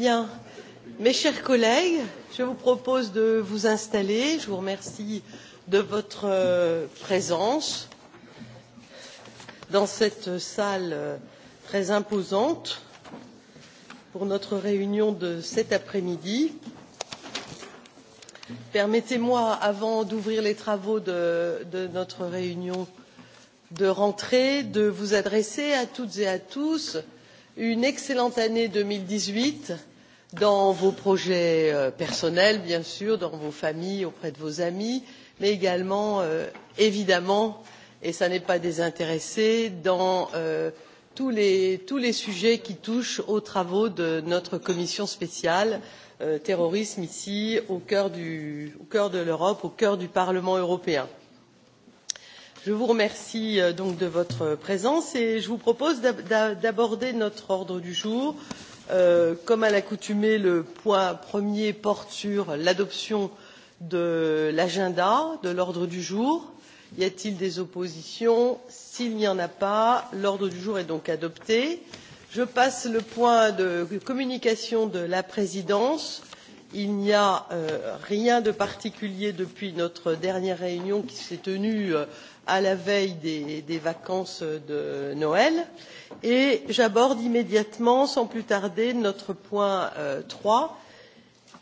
Bien. Mes chers collègues, je vous propose de vous installer. Je vous remercie de votre euh, présence dans cette salle euh, très imposante pour notre réunion de cet après midi. permettez moi avant d'ouvrir les travaux de, de notre réunion de rentrée de vous adresser à toutes et à tous une excellente année deux mille dix huit dans vos projets euh, personnels bien sûr dans vos familles auprès de vos amis mais également euh, évidemment et ce n'est pas désintéressé dans euh, tous les, tous les sujets qui touchent aux travaux de notre commission spéciale euh, terrorisme ici au cœur, du, au cœur de l'europe au cœur du parlement européen. je vous remercie euh, donc de votre présence et je vous propose d'aborder notre ordre du jour qui Euh, comme à l'accoutumée, le point premier porte sur l'adoption de l'agenda, de l'ordre du jour. Y a-t-il des oppositions S'il n'y en a pas, l'ordre du jour est donc adopté. Je passe le point de communication de la présidence. Il n'y a euh, rien de particulier depuis notre dernière réunion qui s'est tenue euh, à la veille des, des vacances de noël et j'aborde immédiatement sans plus tarder notre point euh, trois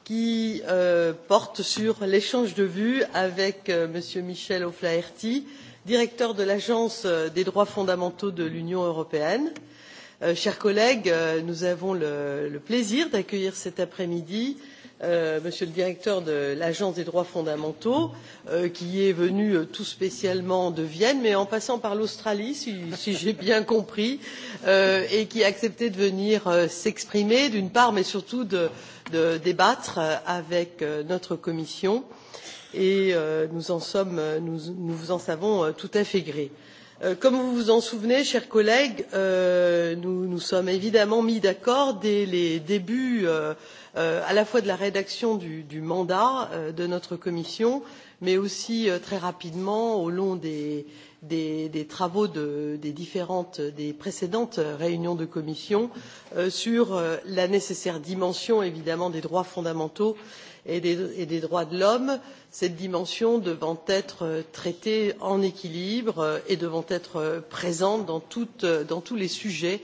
qui euh, porte sur l'échange de vues avec euh, m. michel o'flaherty directeur de l'agence euh, des droits fondamentaux de l'union européenne. Euh, chers collègues euh, nous avons le, le plaisir d'accueillir cet après midi euh, monsieur le directeur de l'agence des droits fondamentaux euh, qui est venu euh, tout spécialement de vienne mais en passant par l'australie si, si j'ai bien compris euh, et qui a accepté de venir euh, s'exprimer d'une part mais surtout de, de débattre euh, avec notre commission et nous, en sommes, nous, nous vous en savons tout à fait gré. je Euh, comme vous vous en souvenez chers collègues euh, nous nous sommes évidemment mis d'accord dès les débuts euh, à la fois de la rédaction du, du mandat de notre commission mais aussi très rapidement au long des, des, des travaux de, des différentes des précédentes réunions de commission sur la nécessaire dimension évidemment des droits fondamentaux et et des, et des droits de l'homme cette dimension devant être euh, traitée en équilibre euh, et devant être euh, présente dans, toute, dans tous les sujets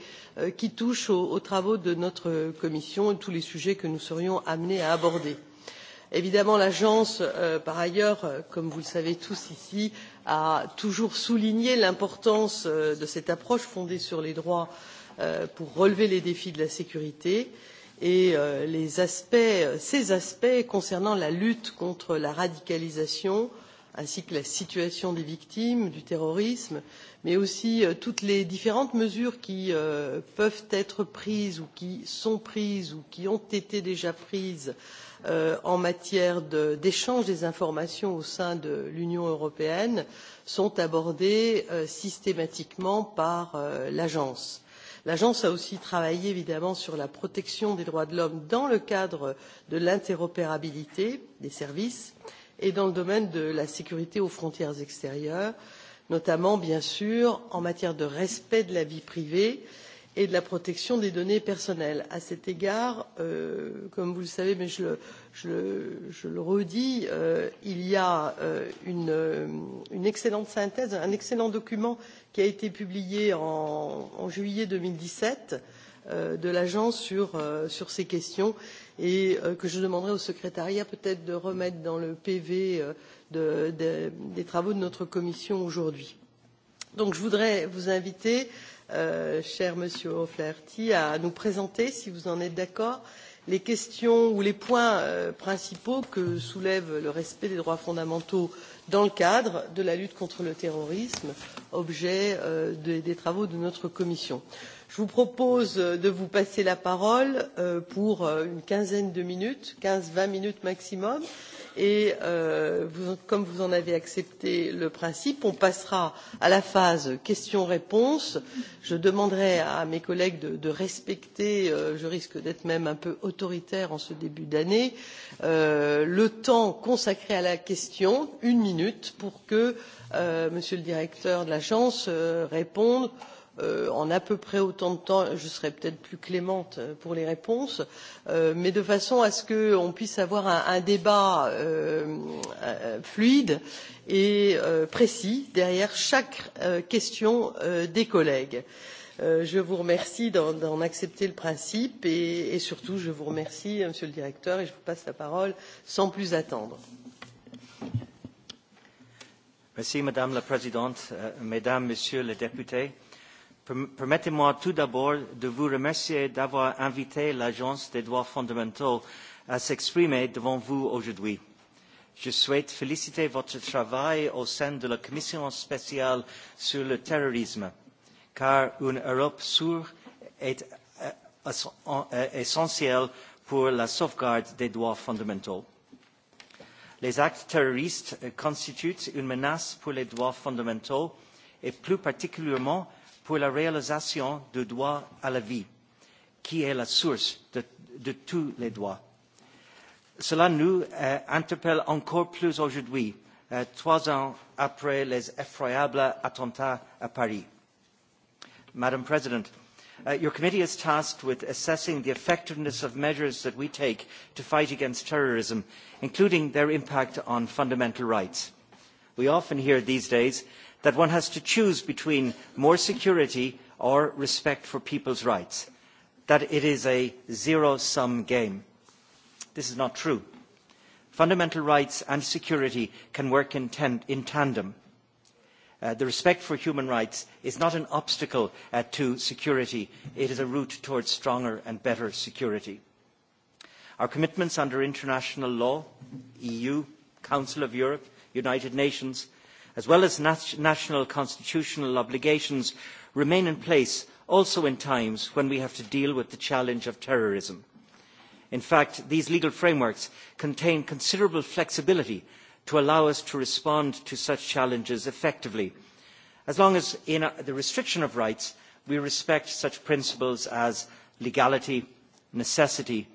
qui touchent aux, aux travaux de notre commission et tous les sujets que nous serions amenés à aborder évidemment l'agence euh, par ailleurs euh, comme vous le savez tous ici a toujours souligné l'importance euh, de cette approche fondée sur les droits pour relever les défis de la sécurité et et euh, les aspects, euh, ces aspects concernant la lutte contre la radicalisation ainsi que la situation des victimes du terrorisme, mais aussi euh, toutes les différentes mesures qui euh, peuvent être prises ou qui sont prises ou qui ont été déjà prises euh, en matière d'échange de, des informations au sein de l'Union européenne sont abordées euh, systématiquement par euh, l'agence l'agence a aussi travaillé évidemment sur la protection des droits de l'homme dans le cadre de l'interopérabilité des services et dans le domaine de la sécurité aux frontières extérieures notamment bien sûr en matière de respect de la vie privée et de la protection des données personnelles. à cet égard euh, comme vous le savez mais je le, je le, je le redis euh, il y a euh, une, euh, une excellente synthèse un excellent document qui a été publié en, en juillet deux mille dix sept euh, de l'agence sur, euh, sur ces questions et euh, que je demanderai au secrétariat peut être de remettre dans le pv de, de, des travaux de notre commission aujourd'hui. donc je voudrais vous inviter euh, cher monsieur o'flaherty à nous présenter si vous en êtes d'accord euh, les questions ou les points euh, principaux que soulève le respect des droits fondamentaux dans le cadre de la lutte contre le terrorisme objet euh, des travaux de notre commission. je vous propose de vous passer la parole euh, pour une quinzaine de minutes quinze vingt minutes maximum et et euh, vous, comme vous en avez accepté le principe on passera à la phase questions réponses. je demanderai à mes collègues de, de respecter euh, je risque d'être même un peu autoritaire en ce début d'année euh, le temps consacré à la question une minute pour que euh, m. le directeur de l'agence euh, réponde aux euh, en à peu près autant de temps je serai peut être plus clémente euh, pour les réponses euh, mais de façon à ce qu'on puisse avoir un, un débat euh, euh fluide et euh, précis derrière chaque question des collègues. je vous remercie d'en accepter le principe et, et surtout je vous remercie monsieur le directeur et je vous passe la parole sans plus attendre. Merci, madame la présidente mesdames messieurs les députés Permettez-moi tout d'abord de vous remercier d'avoir invité l'Agence des droits fondamentaux à s'exprimer devant vous aujourd'hui. Je souhaite féliciter votre travail au sein de la Commission spéciale sur le terrorisme, car une Europe sûre est euh, euh, essentielle pour la sauvegarde des droits fondamentaux. Les actes terroristes constituent une menace pour les droits fondamentaux et plus particulièrement pour la réalisation du droit à la vie, qui est la source de, de tous les droits. Cela nous euh, interpelle encore plus aujourd'hui, euh, trois ans après les effroyables attentats à Paris. Madam President, uh, your committee is tasked with assessing the effectiveness of measures that we take to fight against terrorism, including their impact on fundamental rights. We often hear these days that one has to choose between more security or respect for people's rights, that it is a zero-sum game. This is not true. Fundamental rights and security can work in, ten- in tandem. Uh, the respect for human rights is not an obstacle uh, to security, it is a route towards stronger and better security. Our commitments under international law, EU, Council of Europe, United Nations, as well as nat national constitutional obligations remain in place also in times when we have to deal with the challenge of terrorism. in fact these legal frameworks contain considerable flexibility to allow us to respond to such challenges effectively as long as in uh, the restriction of rights we respect such principles as legality necessity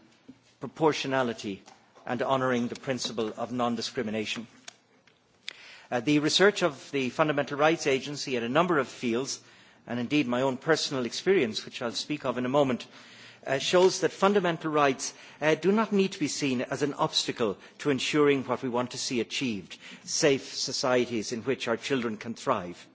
proportionality and honouring the principle of non discrimination. Uh, the research of the Fundamental Rights Agency in a number of fields, and indeed my own personal experience, which I'll speak of in a moment, uh, shows that fundamental rights uh, do not need to be seen as an obstacle to ensuring what we want to see achieved, safe societies in which our children can thrive.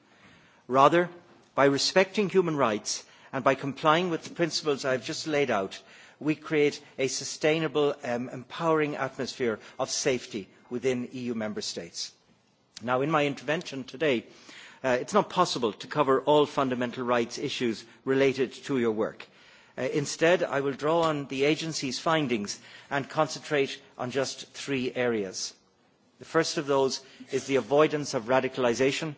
Rather, by respecting human rights and by complying with the principles I have just laid out, we create a sustainable, um, empowering atmosphere of safety within EU member states. Now, in my intervention today, uh, it's not possible to cover all fundamental rights issues related to your work. Uh, instead, I will draw on the agency's findings and concentrate on just three areas. The first of those is the avoidance of radicalisation.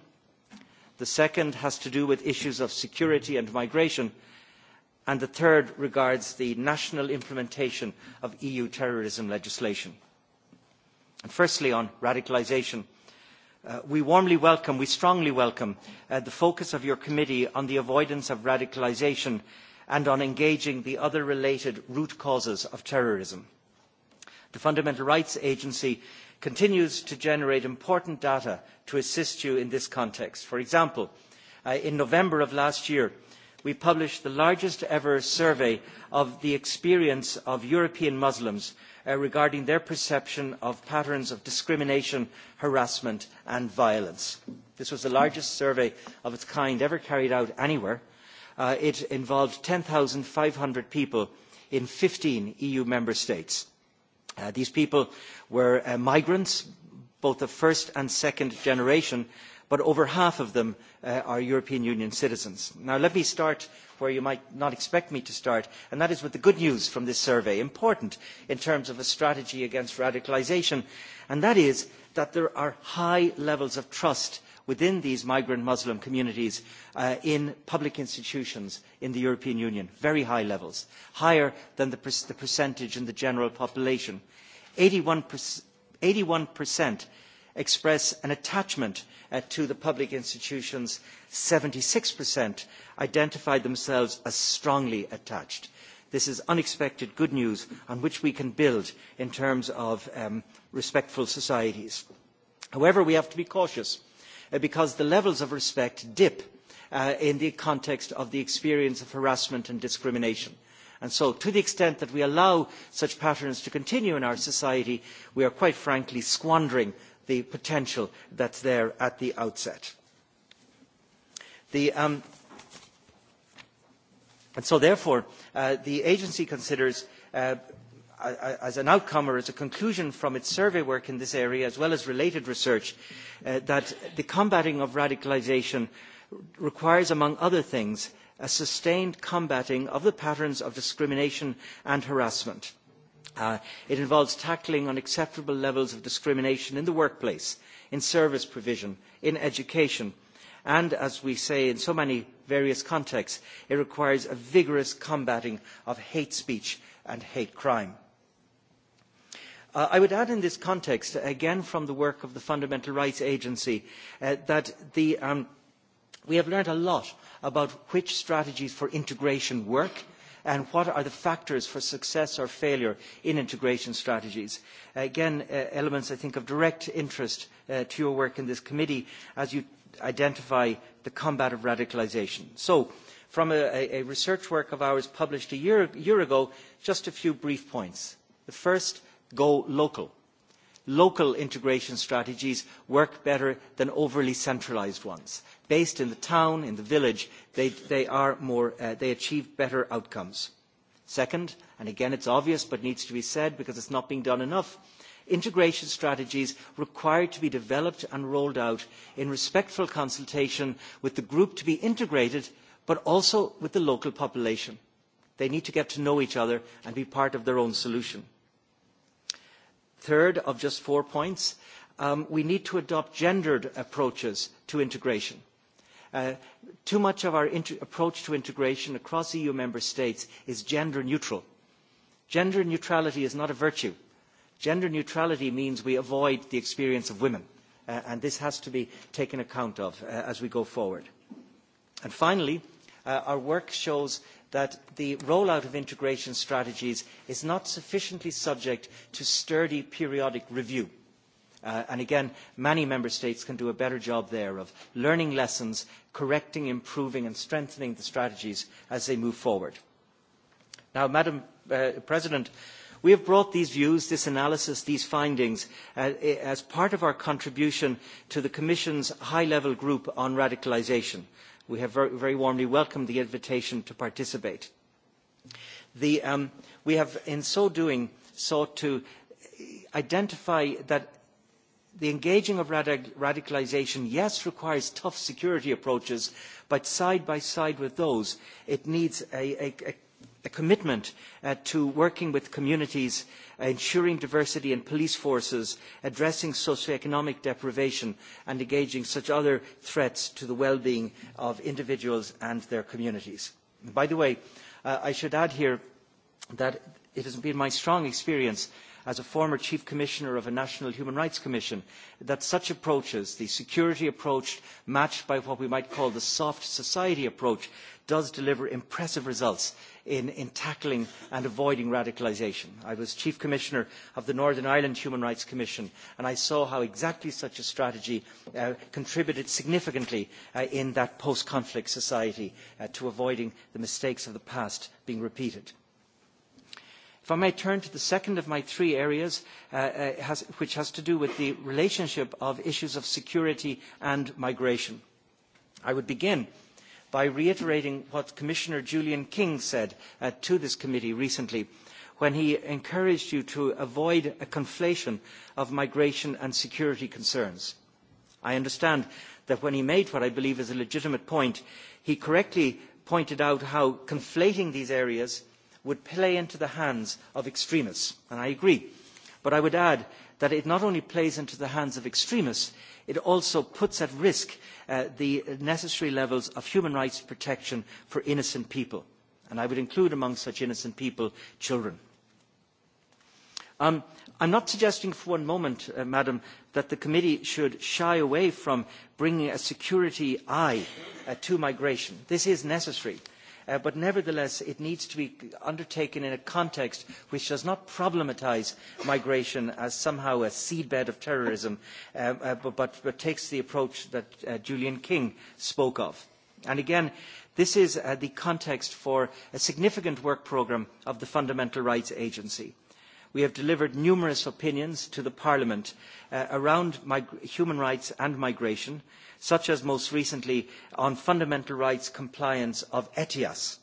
The second has to do with issues of security and migration. And the third regards the national implementation of EU terrorism legislation. And firstly, on radicalisation. Uh, we warmly welcome, we strongly welcome uh, the focus of your committee on the avoidance of radicalisation and on engaging the other related root causes of terrorism. The Fundamental Rights Agency continues to generate important data to assist you in this context. For example, uh, in November of last year, we published the largest ever survey of the experience of European Muslims uh, regarding their perception of patterns of discrimination, harassment and violence. This was the largest survey of its kind ever carried out anywhere. Uh, it involved 10,500 people in 15 EU member states. Uh, these people were uh, migrants, both the first and second generation, but over half of them uh, are European Union citizens. Now let me start where you might not expect me to start, and that is with the good news from this survey, important in terms of a strategy against radicalisation, and that is that there are high levels of trust within these migrant Muslim communities uh, in public institutions in the European Union, very high levels, higher than the, per the percentage in the general population. 81%, 81% express an attachment uh, to the public institutions, 76% identified themselves as strongly attached. This is unexpected good news on which we can build in terms of um, respectful societies. However, we have to be cautious uh, because the levels of respect dip uh, in the context of the experience of harassment and discrimination. And so to the extent that we allow such patterns to continue in our society, we are quite frankly squandering the potential that's there at the outset. The, um, and so therefore, uh, the agency considers uh, as an outcome or as a conclusion from its survey work in this area as well as related research uh, that the combating of radicalisation requires among other things a sustained combating of the patterns of discrimination and harassment Uh, it involves tackling unacceptable levels of discrimination in the workplace, in service provision, in education, and as we say in so many various contexts, it requires a vigorous combating of hate speech and hate crime. Uh, I would add in this context, again from the work of the Fundamental Rights Agency, uh, that the, um, we have learned a lot about which strategies for integration work, uh, and what are the factors for success or failure in integration strategies. Uh, again, uh, elements, I think, of direct interest uh, to your work in this committee as you identify the combat of radicalisation. So, from a, a research work of ours published a year, year ago, just a few brief points. The first, go local. Local integration strategies work better than overly centralised ones based in the town, in the village, they, they, are more, uh, they achieve better outcomes. Second, and again it's obvious but needs to be said because it's not being done enough, integration strategies required to be developed and rolled out in respectful consultation with the group to be integrated but also with the local population. They need to get to know each other and be part of their own solution. Third of just four points, um, we need to adopt gendered approaches to integration Uh, too much of our inter- approach to integration across EU member states is gender neutral. Gender neutrality is not a virtue. Gender neutrality means we avoid the experience of women, uh, and this has to be taken account of uh, as we go forward. And finally, uh, our work shows that the rollout of integration strategies is not sufficiently subject to sturdy periodic review Uh, and again, many member states can do a better job there of learning lessons, correcting, improving and strengthening the strategies as they move forward. Now, Madam uh, President, we have brought these views, this analysis, these findings uh, as part of our contribution to the Commission's high-level group on radicalisation. We have very, very warmly welcomed the invitation to participate. The, um, we have, in so doing, sought to identify that the engaging of radic radicalisation, yes, requires tough security approaches, but side by side with those, it needs a, a, a a commitment uh, to working with communities, uh, ensuring diversity in police forces, addressing socioeconomic deprivation and engaging such other threats to the well-being of individuals and their communities. By the way, uh, I should add here that it has been my strong experience as a former chief commissioner of a national human rights commission that such approaches the security approach matched by what we might call the soft society approach does deliver impressive results in, in tackling and avoiding radicalisation. I was Chief Commissioner of the Northern Ireland Human Rights Commission and I saw how exactly such a strategy uh, contributed significantly uh, in that post-conflict society uh, to avoiding the mistakes of the past being repeated. If I may turn to the second of my three areas, uh, uh, has, which has to do with the relationship of issues of security and migration. I would begin by reiterating what Commissioner Julian King said uh, to this committee recently when he encouraged you to avoid a conflation of migration and security concerns. I understand that when he made what I believe is a legitimate point, he correctly pointed out how conflating these areas – would play into the hands of extremists. And I agree. But I would add that it not only plays into the hands of extremists, it also puts at risk uh, the necessary levels of human rights protection for innocent people. And I would include among such innocent people children. Um, I'm not suggesting for one moment, uh, Madam, that the committee should shy away from bringing a security eye uh, to migration. This is necessary. Uh, uh, but nevertheless it needs to be undertaken in a context which does not problematise migration as somehow a seedbed of terrorism, uh, uh, but, but, but takes the approach that uh, Julian King spoke of. And again, this is uh, the context for a significant work programme of the Fundamental Rights Agency we have delivered numerous opinions to parliament uh, around human rights and migration such as most recently on fundamental rights compliance of etias.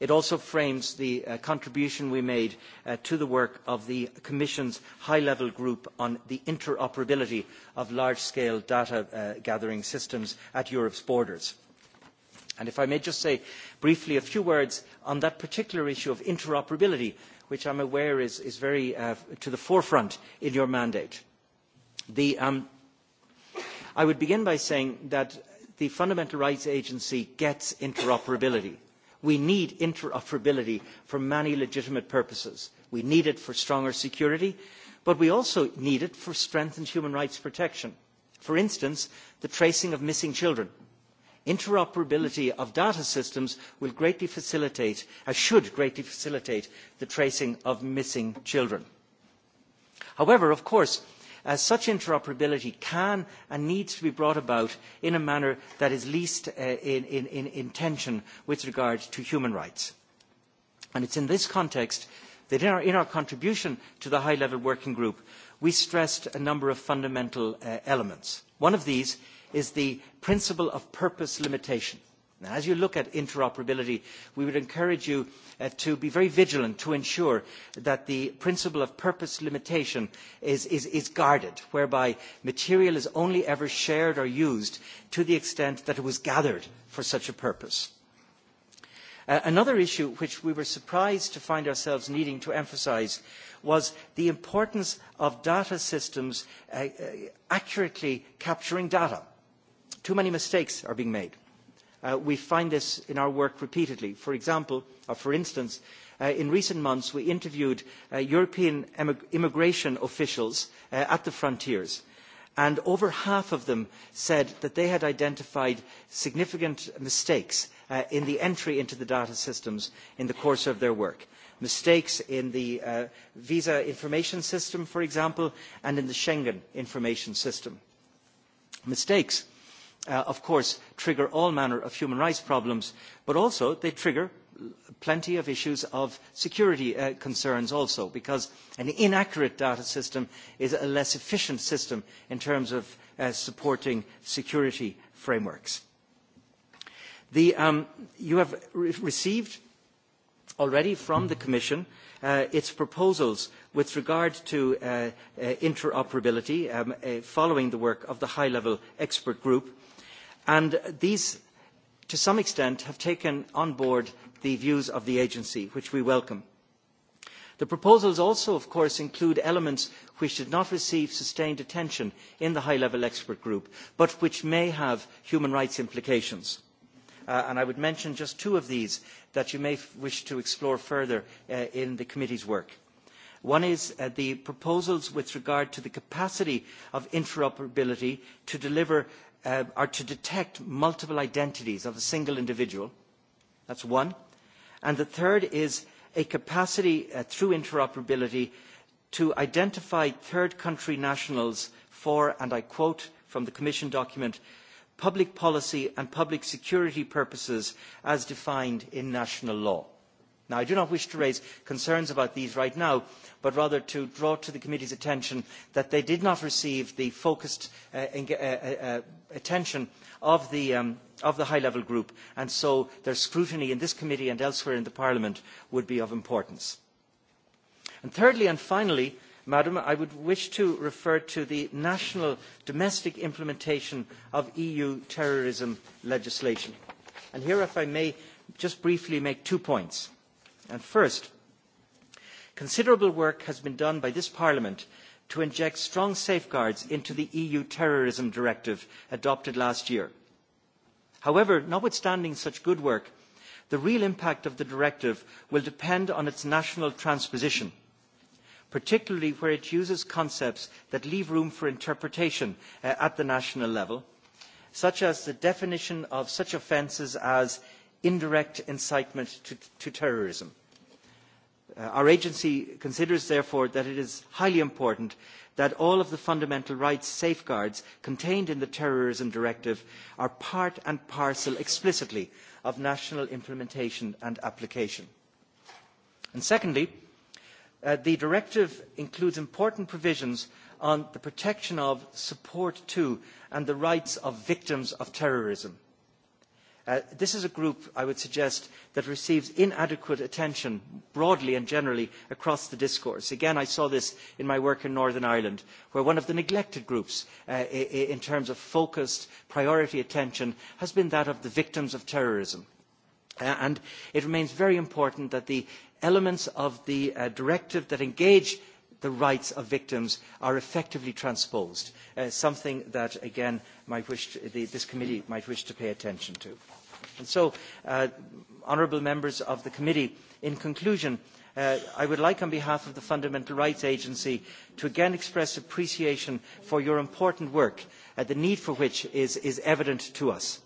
it also frames the uh, contribution we made uh, to the work of the commission's high level group on the interoperability of large scale data uh, gathering systems at europe's borders. And if i may just say briefly a few words on that particular issue of interoperability which I'm aware is, is very uh, to the forefront in your mandate. The, um, I would begin by saying that the Fundamental Rights Agency gets interoperability. We need interoperability for many legitimate purposes. We need it for stronger security, but we also need it for strengthened human rights protection. For instance, the tracing of missing children – interoperability of data systems will greatly facilitate uh, should greatly facilitate the tracing of missing children. however of course uh, such interoperability can and needs to be brought about in a manner that is least uh, in, in, in tension with regard to human rights. And it's in this context that in our, in our contribution to the high level working group we stressed a number of fundamental uh, elements. one of these is the principle of purpose limitation. Now, as you look at interoperability, we would encourage you uh, to be very vigilant to ensure that the principle of purpose limitation is, is, is guarded, whereby material is only ever shared or used to the extent that it was gathered for such a purpose. Uh, another issue which we were surprised to find ourselves needing to emphasise was the importance of data systems uh, uh accurately capturing data too many mistakes are being made. Uh, we find this in our work repeatedly. For example, or uh, for instance, uh, in recent months we interviewed uh, European immigration officials uh, at the frontiers and over half of them said that they had identified significant mistakes uh, in the entry into the data systems in the course of their work mistakes in the uh, visa information system for example and in the schengen information system mistakes uh, of course trigger all manner of human rights problems but also they trigger plenty of issues of security uh, concerns also because an inaccurate data system is a less efficient system in terms of uh, supporting security frameworks. The, um, you have re received already from the Commission uh, its proposals with regard to uh, uh, interoperability um, uh, following the work of the high-level expert group uh, and these to some extent have taken on board the views of the agency which we welcome. the proposals also of course include elements which did not receive sustained attention in the high level expert group but which may have human rights implications. Uh, and i would mention just two of these that you may wish to explore further uh, in the committee's work. One is uh, the proposals with regard to the capacity of interoperability to deliver uh, are to detect multiple identities of a single individual. That's one. And the third is a capacity uh, through interoperability to identify third country nationals for, and I quote from the Commission document, public policy and public security purposes as defined in national law. Now, I do not wish to raise concerns about these right now, but rather to draw to the committee's attention that they did not receive the focused uh, uh, uh, uh, attention of the, um, of the high-level group, and so their scrutiny in this committee and elsewhere in the Parliament would be of importance. And thirdly and finally, Madam, I would wish to refer to the national domestic implementation of EU terrorism legislation. And here, if I may, just briefly make two points And first, considerable work has been done by this Parliament to inject strong safeguards into the EU terrorism directive adopted last year. However, notwithstanding such good work, the real impact of the directive will depend on its national transposition, particularly where it uses concepts that leave room for interpretation uh, at the national level, such as the definition of such offences as indirect incitement to, to terrorism. Uh, our agency considers therefore that it is highly important that all of the fundamental rights safeguards contained in the terrorism directive are part and parcel explicitly of national implementation and application. And secondly uh, the directive includes important provisions on the protection of support to and the rights of victims of terrorism Uh, this is a group, I would suggest, that receives inadequate attention broadly and generally across the discourse. Again, I saw this in my work in Northern Ireland, where one of the neglected groups uh, in terms of focused priority attention has been that of the victims of terrorism. Uh, and it remains very important that the elements of the uh, directive that engage the rights of victims are effectively transposed, uh, something that, again, might wish to, the, this committee might wish to pay attention to. And so, uh, honourable members of the committee, in conclusion, uh, I would like on behalf of the Fundamental Rights Agency to again express appreciation for your important work, uh, the need for which is, is evident to us.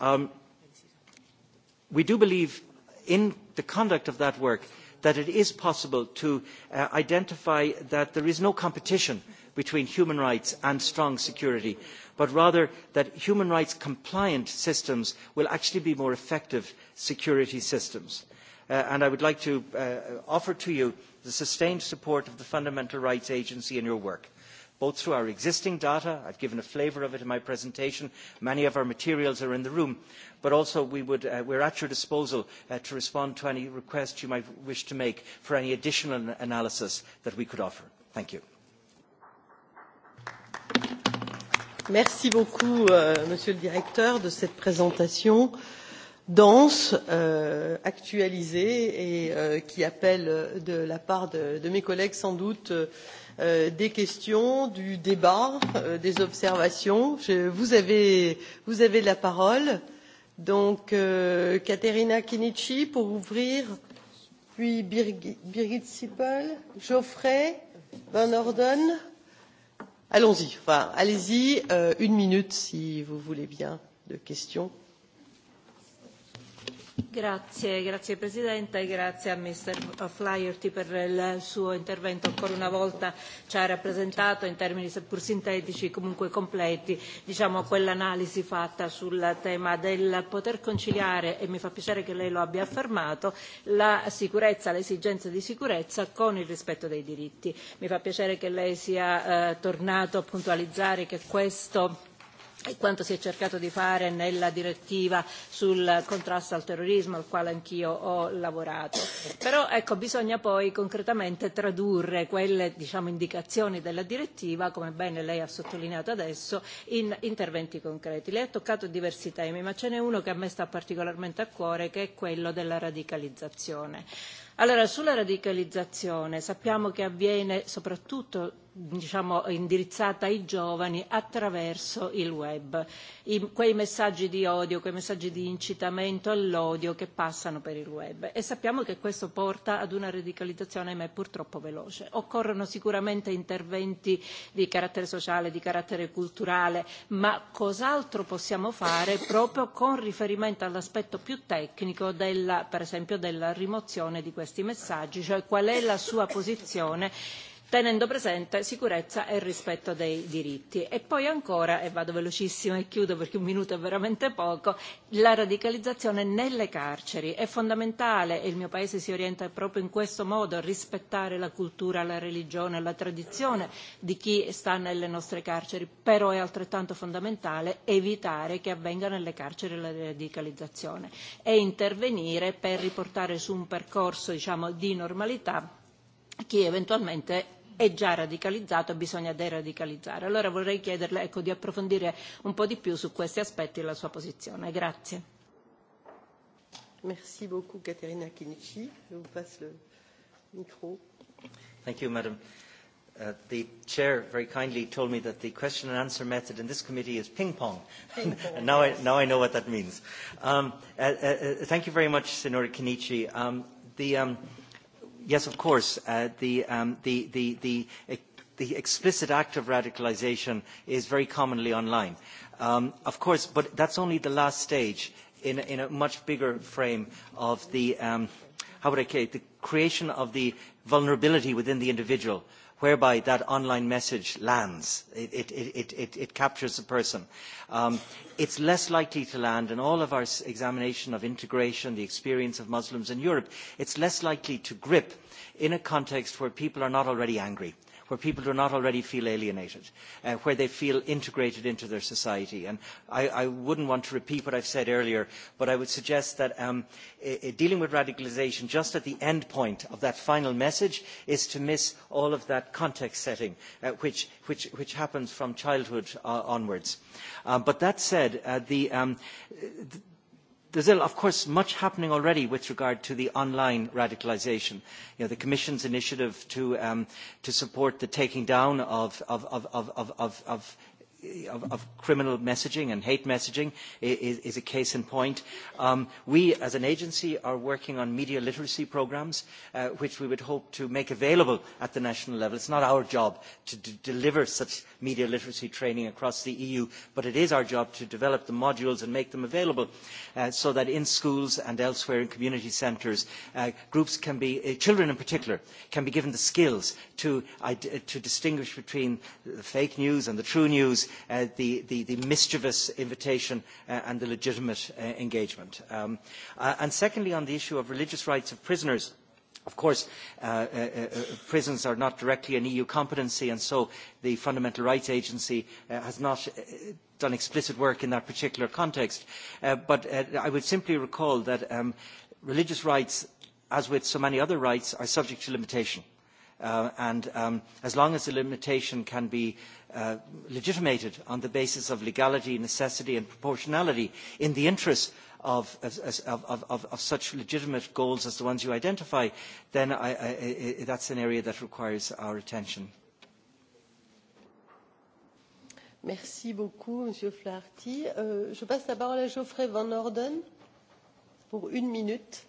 Um, we do believe in the conduct of that work that it is possible to uh, identify that there is no competition between human rights and strong security but rather that human rights compliant systems will actually be more effective security systems. Uh, and I would like to uh, offer to you the sustained support of the Fundamental Rights Agency in your work both through our existing data i have given a flavour of it in my presentation many of our materials are in the room but also we uh, are at your disposal uh, to respond to any requests you might wish to make for any additional analysis that we could offer. thank you. merci beaucoup euh, monsieur le directeur de cette présentation dense euh, actualisée et euh, qui appelle de la part de, de mes collègues sans doute euh, des questions du débat euh, des observations. Je, vous, avez, vous avez la parole donc euh, katerina chinnici pour ouvrir puis birgit sippel geoffrey van orden allons y enfin allez y euh, une minute si vous voulez bien de questions. Grazie, grazie Presidente e grazie a Mr. Flaherty per il suo intervento. Ancora una volta ci ha rappresentato in termini seppur sintetici comunque completi diciamo, quell'analisi fatta sul tema del poter conciliare, e mi fa piacere che lei lo abbia affermato, la sicurezza, l'esigenza di sicurezza con il rispetto dei diritti. Mi fa piacere che lei sia eh, tornato a puntualizzare che questo e quanto si è cercato di fare nella direttiva sul contrasto al terrorismo al quale anch'io ho lavorato. Però ecco, bisogna poi concretamente tradurre quelle diciamo, indicazioni della direttiva, come bene lei ha sottolineato adesso, in interventi concreti. Lei ha toccato diversi temi, ma ce n'è uno che a me sta particolarmente a cuore, che è quello della radicalizzazione. Allora, sulla radicalizzazione sappiamo che avviene soprattutto diciamo, indirizzata ai giovani attraverso il web, I, quei messaggi di odio, quei messaggi di incitamento all'odio che passano per il web e sappiamo che questo porta ad una radicalizzazione ma è purtroppo veloce. Occorrono sicuramente interventi di carattere sociale, di carattere culturale, ma cos'altro possiamo fare proprio con riferimento all'aspetto più tecnico, della, per esempio della rimozione di questi messaggi, cioè qual è la sua posizione tenendo presente sicurezza e rispetto dei diritti. E poi ancora, e vado velocissima e chiudo perché un minuto è veramente poco, la radicalizzazione nelle carceri. È fondamentale, e il mio Paese si orienta proprio in questo modo, a rispettare la cultura, la religione, la tradizione di chi sta nelle nostre carceri, però è altrettanto fondamentale evitare che avvenga nelle carceri la radicalizzazione e intervenire per riportare su un percorso diciamo, di normalità chi eventualmente è già radicalizzato e bisogna deradicalizzare. Allora vorrei chiederle ecco, di approfondire un po' di più su questi aspetti e la sua posizione. Grazie. Merci beaucoup, Caterina Kinichi. Je vous passe le micro. Thank you, Madam. Uh, the chair very kindly told me that the question and answer method in this committee is ping pong, ping pong and now yes. I, now I know what that means. Um, uh, uh, uh thank you very much, Senora Kinichi. Um, the, um, uh, Yes, of course. Uh, the, um, the, the, the, the explicit act of radicalization is very commonly online. Um, of course, but that's only the last stage in, in a much bigger frame of the, um, how would I say, the creation of the vulnerability within the individual. Uh, whereby that online message lands. It, it, it, it, it captures a person. Um, it's less likely to land in all of our examination of integration, the experience of Muslims in Europe, it's less likely to grip in a context where people are not already angry where people do not already feel alienated, uh, where they feel integrated into their society. And I, I wouldn't want to repeat what I've said earlier, but I would suggest that um, I- dealing with radicalization just at the end point of that final message is to miss all of that context setting, uh, which, which, which happens from childhood uh, onwards. Uh, but that said, uh, the, um, th- there's of course much happening already with regard to the online radicalisation. You know, the Commission's initiative to, um, to support the taking down of, of, of, of, of, of of, of criminal messaging and hate messaging is, is a case in point. Um, we, as an agency, are working on media literacy programs, uh, which we would hope to make available at the national level. It's not our job to d- deliver such media literacy training across the EU, but it is our job to develop the modules and make them available uh, so that in schools and elsewhere in community centres, uh, groups can be, uh, children in particular, can be given the skills to, uh, to distinguish between the fake news and the true news uh, the, the, the mischievous invitation uh, and the legitimate uh, engagement. Um, uh, and secondly, on the issue of religious rights of prisoners, Of course, uh, uh, uh, prisons are not directly an EU competency, and so the Fundamental Rights Agency uh, has not uh, done explicit work in that particular context. Uh, but uh, I would simply recall that um, religious rights, as with so many other rights, are subject to limitation. Uh, Uh, and um, as long as the limitation can be uh, legitimated on the basis of legality, necessity and proportionality in the interest of, as, of, of, of such legitimate goals as the ones you identify, then I, I, I, that's an area that requires our attention. Merci beaucoup, Monsieur Flaherty. Euh, je passe la parole à Geoffrey Van Orden pour une minute.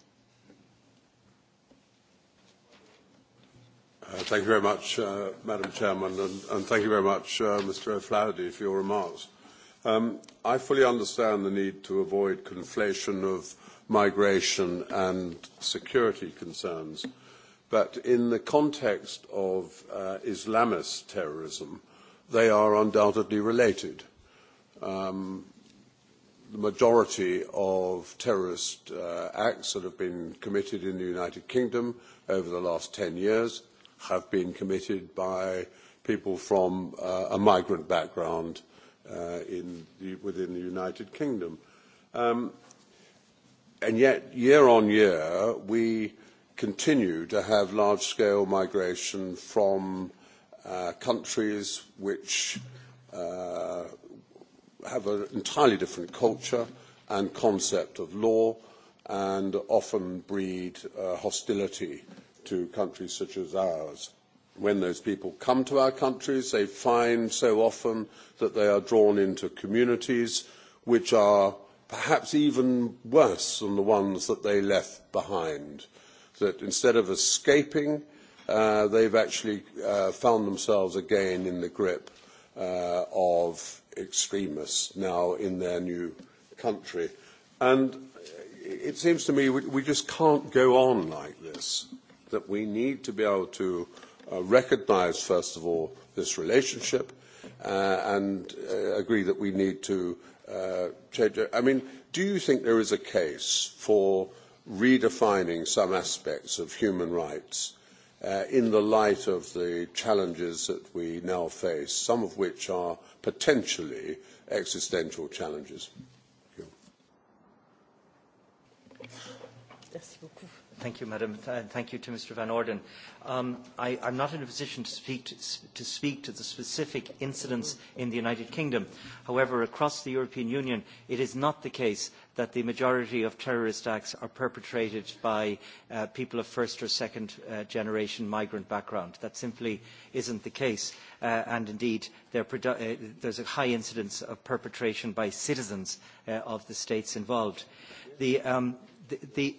Uh, thank you very much, uh, Madam Chairman, and, and thank you very much, uh, Mr. O'Flaherty, for your remarks. Um, I fully understand the need to avoid conflation of migration and security concerns. But in the context of uh, Islamist terrorism, they are undoubtedly related. Um, the majority of terrorist uh, acts that have been committed in the United Kingdom over the last 10 years have been committed by people from uh, a migrant background uh, in the, within the United Kingdom. Um, and yet, year on year, we continue to have large-scale migration from uh, countries which uh, have an entirely different culture and concept of law and often breed uh, hostility uh, to countries such as ours. When those people come to our countries, they find so often that they are drawn into communities which are perhaps even worse than the ones that they left behind. That instead of escaping, uh, they've actually uh, found themselves again in the grip uh, of extremists now in their new country. And it seems to me we, we just can't go on like this that we need to be able to uh, recognise, first of all, this relationship uh, and uh, agree that we need to uh, change it. I mean, do you think there is a case for redefining some aspects of human rights uh, in the light of the challenges that we now face, some of which are potentially existential challenges? Merci beaucoup. Thank you, Madam, and uh, thank you to Mr. Van Orden. Um, I, I'm not in a position to speak to, to speak to the specific incidents in the United Kingdom. However, across the European Union, it is not the case that the majority of terrorist acts are perpetrated by uh, people of first or second uh, generation migrant background. That simply isn't the case. Uh, and indeed, there uh, there's a high incidence of perpetration by citizens uh, of the states involved. The, um, the, the,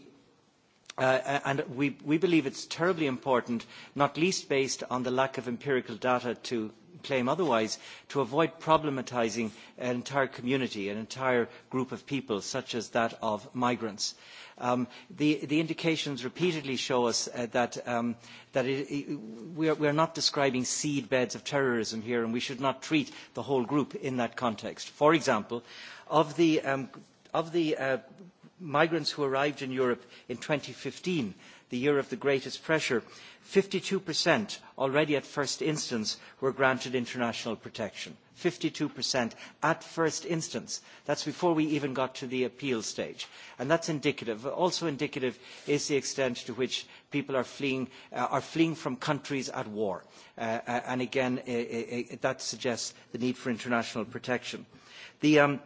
Uh, and we, we believe it's terribly important, not least based on the lack of empirical data to claim otherwise, to avoid problematizing an entire community, an entire group of people, such as that of migrants. Um, the, the indications repeatedly show us uh, that, um, that it, it, we, are, we are not describing seed beds of terrorism here, and we should not treat the whole group in that context. For example, of the, um, of the uh, migrants who arrived in Europe in 2015, the year of the greatest pressure, 52% already at first instance were granted international protection. 52% at first instance. That's before we even got to the appeal stage. And that's indicative. Also indicative is the extent to which people are fleeing, uh, are fleeing from countries at war. Uh, uh and again, it, it, that suggests the need for international protection. The, um,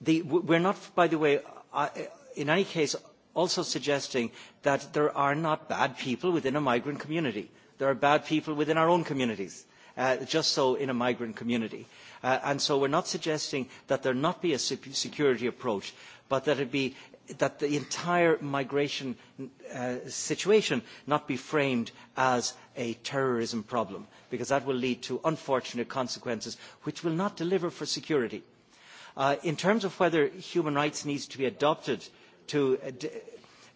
the, we're not, by the way, I, in any case, also suggesting that there are not bad people within a migrant community. There are bad people within our own communities, uh, just so in a migrant community. Uh, and so we're not suggesting that there not be a security approach, but that it be that the entire migration uh, situation not be framed as a terrorism problem, because that will lead to unfortunate consequences which will not deliver for security Uh, in terms of whether human rights needs to be adopted to, uh,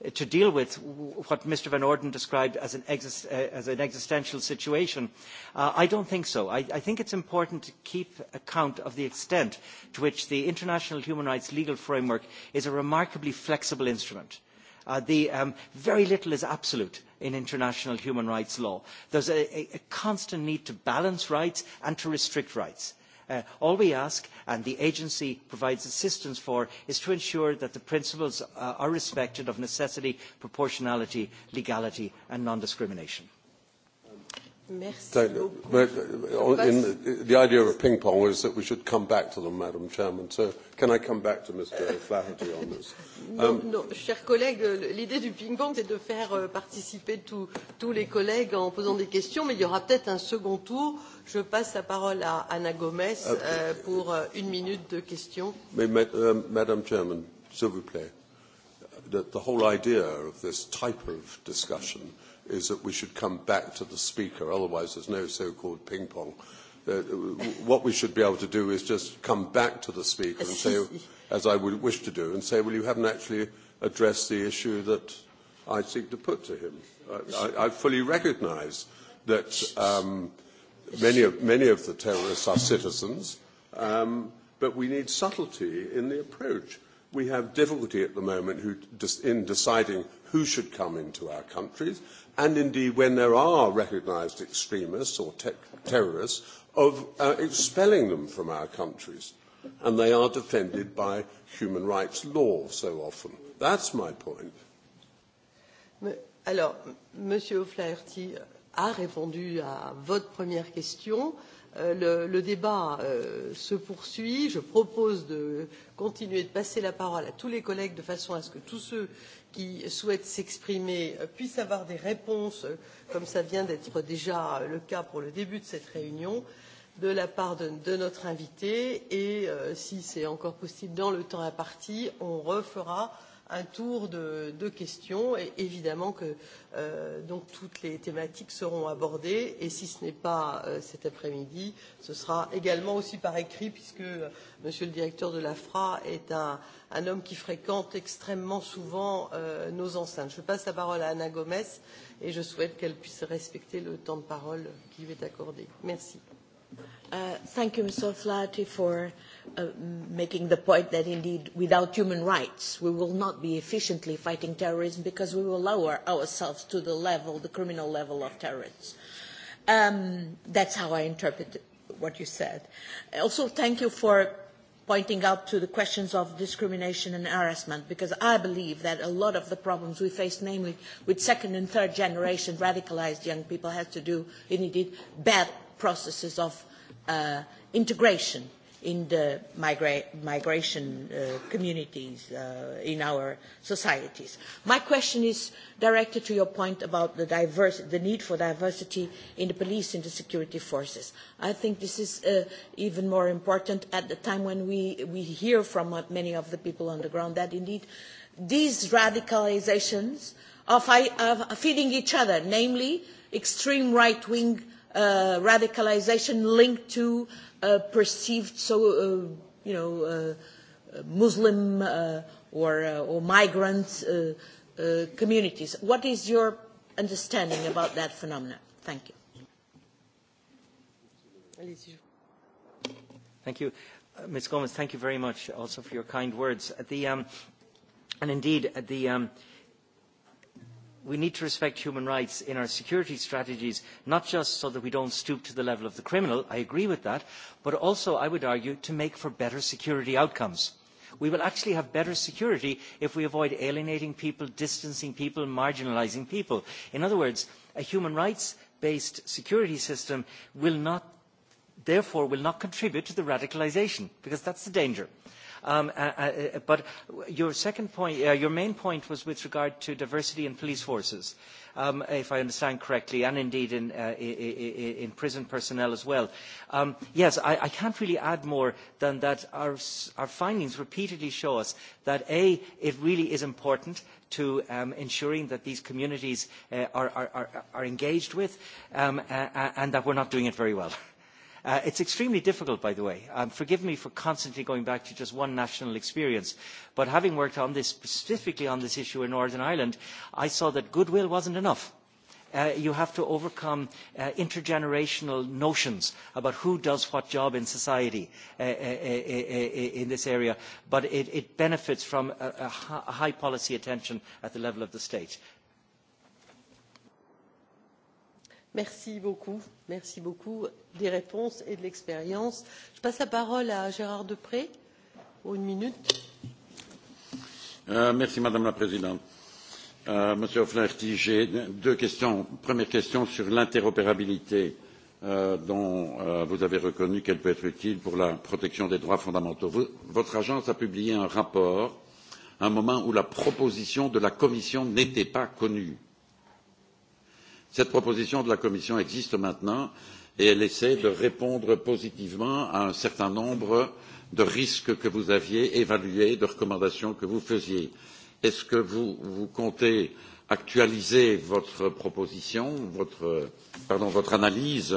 uh to deal with what Mr Van Orden described as an, exis uh, as an existential situation, uh, I don't think so. I, I think it's important to keep account of the extent to which the international human rights legal framework is a remarkably flexible instrument. Uh, the, um, very little is absolute in international human rights law. There's a, a, a constant need to balance rights and to restrict rights. Uh, Uh, all we ask, and the agency provides assistance for, is to ensure that the principles uh, are respected of necessity, proportionality, legality and non-discrimination. So, but uh, in, the idea of ping pong is that we should come back to them, Madam Chairman. So can I come back to Mr. Flaherty on this? Um, non, non, chers collègues, l'idée du ping pong, c'est de faire euh, participer tout, tous les collègues en posant des questions, mais il y aura peut-être un second tour. Je passe la parole à Anna Gomez okay. euh, pour euh, une minute de questions. Mais, euh, Madam Chairman, s'il vous plaît, the, the whole idea of this type of discussion. Mm -hmm is that we should come back to the speaker, otherwise there's no so-called ping pong. Uh, what we should be able to do is just come back to the speaker and say, as I would wish to do, and say, well, you haven't actually addressed the issue that I seek to put to him. I, I, I fully recognise that um, many, of, many of the terrorists are citizens, um, but we need subtlety in the approach. We have difficulty at the moment who, in deciding who should come into our countries, and indeed when there are recognised extremists or te- terrorists, of uh, expelling them from our countries. And they are defended by human rights law so often. That's my point. Alors, Monsieur Flaherty a répondu à votre première question. Euh, le, le débat euh, se poursuit. Je propose de continuer de passer la parole à tous les collègues de façon à ce que tous ceux qui souhaitent s'exprimer euh, puissent avoir des réponses, euh, comme ça vient d'être déjà le cas pour le début de cette réunion, de la part de, de notre invité. Et euh, si c'est encore possible dans le temps imparti, on refera euh, un tour de, de questions et évidemment que euh, donc toutes les thématiques seront abordées et si ce n'est pas euh, cet après-midi, ce sera également aussi par écrit puisque euh, monsieur le directeur de l'AFRA est un, un homme qui fréquente extrêmement souvent euh, nos enceintes. Je passe la parole à Anna Gomez et je souhaite qu'elle puisse respecter le temps de parole qui lui est accordé. Merci. Uh, thank you, Mr. Flaherty, for uh, uh, making the point that indeed without human rights we will not be efficiently fighting terrorism because we will lower ourselves to the level, the criminal level of terrorists. Um, that's how I interpret what you said. Also, thank you for pointing out to the questions of discrimination and harassment, because I believe that a lot of the problems we face, namely with second and third generation radicalized young people, has to do with indeed bad processes of uh, integration in the migra migration uh, communities uh, in our societies. My question is directed to your point about the, diverse, the need for diversity in the police and the security forces. I think this is uh, even more important at the time when we, we hear from uh, many of the people on the ground that indeed these radicalizations are, fi- are feeding each other, namely extreme right-wing uh, uh, radicalization linked to uh, perceived so, uh, you know, uh, uh, Muslim uh, or, uh, or migrant uh, uh, communities. What is your understanding about that phenomenon? Thank you. Thank you. Uh, Ms. Gomez, thank you very much also for your kind words. The, um, and indeed, the, um, uh, we need to respect human rights in our security strategies, not just so that we don't stoop to the level of the criminal, I agree with that, but also, I would argue, to make for better security outcomes. We will actually have better security if we avoid alienating people, distancing people, marginalising people. In other words, a human rights-based security system will not, therefore will not contribute to the radicalisation, because that's the danger. Uh, Um, uh, uh, uh, but your second point, uh, your main point was with regard to diversity in police forces. Um, if I understand correctly, and indeed in, uh, in prison personnel as well. Um, yes, I, I can't really add more than that our, our findings repeatedly show us that A, it really is important to um, ensuring that these communities uh, are, are, are engaged with um, uh, and that we're not doing it very well. Uh, it's extremely difficult, by the way. Um, forgive me for constantly going back to just one national experience, but having worked on this, specifically on this issue in Northern Ireland, I saw that goodwill wasn't enough. Uh, you have to overcome uh, intergenerational notions about who does what job in society uh, uh, uh, uh in this area, but it, it benefits from a, a high policy attention at the level of the state. merci beaucoup merci beaucoup des réponses et de l'expérience. je passe la parole à gérard deprez pour une minute. Euh, merci madame la présidente. Euh, monsieur Flaherty, j'ai deux questions. Première question sur l'interopérabilité euh, dont euh, vous avez reconnu qu'elle peut être utile pour la protection des droits fondamentaux. Vous, votre agence a publié un rapport à un moment où la proposition de la Commission n'était pas connue Cette proposition de la Commission existe maintenant et elle essaie de répondre positivement à un certain nombre de risques que vous aviez évalués, de recommandations que vous faisiez. Est-ce que vous, vous comptez actualiser votre proposition, votre, pardon, votre analyse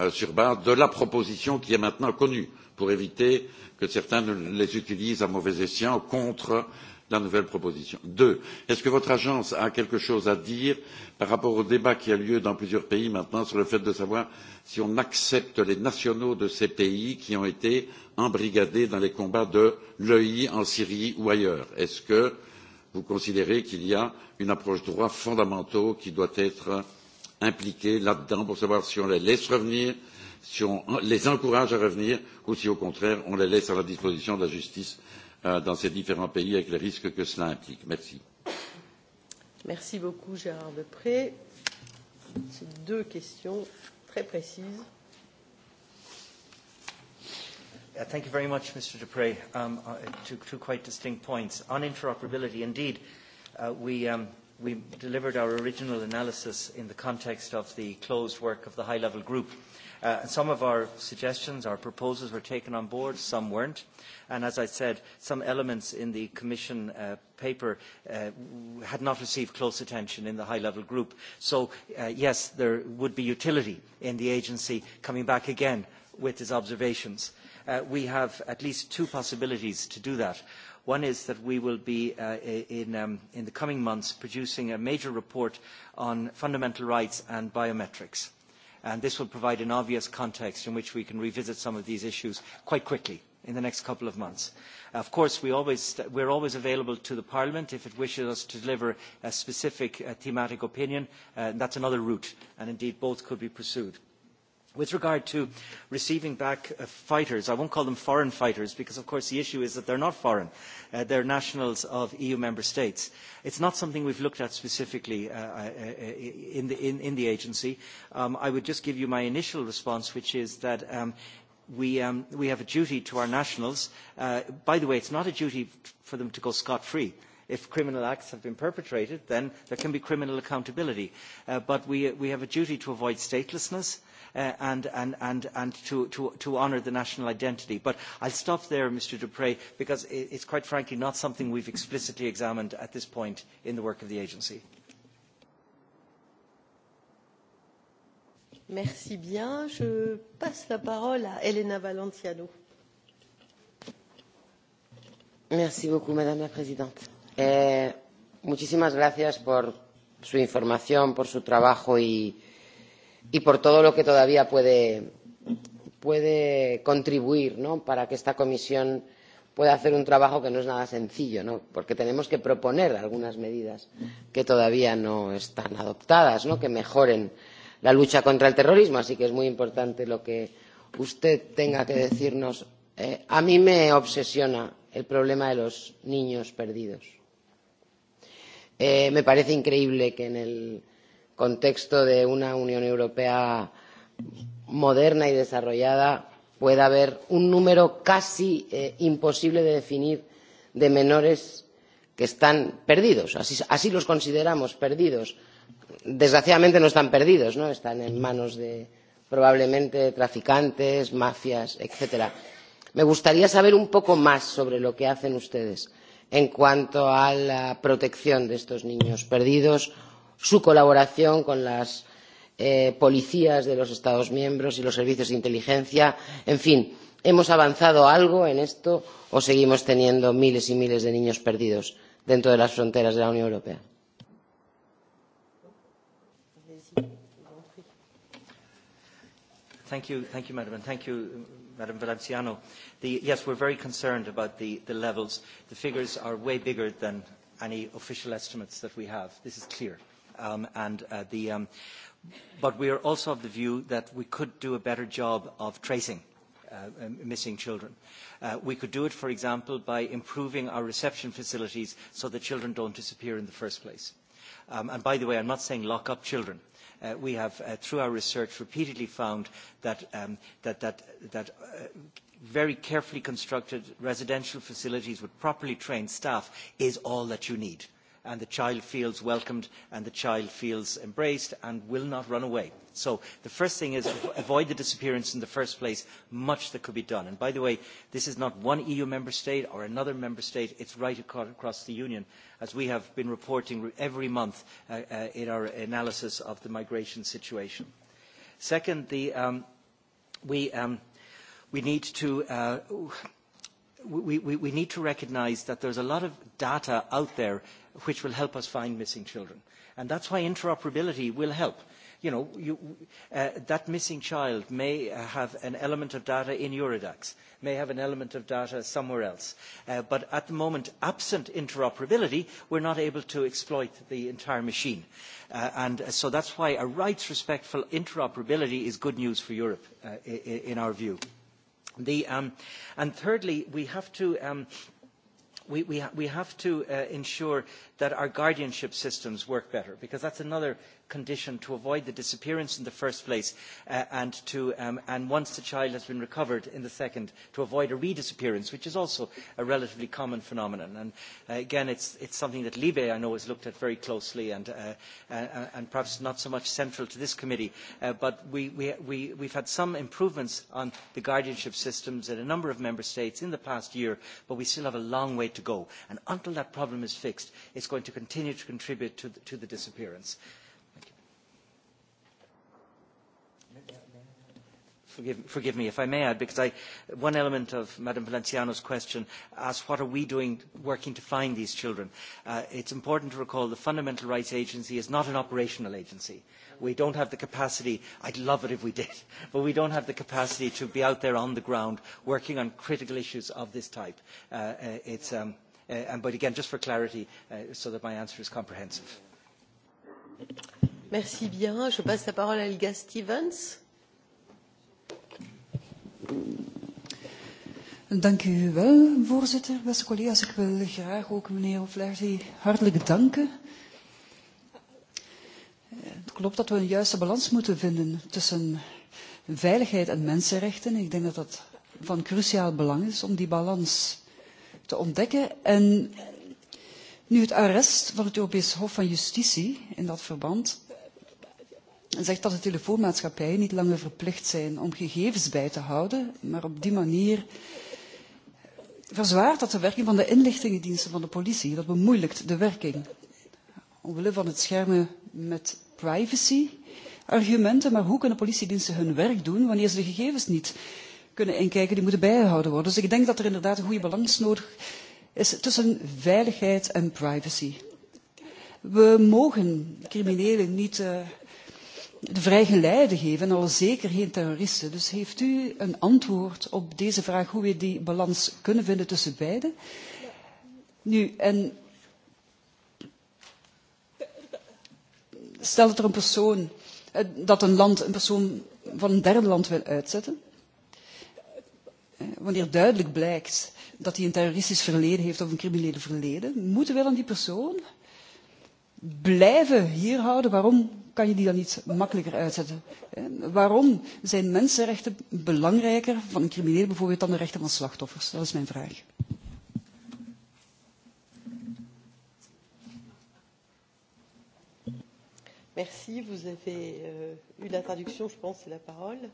euh, sur base de la proposition qui est maintenant connue pour éviter que certains ne les utilisent à mauvais escient contre la nouvelle proposition? deuxièmement est ce que votre agence a quelque chose à dire par rapport au débat qui a lieu dans plusieurs pays maintenant sur le fait de savoir si on accepte les nationaux de ces pays qui ont été embrigadés dans les combats de l'ei en syrie ou ailleurs? est ce que vous considérez qu'il y a une approche droits fondamentaux qui doit être impliquée là dedans pour savoir si on les laisse revenir si on les encourage à revenir ou si au contraire on les laisse à la disposition de la justice euh, dans ces différents pays avec les risques que cela implique. Merci. Merci beaucoup Gérard Depré. Ces deux questions très précises. Uh, thank you very much, Mr. Dupre. Um, uh, two, two quite distinct points. On interoperability, indeed, uh, we, um, we delivered our original analysis in the context of the closed work of the high-level group. Uh, some of our suggestions, our proposals were taken on board, some weren't. And as I said, some elements in the Commission uh, paper uh, had not received close attention in the high-level group. So, uh, yes, there would be utility in the agency coming back again with its observations. Uh, we have at least two possibilities to do that. One is that we will be uh, in, um, in the coming months producing a major report on fundamental rights and biometrics. And this will provide an obvious context in which we can revisit some of these issues quite quickly in the next couple of months. Of course, we always, we're always available to the Parliament if it wishes us to deliver a specific uh, thematic opinion. Uh, that's another route, and indeed both could be pursued. With regard to receiving back uh, fighters, I won't call them foreign fighters because, of course, the issue is that they're not foreign. Uh, they're nationals of EU member states. It's not something we've looked at specifically uh, uh, uh, in, the, in, in the agency. Um, I would just give you my initial response, which is that um, we, um, we have a duty to our nationals. Uh, by the way, it's not a duty for them to go scot-free. Uh, if criminal acts have been perpetrated, then there can be criminal accountability. Uh, but we, we have a duty to avoid statelessness uh, and, and, and, and to, to, to honour the national identity. But I'll stop there, Mr Dupre, because it's quite frankly not something we've explicitly examined at this point in the work of the agency. Merci bien. Je passe la parole à Elena Valenciano. Merci beaucoup, Madame la Présidente. Eh, muchísimas gracias por su información, por su trabajo y y por todo lo que todavía puede, puede contribuir ¿no? para que esta comisión pueda hacer un trabajo que no es nada sencillo, ¿no? porque tenemos que proponer algunas medidas que todavía no están adoptadas, ¿no? que mejoren la lucha contra el terrorismo. Así que es muy importante lo que usted tenga que decirnos. Eh, a mí me obsesiona el problema de los niños perdidos. Eh, me parece increíble que en el contexto de una Unión Europea moderna y desarrollada pueda haber un número casi eh, imposible de definir de menores que están perdidos, así, así los consideramos perdidos. Desgraciadamente no están perdidos, ¿no? están en manos de probablemente traficantes, mafias, etcétera. Me gustaría saber un poco más sobre lo que hacen ustedes en cuanto a la protección de estos niños perdidos su colaboración con las eh, policías de los Estados miembros y los servicios de inteligencia. En fin, ¿hemos avanzado algo en esto o seguimos teniendo miles y miles de niños perdidos dentro de las fronteras de la Unión Europea? Thank you, thank you, Madam, and thank you, Madam Valenciano. The, yes, we're very concerned about the, the levels. The figures are way bigger than any official estimates that we have. This is clear. Uh, um, and uh, the, um, but we are also of the view that we could do a better job of tracing uh, um, missing children. Uh, we could do it, for example, by improving our reception facilities so that children don't disappear in the first place. Um, and by the way, I'm not saying lock up children. Uh, we have, uh, through our research, repeatedly found that, um, that, that, that uh, very carefully constructed residential facilities with properly trained staff is all that you need. Uh, and the child feels welcomed and the child feels embraced and will not run away. So the first thing is avoid the disappearance in the first place. Much that could be done. And by the way, this is not one EU member state or another member state. It's right across the Union, as we have been reporting every month uh, uh, in our analysis of the migration situation. Second, the, um, we, um, we need to... Uh, we, we, we need to recognize that there's a lot of data out there which will help us find missing children. And that's why interoperability will help. You know, you, uh, that missing child may have an element of data in Eurodax, may have an element of data somewhere else. Uh, but at the moment, absent interoperability, we're not able to exploit the entire machine. Uh, and so that's why a rights-respectful interoperability is good news for Europe, uh, in, in our view. The, um, and thirdly, we have to... Um, we, we, ha we have to uh, ensure that our guardianship systems work better because that's another condition to avoid the disappearance in the first place uh, and, to, um, and once the child has been recovered in the second to avoid a redisappearance, which is also a relatively common phenomenon. And uh, again, it's, it's something that Libe, I know, has looked at very closely and, uh, uh, uh, and perhaps not so much central to this committee, uh, but we, we, we, we've had some improvements on the guardianship systems in a number of member states in the past year, but we still have a long way to go. And until that problem is fixed, it's going to continue to contribute to the, to the disappearance. Uh, forgive, forgive me if I may add, because I, one element of Madame Valenciano's question asked what are we doing working to find these children. Uh, it's important to recall the Fundamental Rights Agency is not an operational agency. We don't have the capacity, I'd love it if we did, but we don't have the capacity to be out there on the ground working on critical issues of this type. Uh, uh, it's, um, uh, and, but again, just for clarity, uh, so that my answer is comprehensive. Merci bien. Je passe la parole à Liga Stevens. Dank u wel, voorzitter. Beste collega's, ik wil graag ook meneer O'Flaherty hartelijk danken. Het klopt dat we een juiste balans moeten vinden tussen veiligheid en mensenrechten. Ik denk dat dat van cruciaal belang is om die balans te ontdekken. En nu het arrest van het Europees Hof van Justitie in dat verband zegt dat de telefoonmaatschappijen niet langer verplicht zijn om gegevens bij te houden, maar op die manier verzwaart dat de werking van de inlichtingendiensten van de politie. Dat bemoeilijkt de werking. Omwille van het schermen met privacy argumenten, maar hoe kunnen politiediensten hun werk doen wanneer ze de gegevens niet kunnen inkijken die moeten bijgehouden worden? Dus ik denk dat er inderdaad een goede balans nodig is tussen veiligheid en privacy. We mogen criminelen niet uh, de vrij geleide geven, al zeker geen terroristen. Dus heeft u een antwoord op deze vraag hoe we die balans kunnen vinden tussen beiden? Nu, en stel dat er een persoon, eh, dat een land een persoon van een derde land wil uitzetten, eh, wanneer duidelijk blijkt dat hij een terroristisch verleden heeft of een criminele verleden, moeten we dan die persoon blijven hier houden? Waarom kan je die dan niet makkelijker uitzetten? Eh, waarom zijn mensenrechten belangrijker van een crimineel bijvoorbeeld dan de rechten van slachtoffers? Dat is mijn vraag. Merci. Vous avez euh, eu la traduction, je pense, et la parole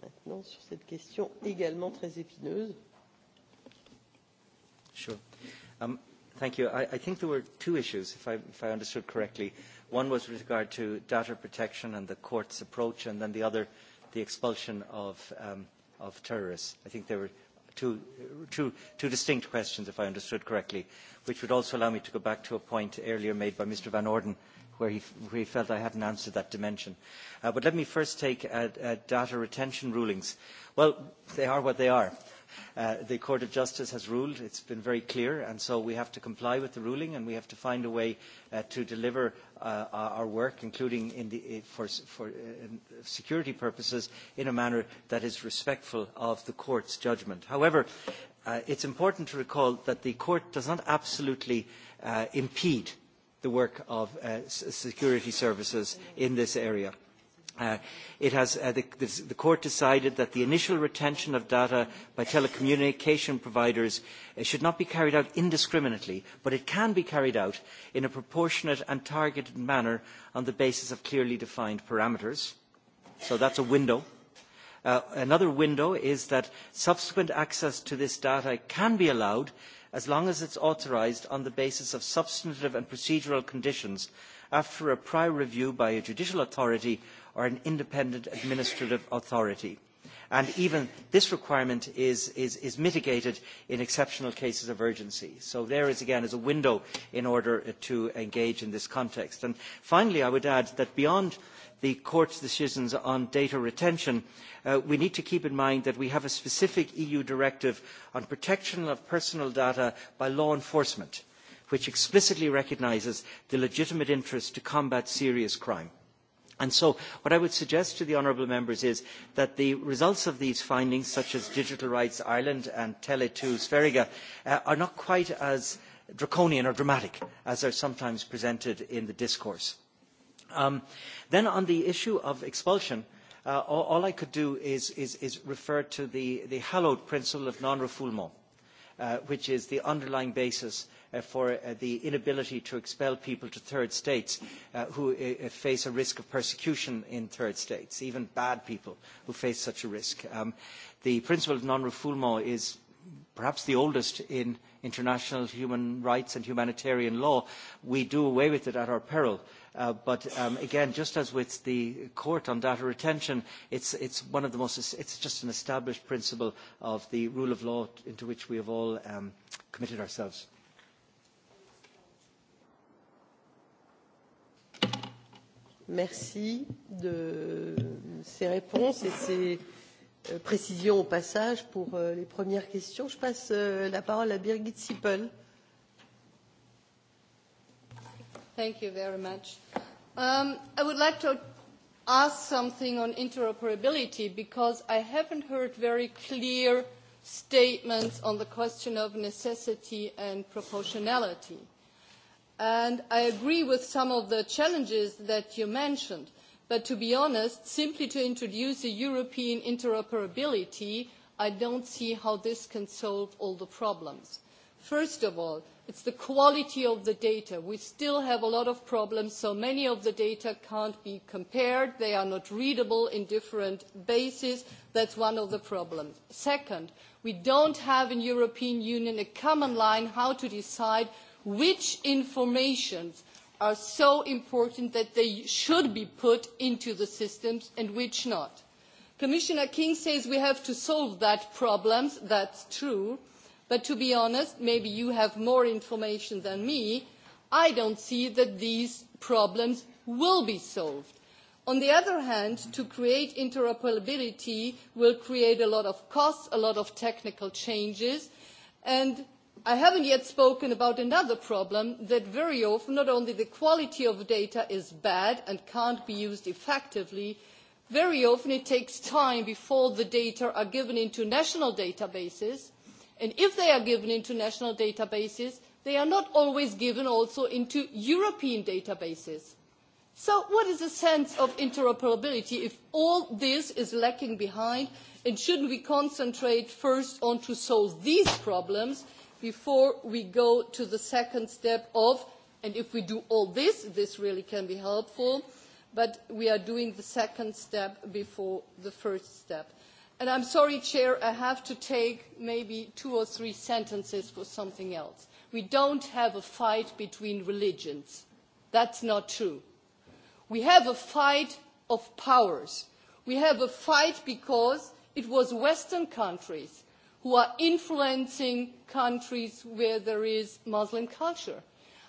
maintenant sur cette question également très épineuse. Sure. Um, thank you. I, I think there were two issues, if I, if I understood correctly. Uh, One was with regard to data protection and the court's approach, and then the other, the expulsion of, um, of terrorists. I think there were two, two, two distinct questions, if I understood correctly, which would also allow me to go back to a point earlier made by Mr Van Orden, where he, where he felt I hadn't answered that dimension. Uh, but let me first take uh, uh, data retention rulings. Well, they are what they are. Uh, the Court of Justice has ruled, it's been very clear, and so we have to comply with the ruling and we have to find a way uh, to deliver uh, our work, including in the, for, for uh, security purposes, in a manner that is respectful of the court's judgment. However, uh, it's important to recall that the court does not absolutely uh, impede the work of uh, security services in this area. Uh, Uh, it has, uh, the, the, the court decided that the initial retention of data by telecommunication providers uh, should not be carried out indiscriminately, but it can be carried out in a proportionate and targeted manner on the basis of clearly defined parameters. So that's a window. Uh, another window is that subsequent access to this data can be allowed as long as it's authorised on the basis of substantive and procedural conditions after a prior review by a judicial authority or an independent administrative authority. And even this requirement is, is, is mitigated in exceptional cases of urgency. So there is, again, is a window in order uh, to engage in this context. And finally, I would add that beyond the court's decisions on data retention, uh, we need to keep in mind that we have a specific EU directive on protection of personal data by law enforcement, which explicitly recognises the legitimate interest to combat serious crime And so what I would suggest to the honourable members is that the results of these findings, such as Digital Rights Ireland and Tele2 Sverige, uh, are not quite as draconian or dramatic as are sometimes presented in the discourse. Um, then on the issue of expulsion, uh, all, all I could do is, is, is refer to the, the hallowed principle of non-refoulement uh, which is the underlying basis uh, for uh, the inability to expel people to third states uh, who uh, uh, face a risk of persecution in third states, even bad people who face such a risk. Um, the principle of non-refoulement is perhaps the oldest in international human rights and humanitarian law. We do away with it at our peril. Uh, Uh, but um, again, just as with the court on data retention, it's, it's one of the most, it's just an established principle of the rule of law into which we have all um, committed ourselves. Merci de ces réponses et ces euh, précisions au passage pour euh, les premières questions. Je passe euh, la parole à Birgit Sippel. Euh, Thank you very much. Um, I would like to ask something on interoperability because I haven't heard very clear statements on the question of necessity and proportionality. And I agree with some of the challenges that you mentioned, but to be honest, simply to introduce a European interoperability, I don't see how this can solve all the problems. First of all, it's the quality of the data. We still have a lot of problems, so many of the data can't be compared. They are not readable in different bases. That's one of the problems. Second, we don't have in European Union a common line how to decide which informations are so important that they should be put into the systems and which not. Commissioner King says we have to solve that problem. That's true. But to be honest, maybe you have more information than me, I don't see that these problems will be solved. On the other hand, to create interoperability will create a lot of costs, a lot of technical changes, and I haven't yet spoken about another problem that very often not only the quality of data is bad and can't be used effectively, very often it takes time before the data are given into national databases and if they are given into national databases they are not always given also into european databases. so what is the sense of interoperability if all this is lagging behind and should we not concentrate first on solving these problems before we go to the second step of and if we do all this this really can be helpful but we are doing the second step before the first step. And I'm sorry, Chair, I have to take maybe two or three sentences for something else. We don't have a fight between religions. That's not true. We have a fight of powers. We have a fight because it was Western countries who are influencing countries where there is Muslim culture.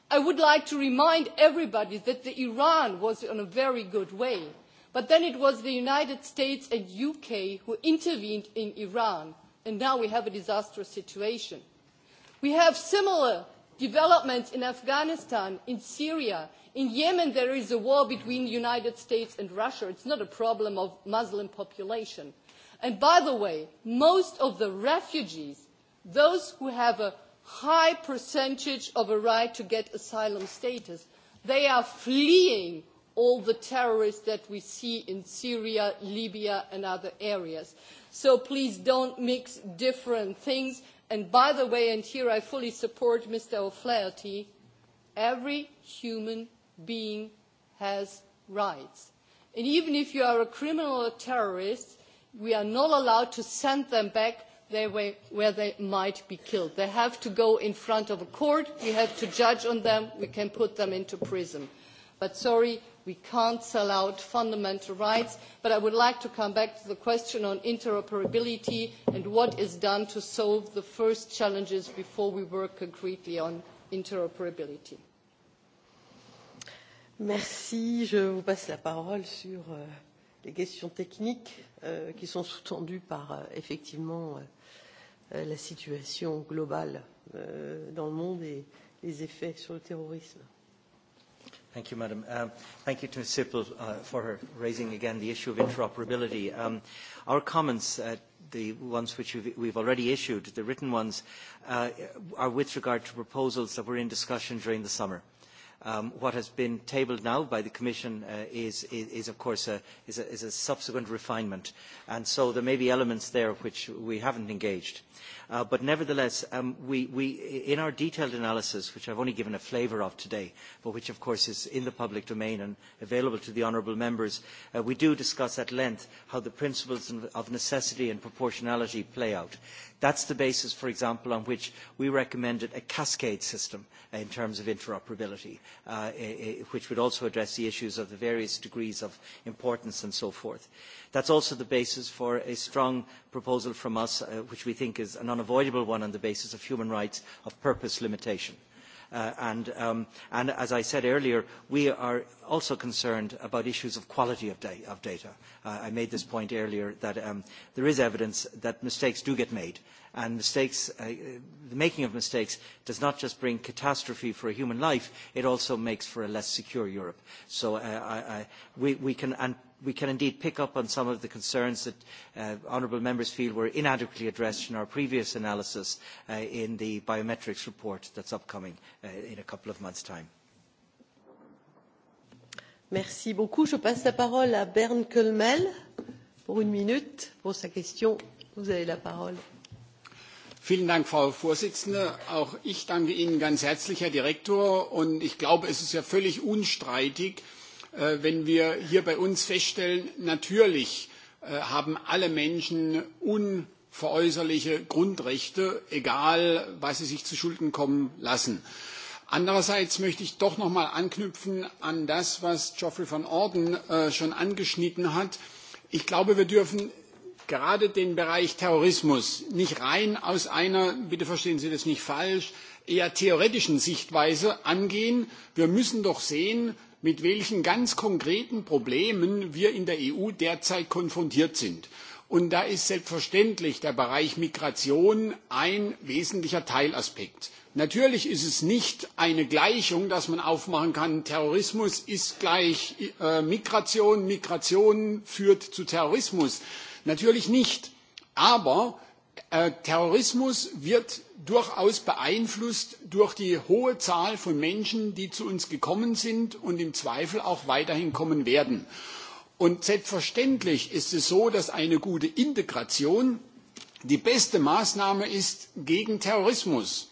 I would like to remind everybody that Iran was on a very good way But then it was the United States and UK who intervened in Iran, and now we have a disastrous situation. We have similar developments in Afghanistan, in Syria. In Yemen, there is a war between the United States and Russia. It's not a problem of Muslim population. And by the way, most of the refugees, those who have a high percentage of a right to get asylum status, they are fleeing all the terrorists that we see in Syria, Libya and other areas. So please don't mix different things. And by the way, and here I fully support Mr. O'Flaherty, every human being has rights. And even if you are a criminal or a terrorist, we are not allowed to send them back they were, where they might be killed. They have to go in front of a court. We have to judge on them. We can put them into prison. But sorry, We can't sell out fundamental rights, but I would like to come back to the question on interoperability and what is done to solve the first challenges before we work concretely on interoperability. Merci. Je vous passe la parole sur euh, les questions techniques euh, qui sont sous-tendues par euh, effectivement euh, la situation globale euh, dans le monde et les effets sur le terrorisme. Thank you, Madam. Um, thank you to Ms. Sippel uh, for her raising again the issue of interoperability. Um, our comments, uh, the ones which we've, we've already issued, the written ones, uh, are with regard to proposals that were in discussion during the summer. Um, what has been tabled now by the Commission uh, is, is, is, of course, a, is, a, is a subsequent refinement. And so there may be elements there which we haven't engaged. Uh, Uh, but nevertheless, um, we, we, in our detailed analysis, which I've only given a flavour of today, but which of course is in the public domain and available to the honourable members, uh, we do discuss at length how the principles of necessity and proportionality play out. That's the basis, for example, on which we recommended a cascade system in terms of interoperability, uh, which would also address the issues of the various degrees of importance and so forth. That's also the basis for a strong proposal from us, uh, which we think is an unavoidable one on the basis of human rights of purpose limitation. Uh, and, um, and as I said earlier, we are also concerned about issues of quality of, da of data. Uh, I made this point earlier that um, there is evidence that mistakes do get made, and mistakes, uh, the making of mistakes does not just bring catastrophe for a human life, it also makes for a less secure Europe. So uh, I, I, we, we can, and we can indeed pick up on some of the concerns that uh, honourable members feel were inadequately addressed in our previous analysis uh, in the biometrics report that's upcoming uh, in a couple of months' time. Merci beaucoup. Je passe la parole à Bern Kölmel pour une minute pour sa question. Vous avez la parole. Vielen Dank, Frau Vorsitzende. Auch ich danke Ihnen ganz herzlich, Herr Direktor. Und ich glaube, es ist ja völlig unstreitig, äh, Äh, wenn wir hier bei uns feststellen, natürlich äh, haben alle Menschen unveräußerliche Grundrechte, egal was sie sich zuschulden kommen lassen. Andererseits möchte ich doch noch mal anknüpfen an das, was Geoffrey van Orden äh, schon angeschnitten hat. Ich glaube, wir dürfen gerade den Bereich Terrorismus nicht rein aus einer, bitte verstehen Sie das nicht falsch, eher theoretischen Sichtweise angehen. Wir müssen doch sehen, mit welchen ganz konkreten Problemen wir in der EU derzeit konfrontiert sind. Und da ist selbstverständlich der Bereich Migration ein wesentlicher Teilaspekt. Natürlich ist es nicht eine Gleichung, dass man aufmachen kann, Terrorismus ist gleich äh, Migration, Migration führt zu Terrorismus. Natürlich nicht. Aber äh, Terrorismus wird durchaus beeinflusst durch die hohe Zahl von Menschen, die zu uns gekommen sind und im Zweifel auch weiterhin kommen werden. Und selbstverständlich ist es so, dass eine gute Integration die beste Maßnahme ist gegen Terrorismus.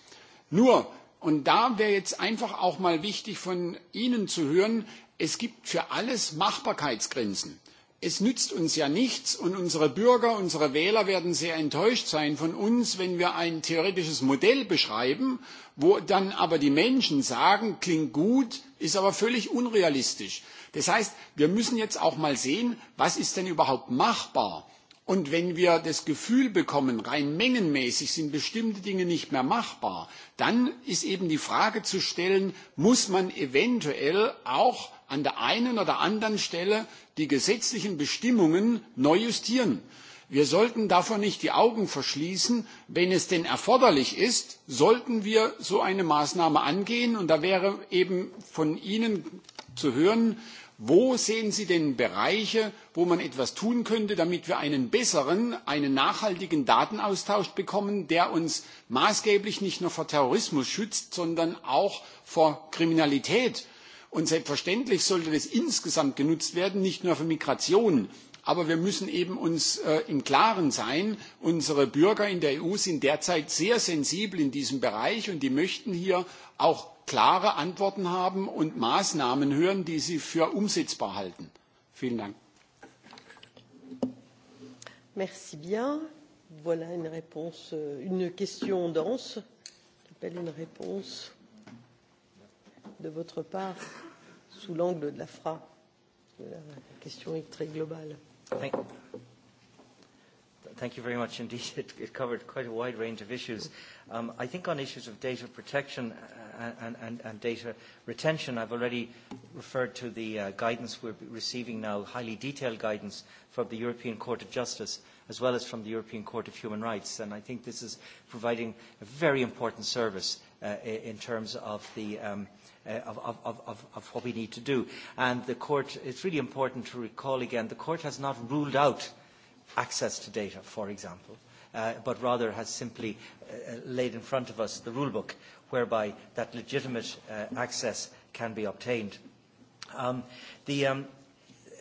Nur, und da wäre jetzt einfach auch mal wichtig von Ihnen zu hören, es gibt für alles Machbarkeitsgrenzen es nützt uns ja nichts und unsere Bürger, unsere Wähler werden sehr enttäuscht sein von uns, wenn wir ein theoretisches Modell beschreiben, wo dann aber die Menschen sagen, klingt gut, ist aber völlig unrealistisch. Das heißt, wir müssen jetzt auch mal sehen, was ist denn überhaupt machbar? Und wenn wir das Gefühl bekommen, rein mengenmäßig sind bestimmte Dinge nicht mehr machbar, dann ist eben die Frage zu stellen, muss man eventuell auch an der einen oder anderen Stelle die gesetzlichen bestimmungen neu justieren. wir sollten davor nicht die augen verschließen wenn es denn erforderlich ist sollten wir so eine maßnahme angehen und da wäre eben von ihnen zu hören wo sehen sie denn bereiche wo man etwas tun könnte damit wir einen besseren einen nachhaltigen datenaustausch bekommen der uns maßgeblich nicht nur vor terrorismus schützt sondern auch vor kriminalität? Und selbstverständlich sollte das insgesamt genutzt werden, nicht nur für Migration. Aber wir müssen eben uns äh, im Klaren sein, unsere Bürger in der EU sind derzeit sehr sensibel in diesem Bereich und die möchten hier auch klare Antworten haben und Maßnahmen hören, die sie für umsetzbar halten. Vielen Dank. Merci bien. Voilà une réponse, euh, une question dense. J'appelle une réponse de votre part sous l'angle de la FRA. La question est très globale. Thank, thank you very much indeed. It, it covered quite a wide range of issues. Um, I think on issues of data protection uh, and, and, and data retention, I've already referred to the uh, guidance we're receiving now, highly detailed guidance from the European Court of Justice as well as from the European Court of Human Rights. And I think this is providing a very important service uh, in terms of the um, uh, of, of, of, of what we need to do. And the court, it's really important to recall again, the court has not ruled out access to data, for example, uh, but rather has simply uh, uh laid in front of us the rulebook whereby that legitimate uh, access can be obtained. Um, the, um,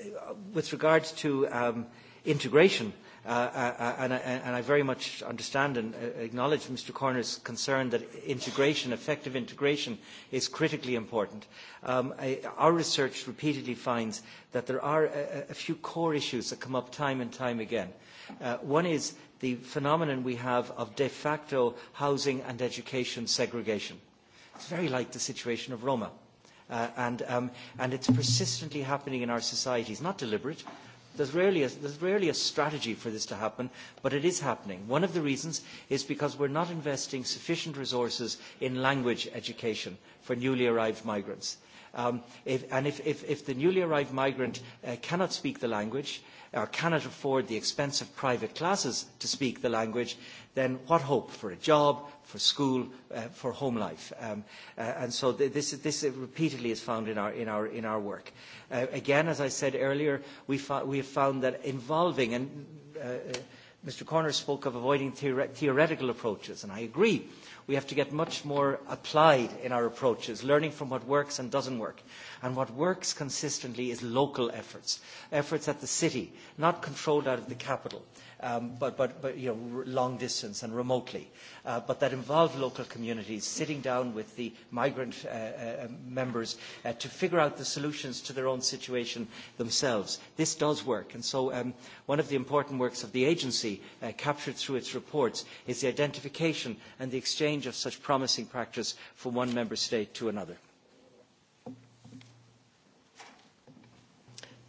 uh, with regard to um, integration, uh, Uh, uh, uh, and, I, and I very much understand and uh, acknowledge Mr. Corner's concern that integration, effective integration, is critically important. Um, I, our research repeatedly finds that there are a, a few core issues that come up time and time again. Uh, one is the phenomenon we have of de facto housing and education segregation. It's very like the situation of Roma. Uh, and, um, and it's persistently happening in our societies, not deliberate, uh, There's rarely, a, there's rarely a strategy for this to happen, but it is happening. One of the reasons is because we're not investing sufficient resources in language education for newly arrived migrants. Um, if, and if, if, if the newly arrived migrant uh, cannot speak the language, uh, or uh, cannot afford the expensive private classes to speak the language, then what hope for a job, for school, uh, for home life? Um, uh, and so th- this, this repeatedly is found in our, in our, in our work. Uh, again, as I said earlier, we, fo- we have found that involving and uh, Mr. Corner spoke of avoiding theore- theoretical approaches, and I agree. We have to get much more applied in our approaches, learning from what works and doesn't work. And what works consistently is local efforts, efforts at the city, not controlled out of the capital. Uh, um, but, but, but you know, long distance and remotely, uh, but that involve local communities sitting down with the migrant uh, uh, um, members uh, to figure out the solutions to their own situation themselves. This does work, and so um, one of the important works of the agency uh, captured through its reports is the identification and the exchange of such promising practice from one member state to another.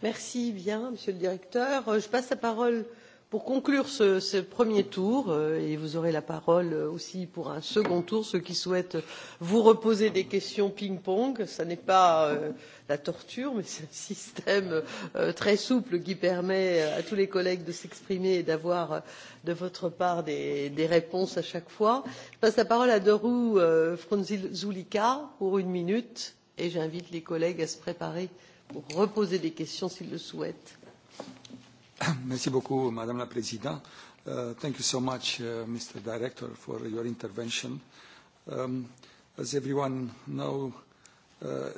Merci bien, Monsieur le Directeur. Euh, je passe la parole pour conclure ce, ce premier tour euh, et vous aurez la parole euh, aussi pour un second tour ceux qui souhaitent vous reposer des questions ping pong ce n'est pas euh, la torture mais c'est un système euh, très souple qui permet euh, à tous les collègues de s'exprimer et d'avoir de votre part des, des réponses à chaque fois. je passe la parole à doru euh, frunzulic pour une minute et j'invite les collègues à se préparer pour reposer des questions s'ils le souhaitent. Merci beaucoup, Madame la Présidente. Uh, thank you so much, uh, Mr. Director, for your intervention. Um, as everyone knows, uh,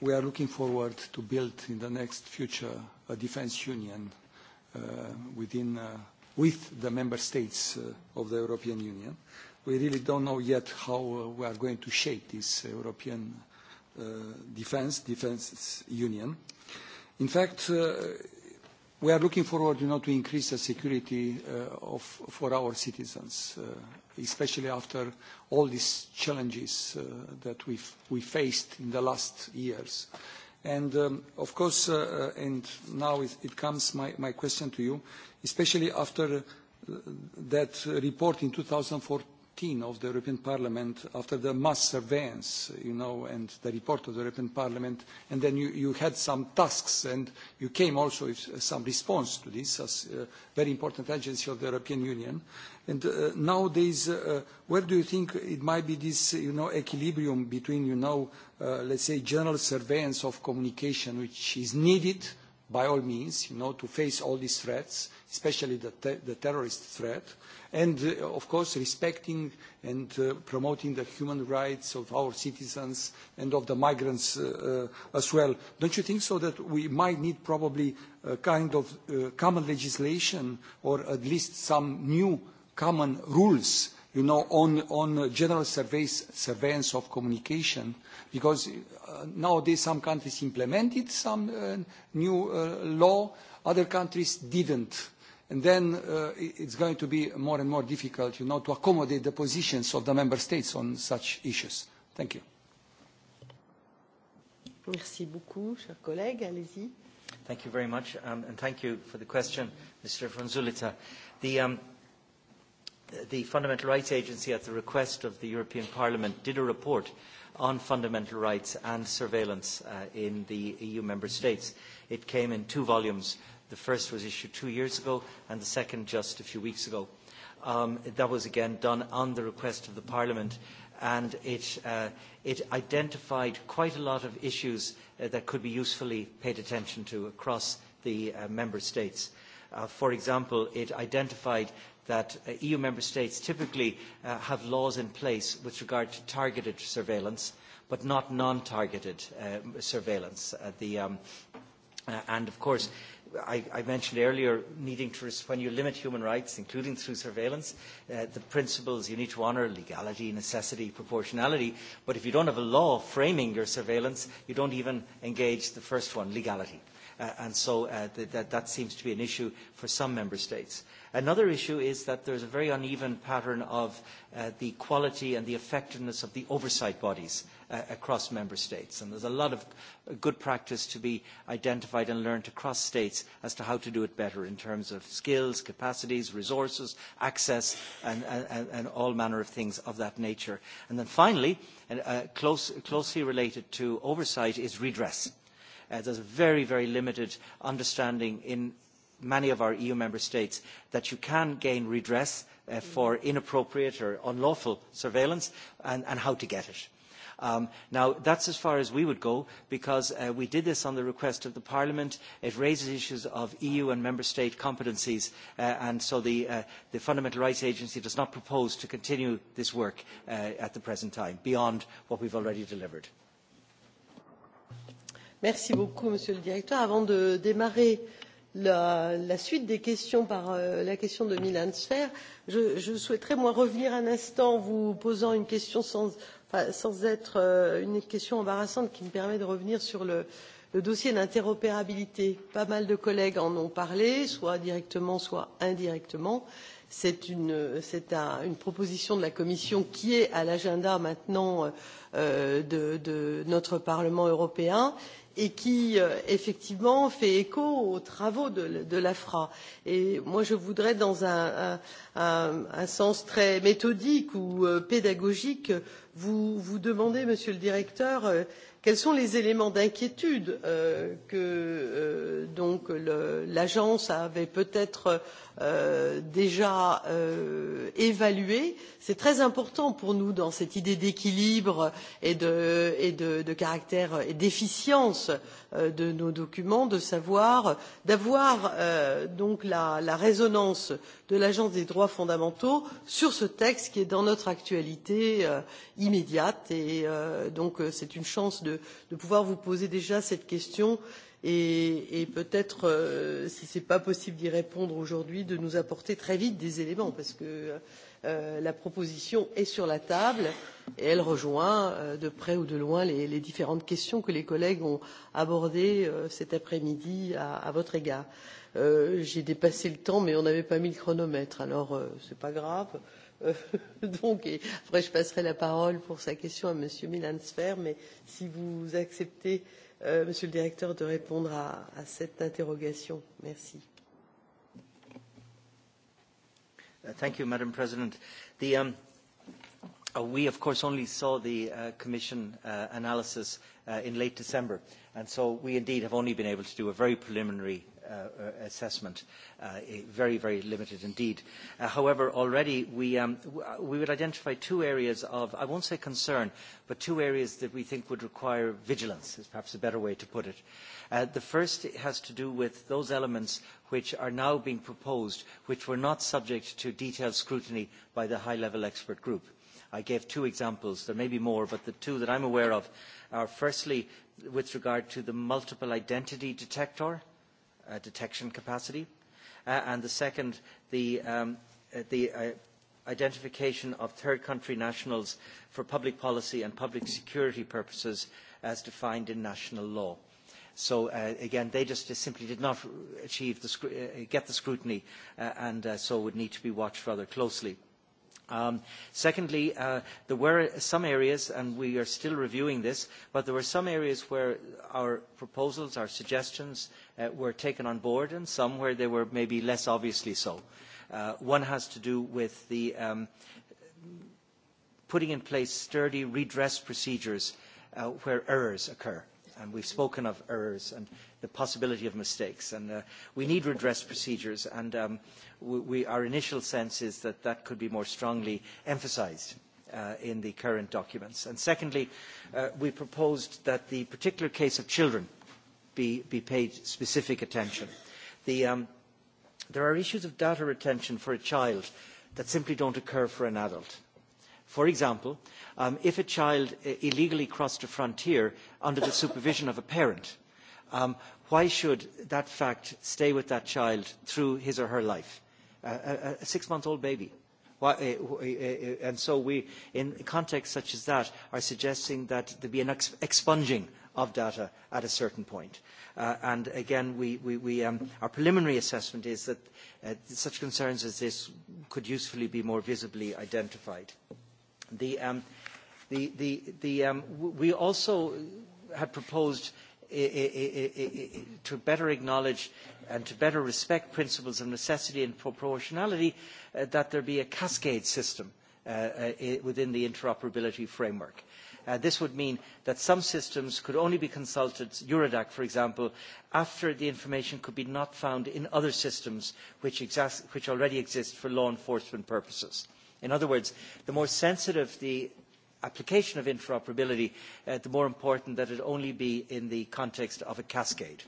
we are looking forward to build in the next future a defense union uh, within, uh, with the member states uh, of the European Union. We really don't know yet how uh, we are going to shape this European uh, defense, defense union. In fact, uh, We are looking forward, you know, to increase the security uh, of, for our citizens, uh, especially after all these challenges uh, that we've, we faced in the last years. And, um, of course, uh, uh, and now it, it comes my, my question to you, especially after uh, that report in 2014, 19 of the European Parliament after the mass surveillance, you know, and the report of the European Parliament, and then you, you had some tasks and you came also with some response to this as a very important agency of the European Union. And uh, nowadays, uh, where do you think it might be this, you know, equilibrium between, you know, uh, let's say general surveillance of communication which is needed uh, by all means, you know, to face all these threats, especially the, te the terrorist threat, and uh, of course respecting and uh, promoting the human rights of our citizens and of the migrants uh, uh, as well. Don't you think so that we might need probably a kind of uh, common legislation or at least some new common rules uh, you know, on, on general surveys, surveillance of communication, because uh, nowadays some countries implemented some uh, new uh, law, other countries didn't. And then uh, it's going to be more and more difficult, you know, to accommodate the positions of the member states on such issues. Thank you. Merci beaucoup, cher collègue. Allez-y. Thank you very much, um, and thank you for the question, Mr. Franzulita. The, um, the Fundamental Rights Agency, at the request of the European Parliament, did a report on fundamental rights and surveillance uh, in the EU member states. It came in two volumes. The first was issued two years ago and the second just a few weeks ago. Um, that was again done on the request of the Parliament and it, uh, it identified quite a lot of issues uh, that could be usefully paid attention to across the uh, member states. Uh, for example, it identified that uh, EU member states typically uh, have laws in place with regard to targeted surveillance, but not non-targeted uh, surveillance. Uh, the, um, uh, and of course, I, I mentioned earlier needing to, when you limit human rights, including through surveillance, uh, the principles you need to honour legality, necessity, proportionality. But if you don't have a law framing your surveillance, you don't even engage the first one, legality uh, and so uh, th that, that seems to be an issue for some member states. Another issue is that there's a very uneven pattern of uh, the quality and the effectiveness of the oversight bodies uh, across member states. And there's a lot of good practice to be identified and learned across states as to how to do it better in terms of skills, capacities, resources, access, and, and, and all manner of things of that nature. And then finally, and, uh, close, closely related to oversight is redress. Uh, Uh, there's a very, very limited understanding in many of our EU member states that you can gain redress uh, for mm-hmm. inappropriate or unlawful surveillance and, and how to get it. Um, now, that's as far as we would go because uh, we did this on the request of the Parliament. It raises issues of EU and Member State competencies uh, and so the, uh, the Fundamental Rights Agency does not propose to continue this work uh, at the present time beyond what we've already delivered merci beaucoup monsieur le directeur. avant de démarrer la, la suite des questions par euh, la question de milan zver je, je souhaiterais moi, revenir un instant en vous posant une question sans, enfin, sans être euh, une question embarrassante qui me permet de revenir sur le, le dossier d'interopérabilité. pas mal de collègues en ont parlé soit directement soit indirectement. c'est une, un, une proposition de la commission qui est à l'agenda maintenant euh, de, de notre parlement européen et et qui euh, effectivement fait écho aux travaux de, de l'afra. je voudrais dans un, un, un sens très méthodique ou euh, pédagogique vous, vous demander monsieur le directeur euh, quels sont les éléments d'inquiétude euh, que euh, l'agence avait peut être euh, déjà euh, évaluées c'est très important pour nous dans cette idée d'équilibre et de, et de, de caractère et d'efficience euh, de nos documents de savoir d'avoir euh, donc la, la résonance de l'agence des droits fondamentaux sur ce texte qui est dans notre actualité euh, immédiate et euh, donc c'est une chance de, de pouvoir vous poser déjà cette question et et, et peut être euh, si ce n'est pas possible d'y répondre aujourd'hui de nous apporter très vite des éléments parce que euh, la proposition est sur la table et elle rejoint euh, de près ou de loin les, les différentes questions que les collègues ont abordées euh, cet après midi à, à votre égard. Euh, J'ai dépassé le temps mais on n'avait pas mis le chronomètre alors euh, ce n'est pas grave. Euh, donc, et après, je passerai la parole pour sa question à Monsieur Milan Sfer, mais si vous acceptez euh, euh, Monsieur le Directeur, de répondre à, à cette interrogation. Merci. Uh, thank you, Madam President. The, um, uh, we, of course, only saw the uh, Commission uh, analysis uh, in late December, and so we indeed have only been able to do a very preliminary uh, assessment, uh, eh, very, very limited indeed. Uh, however, already we, um, uh, we would identify two areas of, I won't say concern, but two areas that we think would require vigilance, is perhaps a better way to put it. Uh, the first has to do with those elements which are now being proposed, which were not subject to detailed scrutiny by the high-level expert group. I gave two examples. There may be more, but the two that I'm aware of are firstly with regard to the multiple identity detector, uh, detection capacity. Uh, and the second, the, um, uh, the uh, identification of third country nationals for public policy and public security purposes as defined in national law. So uh, again, they just uh, simply did not achieve the, uh, get the scrutiny uh, and uh, so would need to be watched rather closely. Um, secondly, uh, there were some areas, and we are still reviewing this, but there were some areas where our proposals, our suggestions, uh, uh, were taken on board and some where they were maybe less obviously so. Uh, one has to do with the um, putting in place sturdy redress procedures uh, where errors occur. And we've spoken of errors and the possibility of mistakes. And uh, we need redress procedures, and um, we, we, our initial sense is that that could be more strongly emphasized. Uh, in the current documents. And secondly, uh, we proposed that the particular case of children uh, be, be paid specific attention. The, um, there are issues of data retention for a child that simply don't occur for an adult. For example, um, if a child uh, illegally crossed a frontier under the supervision of a parent, um, why should that fact stay with that child through his or her life? Uh, a, a six-month-old baby. Why, uh, uh, uh, and so we, in contexts such as that, are suggesting that there be an ex expunging of data at a certain point. Uh, and again, we, we, we, um, our preliminary assessment is that uh, such concerns as this could usefully be more visibly identified. The, um, the, the, the, um, we also had proposed I, I, I, to better acknowledge and to better respect principles of necessity and proportionality, uh, that there be a cascade system uh, uh, within the interoperability framework. Uh, Uh, this would mean that some systems could only be consulted, Eurodac for example, after the information could be not found in other systems which, exas- which already exist for law enforcement purposes. In other words, the more sensitive the application of interoperability, uh, the more important that it only be in the context of a cascade.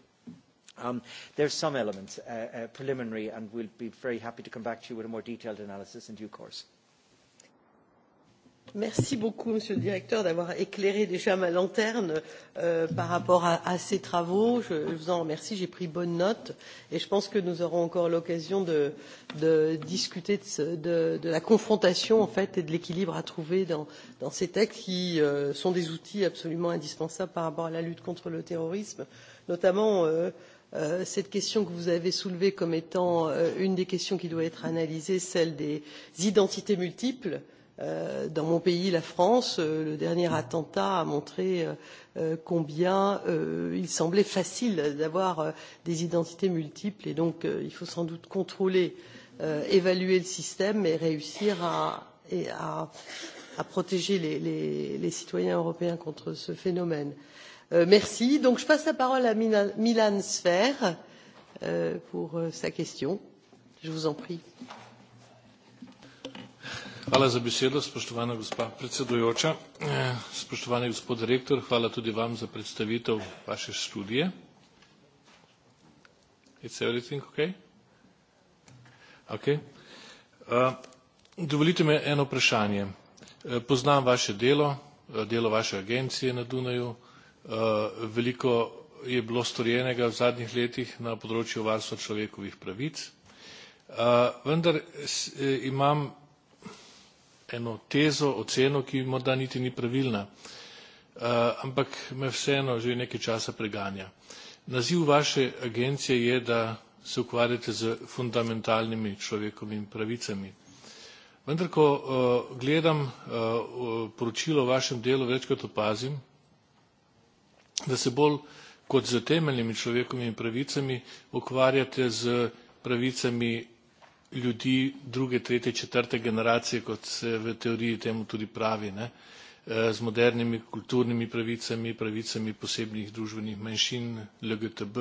Um, there are some elements, uh, uh, preliminary, and we'll be very happy to come back to you with a more detailed analysis in due course. Merci beaucoup, Monsieur le Directeur, d'avoir éclairé déjà ma lanterne euh, par rapport à, à ces travaux. Je, je vous en remercie. J'ai pris bonne note et je pense que nous aurons encore l'occasion de, de discuter de, de, de la confrontation en fait et de l'équilibre à trouver dans, dans ces textes qui euh, sont des outils absolument indispensables par rapport à la lutte contre le terrorisme, notamment. Euh, euh cette question que vous avez soulevée comme étant euh, une des questions qui doit être analysée, celle des identités multiples, euh, Euh, dans mon pays, la France, euh, le dernier attentat a montré euh, combien il semblait facile d'avoir des identités multiples et donc il faut sans doute contrôler, évaluer le système et réussir à, et à, à protéger les, les, les citoyens européens contre ce phénomène. Merci. Donc je passe la parole à Milan Sfer pour sa question. Je vous en prie. Merci Hvala za besedo, spoštovana gospa predsedujoča. Eh, spoštovani gospod rektor, hvala tudi vam za predstavitev vaše študije. It's everything okay? Okay. Uh, dovolite mi eno vprašanje. Eh, poznam vaše delo, delo vaše agencije na Dunaju. Uh, veliko je bilo storjenega v zadnjih letih na področju varstva človekovih pravic. Uh, vendar imam eno tezo, oceno, ki morda niti ni pravilna, eh, ampak me vseeno že nekaj časa preganja. Naziv vaše agencije je, da se ukvarjate z fundamentalnimi človekovimi pravicami. Vendar, ko uh, gledam uh, poročilo o vašem delu, večkrat opazim, da se bolj kot z temeljnimi človekovimi pravicami ukvarjate z pravicami ljudi druge, tretje, četrte generacije, kot se v teoriji temu tudi pravi, ne, eh, z modernimi kulturnimi pravicami, pravicami posebnih družbenih manjšin, LGTB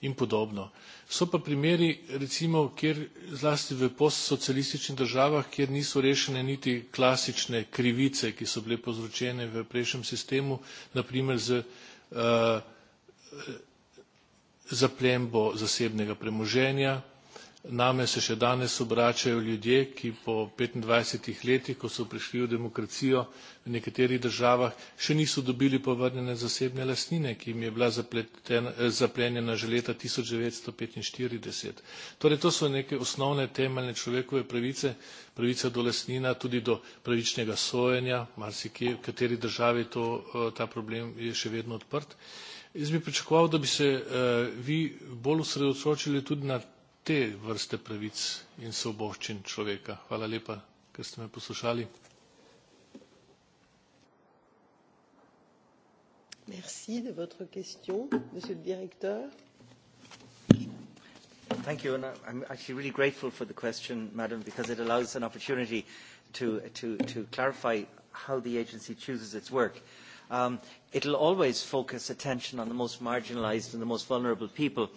in podobno. So pa primeri, recimo, kjer zlasti v postsocialističnih državah, kjer niso rešene niti klasične krivice, ki so bile povzročene v prejšnjem sistemu, naprimer z uh, zaplembo zasebnega premoženja, Name se še danes obračajo ljudje, ki po 25 letih, ko so prišli v demokracijo v nekaterih državah, še niso dobili povrnjene zasebne lastnine, ki jim je bila zapletena, eh, zaplenjena že leta 1945. Torej, to so neke osnovne temeljne človekove pravice, pravica do lastnina, tudi do pravičnega sojenja, marsikje, v kateri državi to, eh, ta problem je še vedno odprt. Jaz bi pričakoval, da bi se eh, vi bolj osredotočili tudi na te vrste pravic in soboščin človeka. Hvala lepa, ker ste me poslušali. Merci de votre question, Monsieur le Directeur. Thank you, and I'm actually really grateful for the question, Madam, because it allows an opportunity to, to, to clarify how the agency chooses its work. Um, it'll always focus attention on the most marginalised and the most vulnerable people,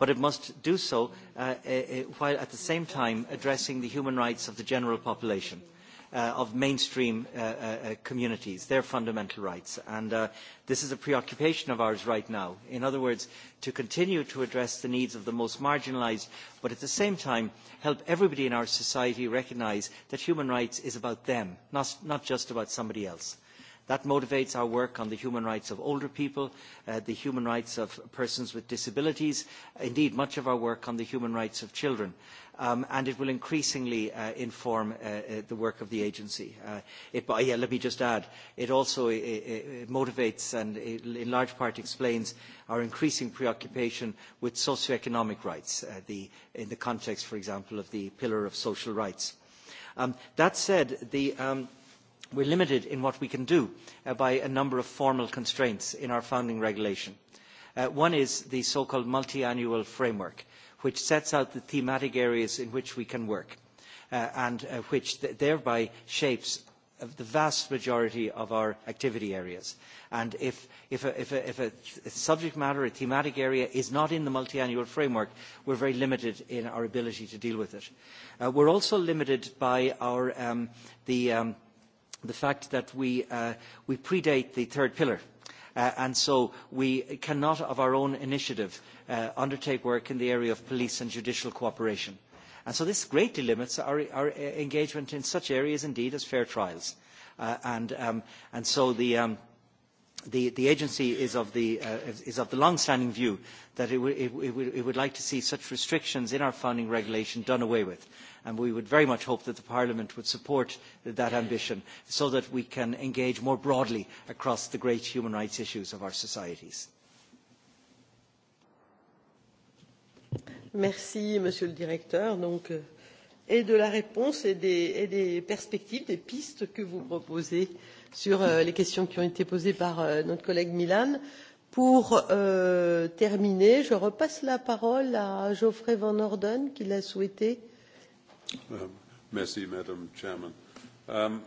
but it must do so uh, uh, uh, while at the same time addressing the human rights of the general population. Uh, of mainstream uh, uh, uh, communities, their fundamental rights. And uh, this is a preoccupation of ours right now. In other words, to continue to address the needs of the most marginalised, but at the same time help everybody in our society recognise that human rights is about them, not, not just about somebody else That motivates our work on the human rights of older people, uh, the human rights of persons with disabilities, indeed much of our work on the human rights of children. Um, and it will increasingly uh, inform uh, uh the work of the agency. Uh, it, yeah, let me just add, it also it, it motivates and it in large part explains our increasing preoccupation with socioeconomic rights uh, the, in the context, for example, of the pillar of social rights. Um, that said, the, um, we're limited in what we can do uh, by a number of formal constraints in our founding regulation. Uh, one is the so-called multi-annual framework, which sets out the thematic areas in which we can work, uh, and uh, which th thereby shapes uh, the vast majority of our activity areas. And if, if, a, if, a, if a, a subject matter, a thematic area is not in the multi-annual framework, we're very limited in our ability to deal with it. Uh, we're also limited by our, um, the, um, the fact that we, uh, we predate the third pillar. Uh, and so we cannot, of our own initiative, uh, undertake work in the area of police and judicial cooperation. And so this greatly limits our, our uh, engagement in such areas, indeed, as fair trials. Uh, and, um, and so the, um, the, the agency is of the, uh, is of the long-standing view that it, w- it, w- it would like to see such restrictions in our founding regulation done away with. Uh, and we would very much hope that the Parliament would support that ambition so that we can engage more broadly across the great human rights issues of our societies. Merci, Monsieur le Directeur. Donc, euh, et de la réponse et des, et des perspectives, des pistes que vous proposez sur euh, les questions qui ont été posées par euh, notre collègue Milan. Pour euh, terminer, je repasse la parole à Geoffrey Van Orden qui l'a souhaité Um, merci, Madam Chairman. Um,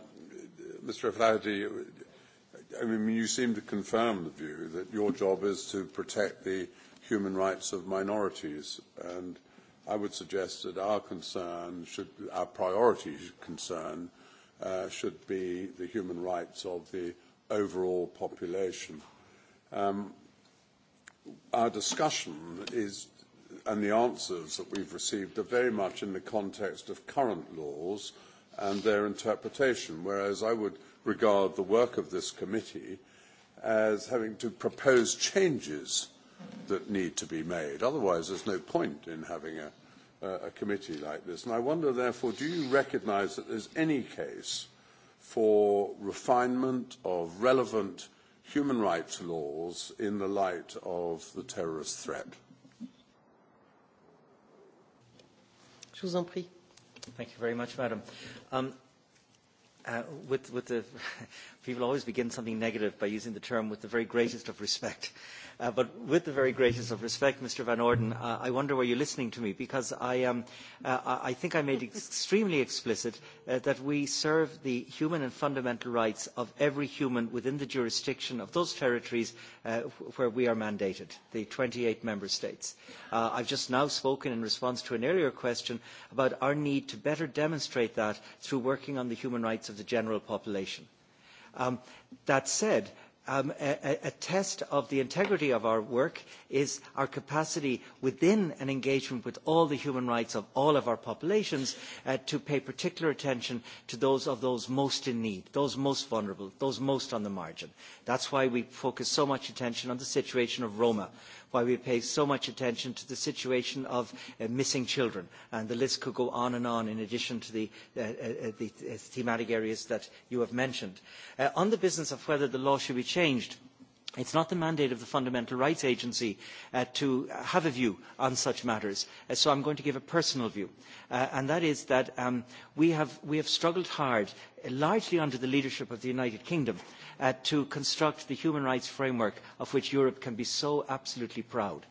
Mr. O'Flaherty, I mean, you seem to confirm the view that your job is to protect the human rights of minorities, and I would suggest that our concern, should, our priority concern, uh, should be the human rights of the overall population. Um, our discussion is and the answers that we've received are very much in the context of current laws and their interpretation, whereas I would regard the work of this committee as having to propose changes that need to be made. Otherwise, there's no point in having a, a committee like this. And I wonder, therefore, do you recognise that there's any case for refinement of relevant human rights laws in the light of the terrorist threat? Je vous en prie. Thank you very much, madam. Um, uh, with, with the, people always begin something negative by using the term with the very greatest of respect. Uh, but with the very greatest of respect, Mr. Van Orden, uh, I wonder were you listening to me because I, um, uh, I think I made extremely explicit uh, that we serve the human and fundamental rights of every human within the jurisdiction of those territories uh, where we are mandated, the 28 member states. Uh, I've just now spoken in response to an earlier question about our need to better demonstrate that through working on the human rights of the general population. Um, that said, uh, um, a, a test of the integrity of our work is our capacity within an engagement with all the human rights of all of our populations uh, to pay particular attention to those of those most in need, those most vulnerable, those most on the margin. That's why we focus so much attention on the situation of Roma why we pay so much attention to the situation of uh, missing children. And the list could go on and on in addition to the, uh, uh, uh the uh, thematic areas that you have mentioned. Uh, on the business of whether the law should be changed, uh, It's not the mandate of the Fundamental Rights Agency uh, to have a view on such matters, uh, so I'm going to give a personal view, uh, and that is that um, we, have, we have struggled hard, uh, largely under the leadership of the United Kingdom, uh, to construct the human rights framework of which Europe can be so absolutely proud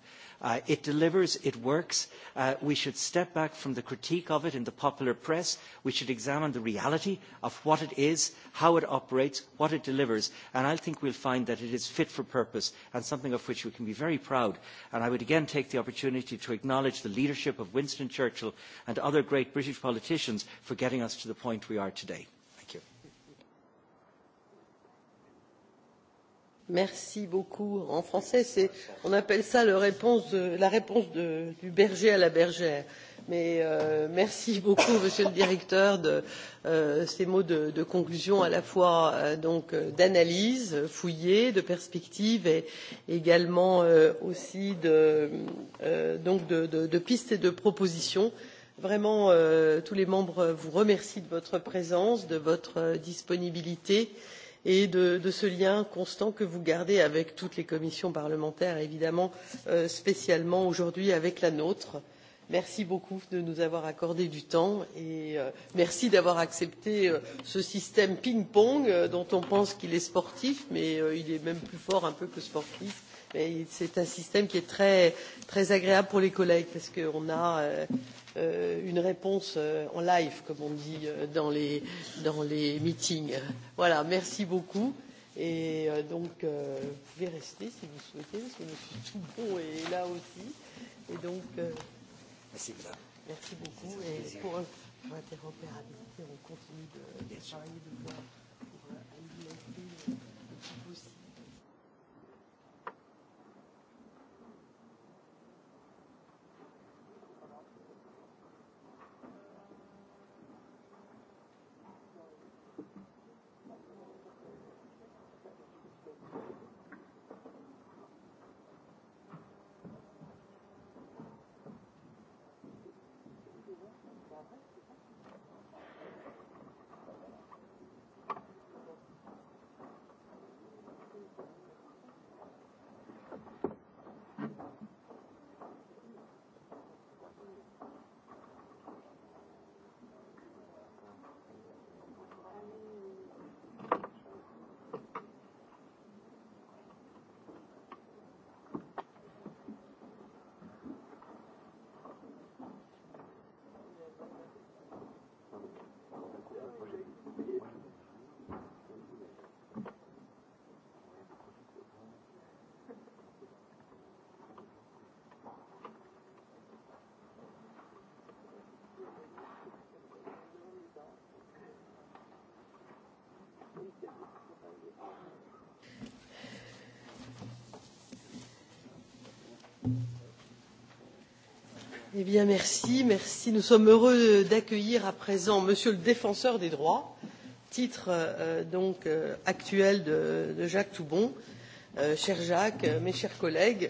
Uh, it delivers, it works. Uh, we should step back from the critique of it in the popular press. We should examine the reality of what it is, how it operates, what it delivers, and I think we'll find that it is fit for purpose and something of which we can be very proud. And I would again take the opportunity to acknowledge the leadership of Winston Churchill and other great British politicians for getting us to the point we are today. merci beaucoup en français on appelle cela réponse, la réponse de, du berger à la bergère mais euh, merci beaucoup monsieur le directeur de euh, ces mots de, de conclusion à la fois euh, euh d'analyse fouillée de perspective et également euh, aussi de, euh, donc de pistes et de propositions vraiment tous les membres vous remercient de votre présence de votre disponibilité et et de, de ce lien constant que vous gardez avec toutes les commissions parlementaires et évidemment euh, spécialement aujourd'hui avec la nôtre. merci beaucoup de nous avoir accordé du temps et euh, merci d'avoir accepté euh, ce système ping pong euh, dont on pense qu'il est sportif mais euh, il est même plus fort un peu que sportif mais c'est un système qui est très, très agréable pour les collègues parce qu'on a euh, euh, une réponse euh, en live, comme on dit euh, dans, les, dans les meetings. Voilà, merci beaucoup. Et euh, donc, euh, vous pouvez rester si vous souhaitez, parce que M. Toubon est là aussi. Et donc, euh, merci, madame. merci beaucoup. Et pour, pour interopérabilité, on continue de, de travailler de voir. Eh bien, merci, merci. Nous sommes heureux d'accueillir à présent Monsieur le défenseur des droits, titre euh, donc euh, actuel de, de Jacques Toubon. Euh, cher Jacques, euh, mes chers collègues,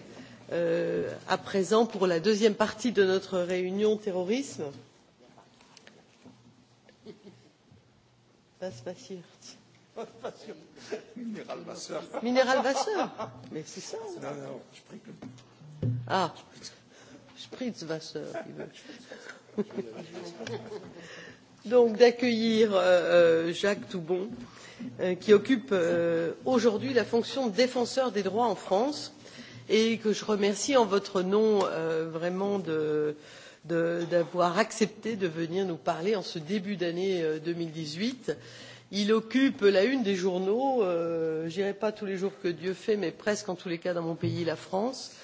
euh, à présent pour la deuxième partie de notre réunion terrorisme. Passe pas sûr. Minéral Vasseur. Minéral Vasseur Mais c'est ça. Non, non, je prie que... Ah, Spritzwasser. Donc d'accueillir euh, euh, Jacques Toubon, euh, qui occupe euh, aujourd'hui la fonction de défenseur des droits en France et que je remercie en votre nom euh, vraiment de, de, d'avoir accepté de venir nous parler en ce début d'année euh, 2018. Il occupe la une des journaux, euh, je dirais pas tous les jours que Dieu fait, mais presque en tous les cas dans mon pays, la France. Euh,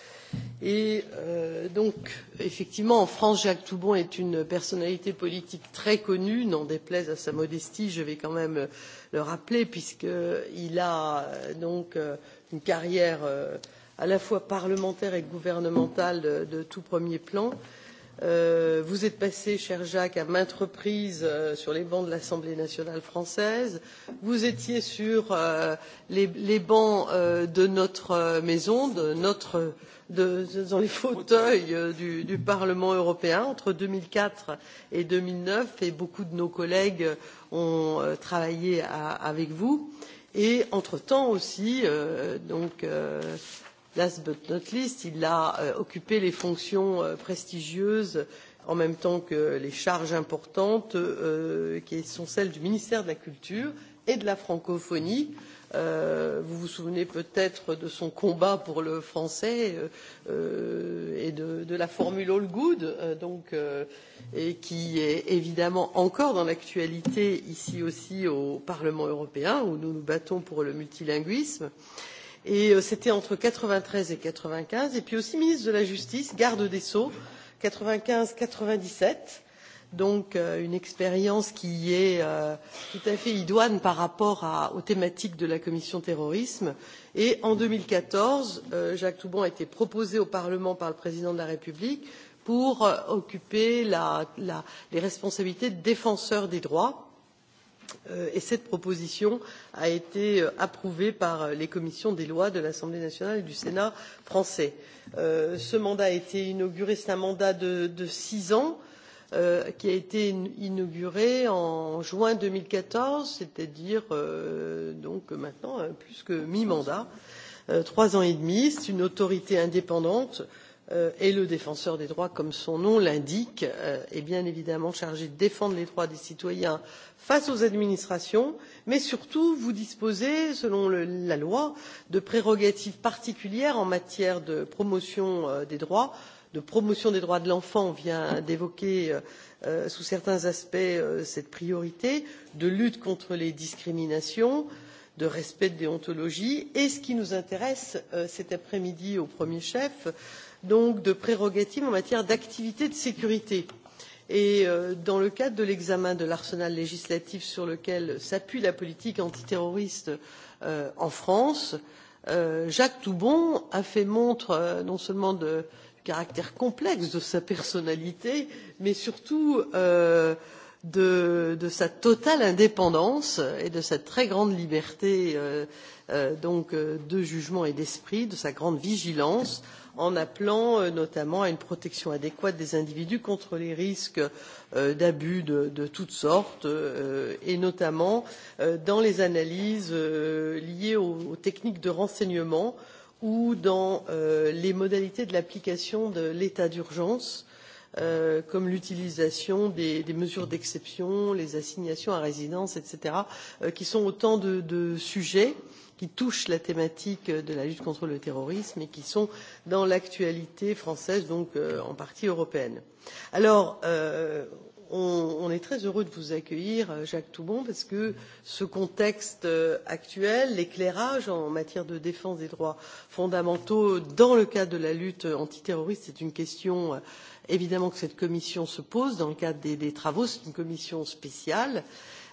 et euh, donc effectivement en france jacques toubon est une personnalité politique très connue n'en déplaise à sa modestie je vais quand même le rappeler puisqu'il a euh, donc euh, une carrière euh, à la fois parlementaire et gouvernementale de, de tout premier plan et Euh, vous êtes passé, cher Jacques, à maintes reprises euh, sur les bancs de l'Assemblée nationale française. Vous étiez sur euh, les, les bancs euh, de notre euh, maison, de notre, de, dans les fauteuils euh, du, du Parlement européen entre 2004 et 2009, et beaucoup de nos collègues ont euh, travaillé à, avec vous. Et entre-temps aussi, euh, donc. Euh, last but not least il a euh, occupé les fonctions euh, prestigieuses en même temps que les charges importantes euh, qui sont celles du ministère de la culture et de la francophonie. Euh, vous vous souvenez peut être de son combat pour le français euh, euh, et de, de la formule all good donc, et qui est évidemment encore dans l'actualité ici aussi au parlement européen où nous nous battons pour le multilinguisme. il et euh, c'était entre quatre vingt treize et quatre vingt quinze et puis aussi ministre de la justice garde des sceaux quatre vingt quinze quatre vingt dix sept donc euh, une expérience qui est euh, tout à fait idoine par rapport à, aux thématiques de la commission terrorisme et en deux mille quatorze euh, jacques toubon a été proposé au parlement par le président de la république pour occuper la, la, les responsabilités de défenseur des droits Euh, et cette proposition a été euh, approuvée par euh, les commissions des lois de l'assemblée nationale et du sénat français. ce mandat a été inauguré c'est un mandat de, de six ans qui a été inauguré en juin deux mille quatorze c'est à dire euh, donc maintenant plus que mi mandat trois ans et demi. c'est une autorité indépendante qui Euh, et le défenseur des droits comme son nom l'indique euh, est bien évidemment chargé de défendre les droits des citoyens face aux administrations mais surtout vous disposez selon la loi de prérogatives particulières en matière de promotion euh, des droits de promotion des droits de l'enfant on vient d'évoquer sous certains aspects cette priorité de lutte contre les discriminations de respect de déontologie et ce qui nous intéresse cet après midi au premier chef c'est donc de prérogatives en matière d'activité de sécurité et euh, dans le cadre de l'examen de l'arsenal législatif sur lequel s'appuie la politique antiterroriste euh, en france euh, jacques toubon a fait montre euh, non seulement de, du caractère complexe de sa personnalité mais surtout euh, de, de sa totale indépendance et de sa très grande liberté euh, donc de jugement et d'esprit de sa grande vigilance en appelant euh, notamment à une protection adéquate des individus contre les risques euh, d'abus de, de toutes sortes euh, et notamment euh, dans les analyses euh, liées aux, aux techniques de renseignement ou dans euh, les modalités de l'application de l'état d'urgence euh, comme l'utilisation des, des mesures d'exception, les assignations à résidence, etc., euh, qui sont autant de, de sujets qui touchent la thématique de la lutte contre le terrorisme et qui sont dans l'actualité française, donc euh, en partie européenne. Alors, euh, on, on est très heureux de vous accueillir, euh, Jacques Toubon, parce que ce contexte euh, actuel, l'éclairage en matière de défense des droits fondamentaux dans le cadre de la lutte antiterroriste, c'est une question euh, évidemment que cette commission se pose dans le cadre des, des travaux c'est une commission spéciale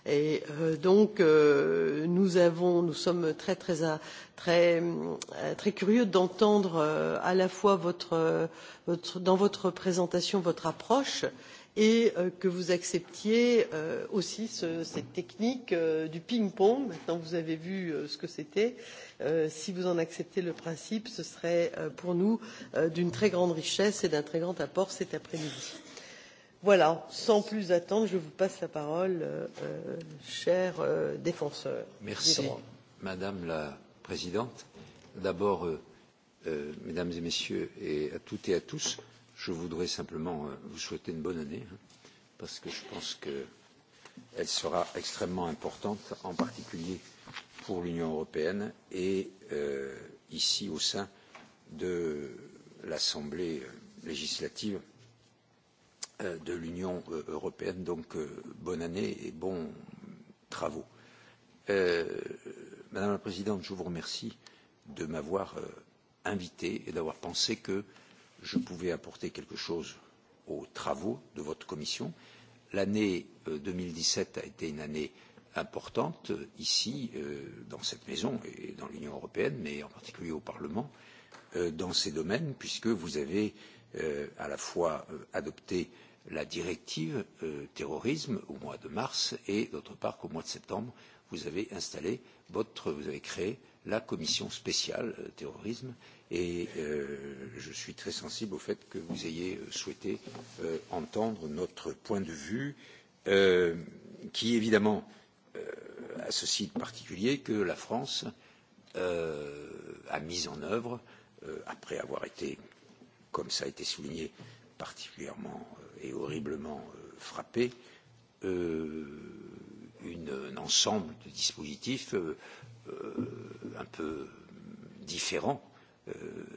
et euh, donc euh, nous avons nous sommes très très euh, très euh, très curieux d'entendre euh, à la fois votre, euh, votre dans votre présentation votre approche et et euh, que vous acceptiez euh, aussi ce, cette technique euh, du ping pong maintenant vous avez vu ce que c'était si vous en acceptez le principe ce serait pour nous d'une très grande richesse et d'un très grand apport cet après midi. voilà sans plus attendre je vous passe la parole euh, cher euh, défenseur. merci madame la présidente d'abord euh, mesdames et messieurs et à toutes et à tous euh, Je voudrais simplement euh, vous souhaiter une bonne année, parce que je pense qu'elle sera extrêmement importante, en particulier pour l'Union européenne et euh, ici au sein de l'Assemblée euh, législative euh, de l'Union européenne. Donc, bonne année et bons travaux. Euh, Madame la Présidente, je vous remercie de m'avoir euh, invité et d'avoir pensé que euh, je pouvais apporter quelque chose aux travaux de votre commission. L'année 2017 euh, a été une année importante euh, ici, euh, dans cette maison et dans l'Union européenne, mais en particulier au Parlement, dans ces domaines, puisque vous avez à la fois adopté la directive terrorisme au mois de mars et, d'autre part, qu'au mois de septembre, vous avez installé votre, vous avez créé la commission spéciale terrorisme et euh, je suis très sensible au fait que vous ayez euh, souhaité euh, entendre notre point de vue, euh, qui évidemment euh, a ceci de particulier que la France euh, a mis en œuvre, euh, après avoir été, comme ça a été souligné, particulièrement euh, et horriblement euh, frappée, euh, une, un ensemble de dispositifs euh, euh, un peu différents euh,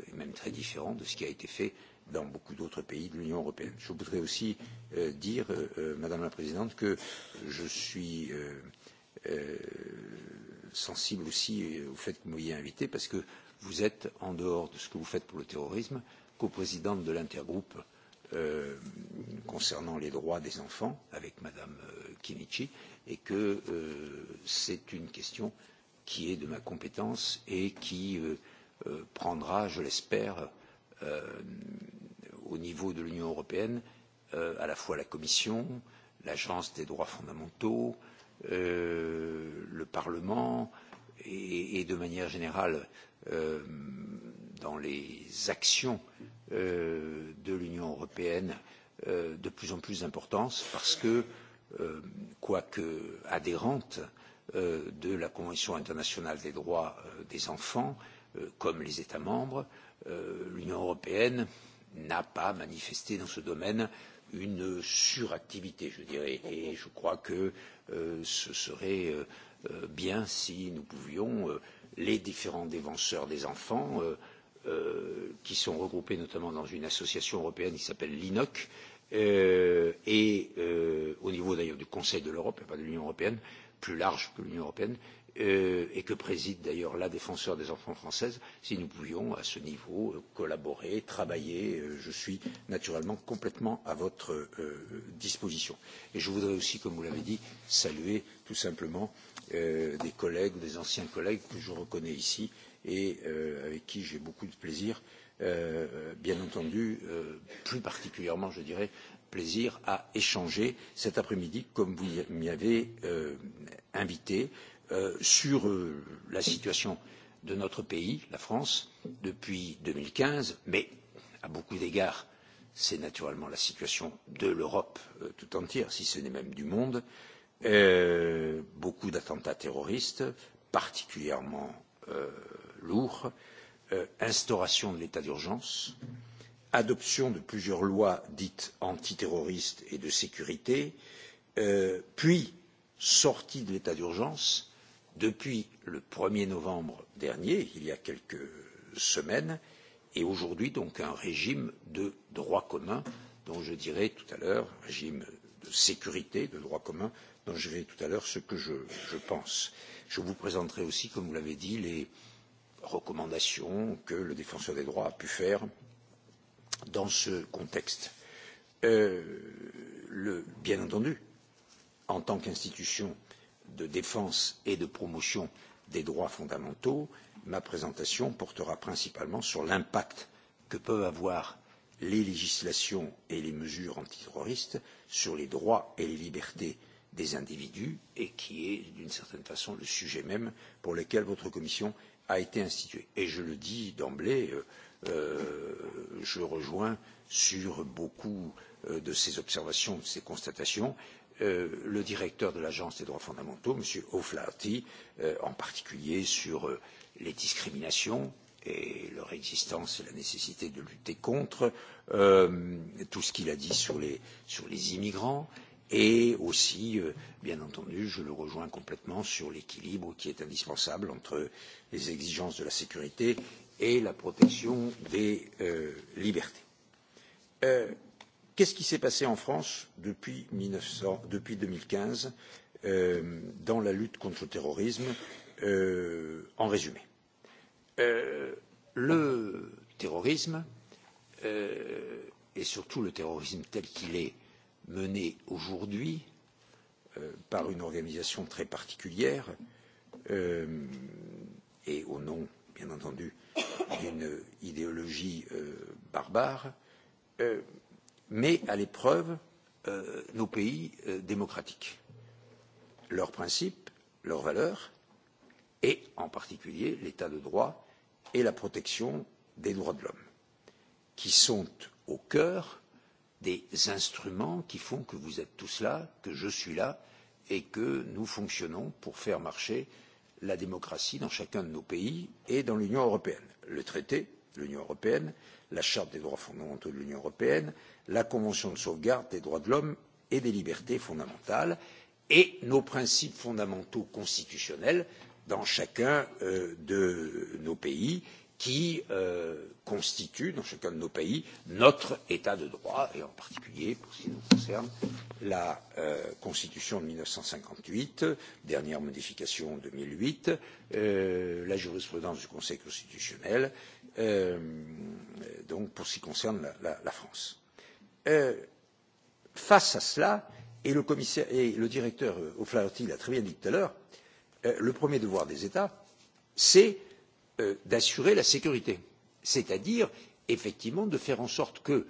est même très différent de ce qui a été fait dans beaucoup d'autres pays de l'Union européenne. Je voudrais aussi euh, dire, euh, euh, Madame la Présidente, que je suis euh, euh, sensible aussi au fait que vous m'ayez invité, parce que vous êtes, en dehors de ce que vous faites pour le terrorisme, coprésidente de l'intergroupe euh, concernant les droits des enfants avec Madame euh, Kinichi, et que euh, c'est une question qui est de ma compétence et qui euh, euh, prendra, je l'espère, euh, au niveau de l'Union européenne, euh, à la fois la Commission, l'Agence des droits fondamentaux, euh, le Parlement et, et de manière générale euh, dans les actions euh, de l'Union européenne euh, de plus en plus d'importance parce que, euh, quoique adhérente euh, de la Convention internationale des droits euh, des enfants, euh, Euh, comme les États membres, euh, l'Union européenne n'a pas manifesté dans ce domaine une suractivité, je dirais. Et je crois que euh, ce serait euh, euh, bien si nous pouvions, euh, les différents défenseurs des enfants, euh, euh, qui sont regroupés notamment dans une association européenne qui s'appelle l'INOC, euh, et euh, au niveau d'ailleurs du Conseil de l'Europe et pas de l'Union européenne, plus large que l'Union européenne, euh, et que préside d'ailleurs la défenseur des enfants française, si nous pouvions à ce niveau euh, collaborer, travailler. Euh, je suis naturellement complètement à votre euh, disposition. Et je voudrais aussi, comme vous l'avez dit, saluer tout simplement euh, des collègues, des anciens collègues que je reconnais ici et euh, avec qui j'ai beaucoup de plaisir, euh, bien entendu, euh, plus particulièrement, je dirais, plaisir à échanger cet après-midi comme vous m'y avez euh, invité. Euh, euh, sur euh, la situation de notre pays, la France, depuis 2015, mais à beaucoup d'égards, c'est naturellement la situation de l'Europe euh, tout entière, si ce n'est même du monde. Euh, beaucoup d'attentats terroristes, particulièrement euh, lourds, euh, instauration de l'état d'urgence, adoption de plusieurs lois dites antiterroristes et de sécurité, euh, puis sortie de l'état d'urgence depuis le un er novembre dernier il y a quelques semaines et aujourd'hui donc un régime de droit commun dont je dirai tout à l'heure régime de sécurité de droit commun dont je dirai tout à l'heure ce que je, je pense. Je vous présenterai aussi, comme vous l'avez dit, les recommandations que le défenseur des droits a pu faire dans ce contexte. Euh, le, bien entendu, en tant qu'institution, de défense et de promotion des droits fondamentaux, ma présentation portera principalement sur l'impact que peuvent avoir les législations et les mesures antiterroristes sur les droits et les libertés des individus et qui est d'une certaine façon le sujet même pour lequel votre commission a été instituée. Et je le dis d'emblée, euh, euh je rejoins sur beaucoup euh, de ces observations, de ces constatations Euh, le directeur de l'Agence des droits fondamentaux, M. O'Flaherty, euh, en particulier sur euh, les discriminations et leur existence et la nécessité de lutter contre, euh, tout ce qu'il a dit sur les, sur les immigrants, et aussi, euh, bien entendu, je le rejoins complètement sur l'équilibre qui est indispensable entre les exigences de la sécurité et la protection des euh, libertés. Euh, qu'est ce qui s'est passé en france depuis deux mille quinze euh, dans la lutte contre le terrorisme euh, en résumé euh, le terrorisme euh, et surtout le terrorisme tel qu'il est mené aujourd'hui euh, par une organisation très particulière euh, et au nom bien entendu d'une idéologie barbare met à l'épreuve euh, nos pays euh, démocratiques, leurs principes, leurs valeurs et en particulier l'état de droit et la protection des droits de l'homme, qui sont au cœur des instruments qui font que vous êtes tous là, que je suis là et que nous fonctionnons pour faire marcher la démocratie dans chacun de nos pays et dans l'Union européenne. Le traité de l'Union européenne, la Charte des droits fondamentaux de l'Union européenne, la Convention de sauvegarde des droits de l'homme et des libertés fondamentales et nos principes fondamentaux constitutionnels dans chacun euh, de nos pays qui euh, constituent dans chacun de nos pays notre état de droit et en particulier pour ce qui nous concerne la euh, constitution de mille neuf cent cinquante huit dernière modification en deux mille huit euh, la jurisprudence du conseil constitutionnel euh, donc pour ce qui concerne la, la, la france. Euh, face à cela, et le, commissaire, et le directeur euh, O'Flaherty l'a très bien dit tout à l'heure, euh, le premier devoir des États, c'est euh, d'assurer la sécurité, c'est-à-dire effectivement de faire en sorte que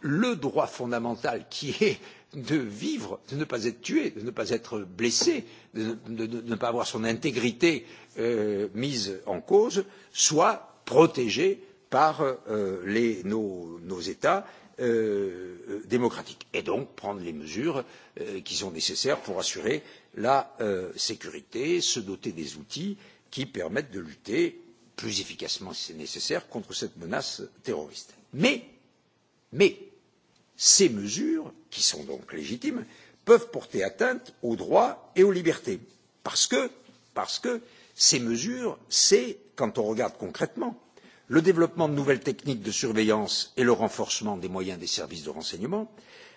le droit fondamental qui est de vivre, de ne pas être tué, de ne pas être blessé, de ne, de, de ne pas avoir son intégrité euh, mise en cause, soit protégé par euh, les, nos, nos États euh, démocratique et donc prendre les mesures euh, qui sont nécessaires pour assurer la euh, sécurité, se doter des outils qui permettent de lutter plus efficacement si c'est nécessaire contre cette menace terroriste. Mais, mais ces mesures, qui sont donc légitimes, peuvent porter atteinte aux droits et aux libertés parce que, parce que ces mesures, c'est, quand on regarde concrètement, le développement de nouvelles techniques de surveillance et le renforcement des moyens des services de renseignement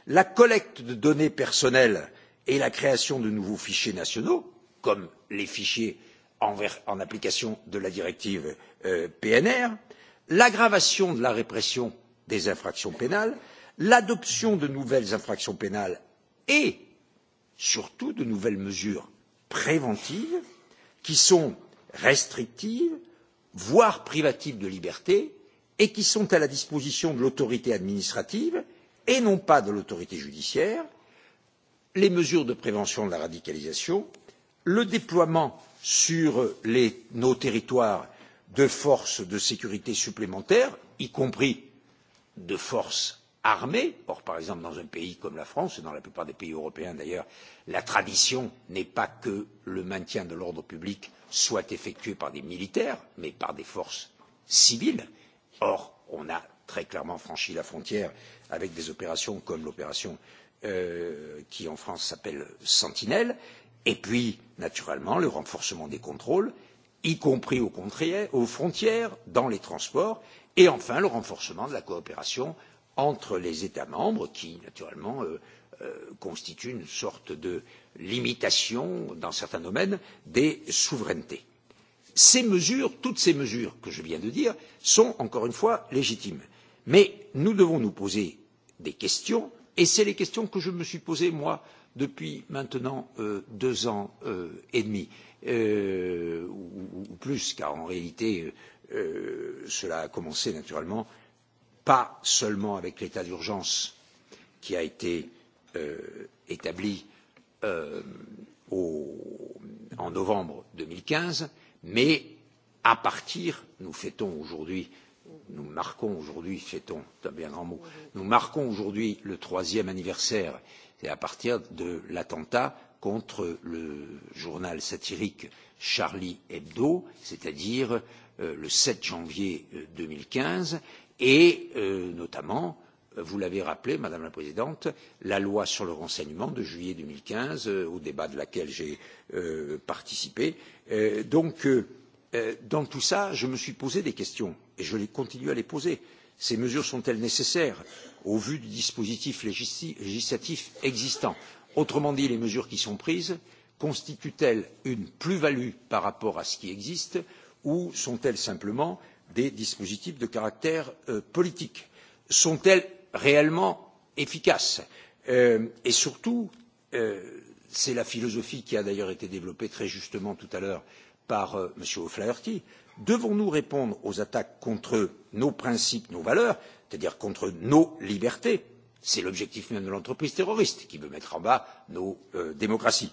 la collecte de données personnelles et la création de nouveaux fichiers nationaux comme les fichiers en application de la directive euh, pnr l'aggravation de la répression des infractions pénales l'adoption de nouvelles infractions pénales et surtout de nouvelles mesures préventives qui sont restrictives voire privatives de liberté et qui sont à la disposition de l'autorité administrative et non pas de l'autorité judiciaire les mesures de prévention de la radicalisation le déploiement sur les, nos territoires de forces de sécurité supplémentaires y compris de forces armée. Or, par exemple, dans un pays comme la France, et dans la plupart des pays européens d'ailleurs, la tradition n'est pas que le maintien de l'ordre public soit effectué par des militaires, mais par des forces civiles. Or, on a très clairement franchi la frontière avec des opérations comme l'opération euh, qui en France s'appelle Sentinelle, et puis, naturellement, le renforcement des contrôles, y compris aux, aux frontières, dans les transports, et enfin le renforcement de la coopération euh, entre les États membres qui, naturellement, euh, euh, constituent une sorte de limitation, dans certains domaines, des souverainetés. Ces mesures, toutes ces mesures que je viens de dire, sont, encore une fois, légitimes. Mais nous devons nous poser des questions, et c'est les questions que je me suis posées, moi, depuis maintenant euh, deux ans euh, et demi, euh, ou, ou plus, car en réalité, euh, euh cela a commencé naturellement pas seulement avec l'état d'urgence qui a été euh, établi euh, au, en novembre 2015, mais à partir, nous fêtons aujourd'hui, nous marquons aujourd'hui, fêtons, c'est un bien grand mot, nous marquons aujourd'hui le troisième anniversaire, c'est à partir de l'attentat contre le journal satirique Charlie Hebdo, c'est-à-dire euh, le 7 janvier 2015, euh, et euh, notamment vous l'avez rappelé, Madame la Présidente, la loi sur le renseignement de juillet 2015, euh, au débat de laquelle j'ai euh, participé. Euh, donc, euh, euh, dans tout ça, je me suis posé des questions et je les continue à les poser. Ces mesures sont-elles nécessaires au vu du dispositif législatif existant Autrement dit, les mesures qui sont prises constituent-elles une plus-value par rapport à ce qui existe ou sont-elles simplement des dispositifs de caractère euh, politique sont elles réellement efficaces euh, et surtout euh, c'est la philosophie qui a d'ailleurs été développée très justement tout à l'heure par euh, M. O'Flaherty devons nous répondre aux attaques contre nos principes, nos valeurs, c'est à dire contre nos libertés c'est l'objectif même de l'entreprise terroriste qui veut mettre en bas nos euh, démocraties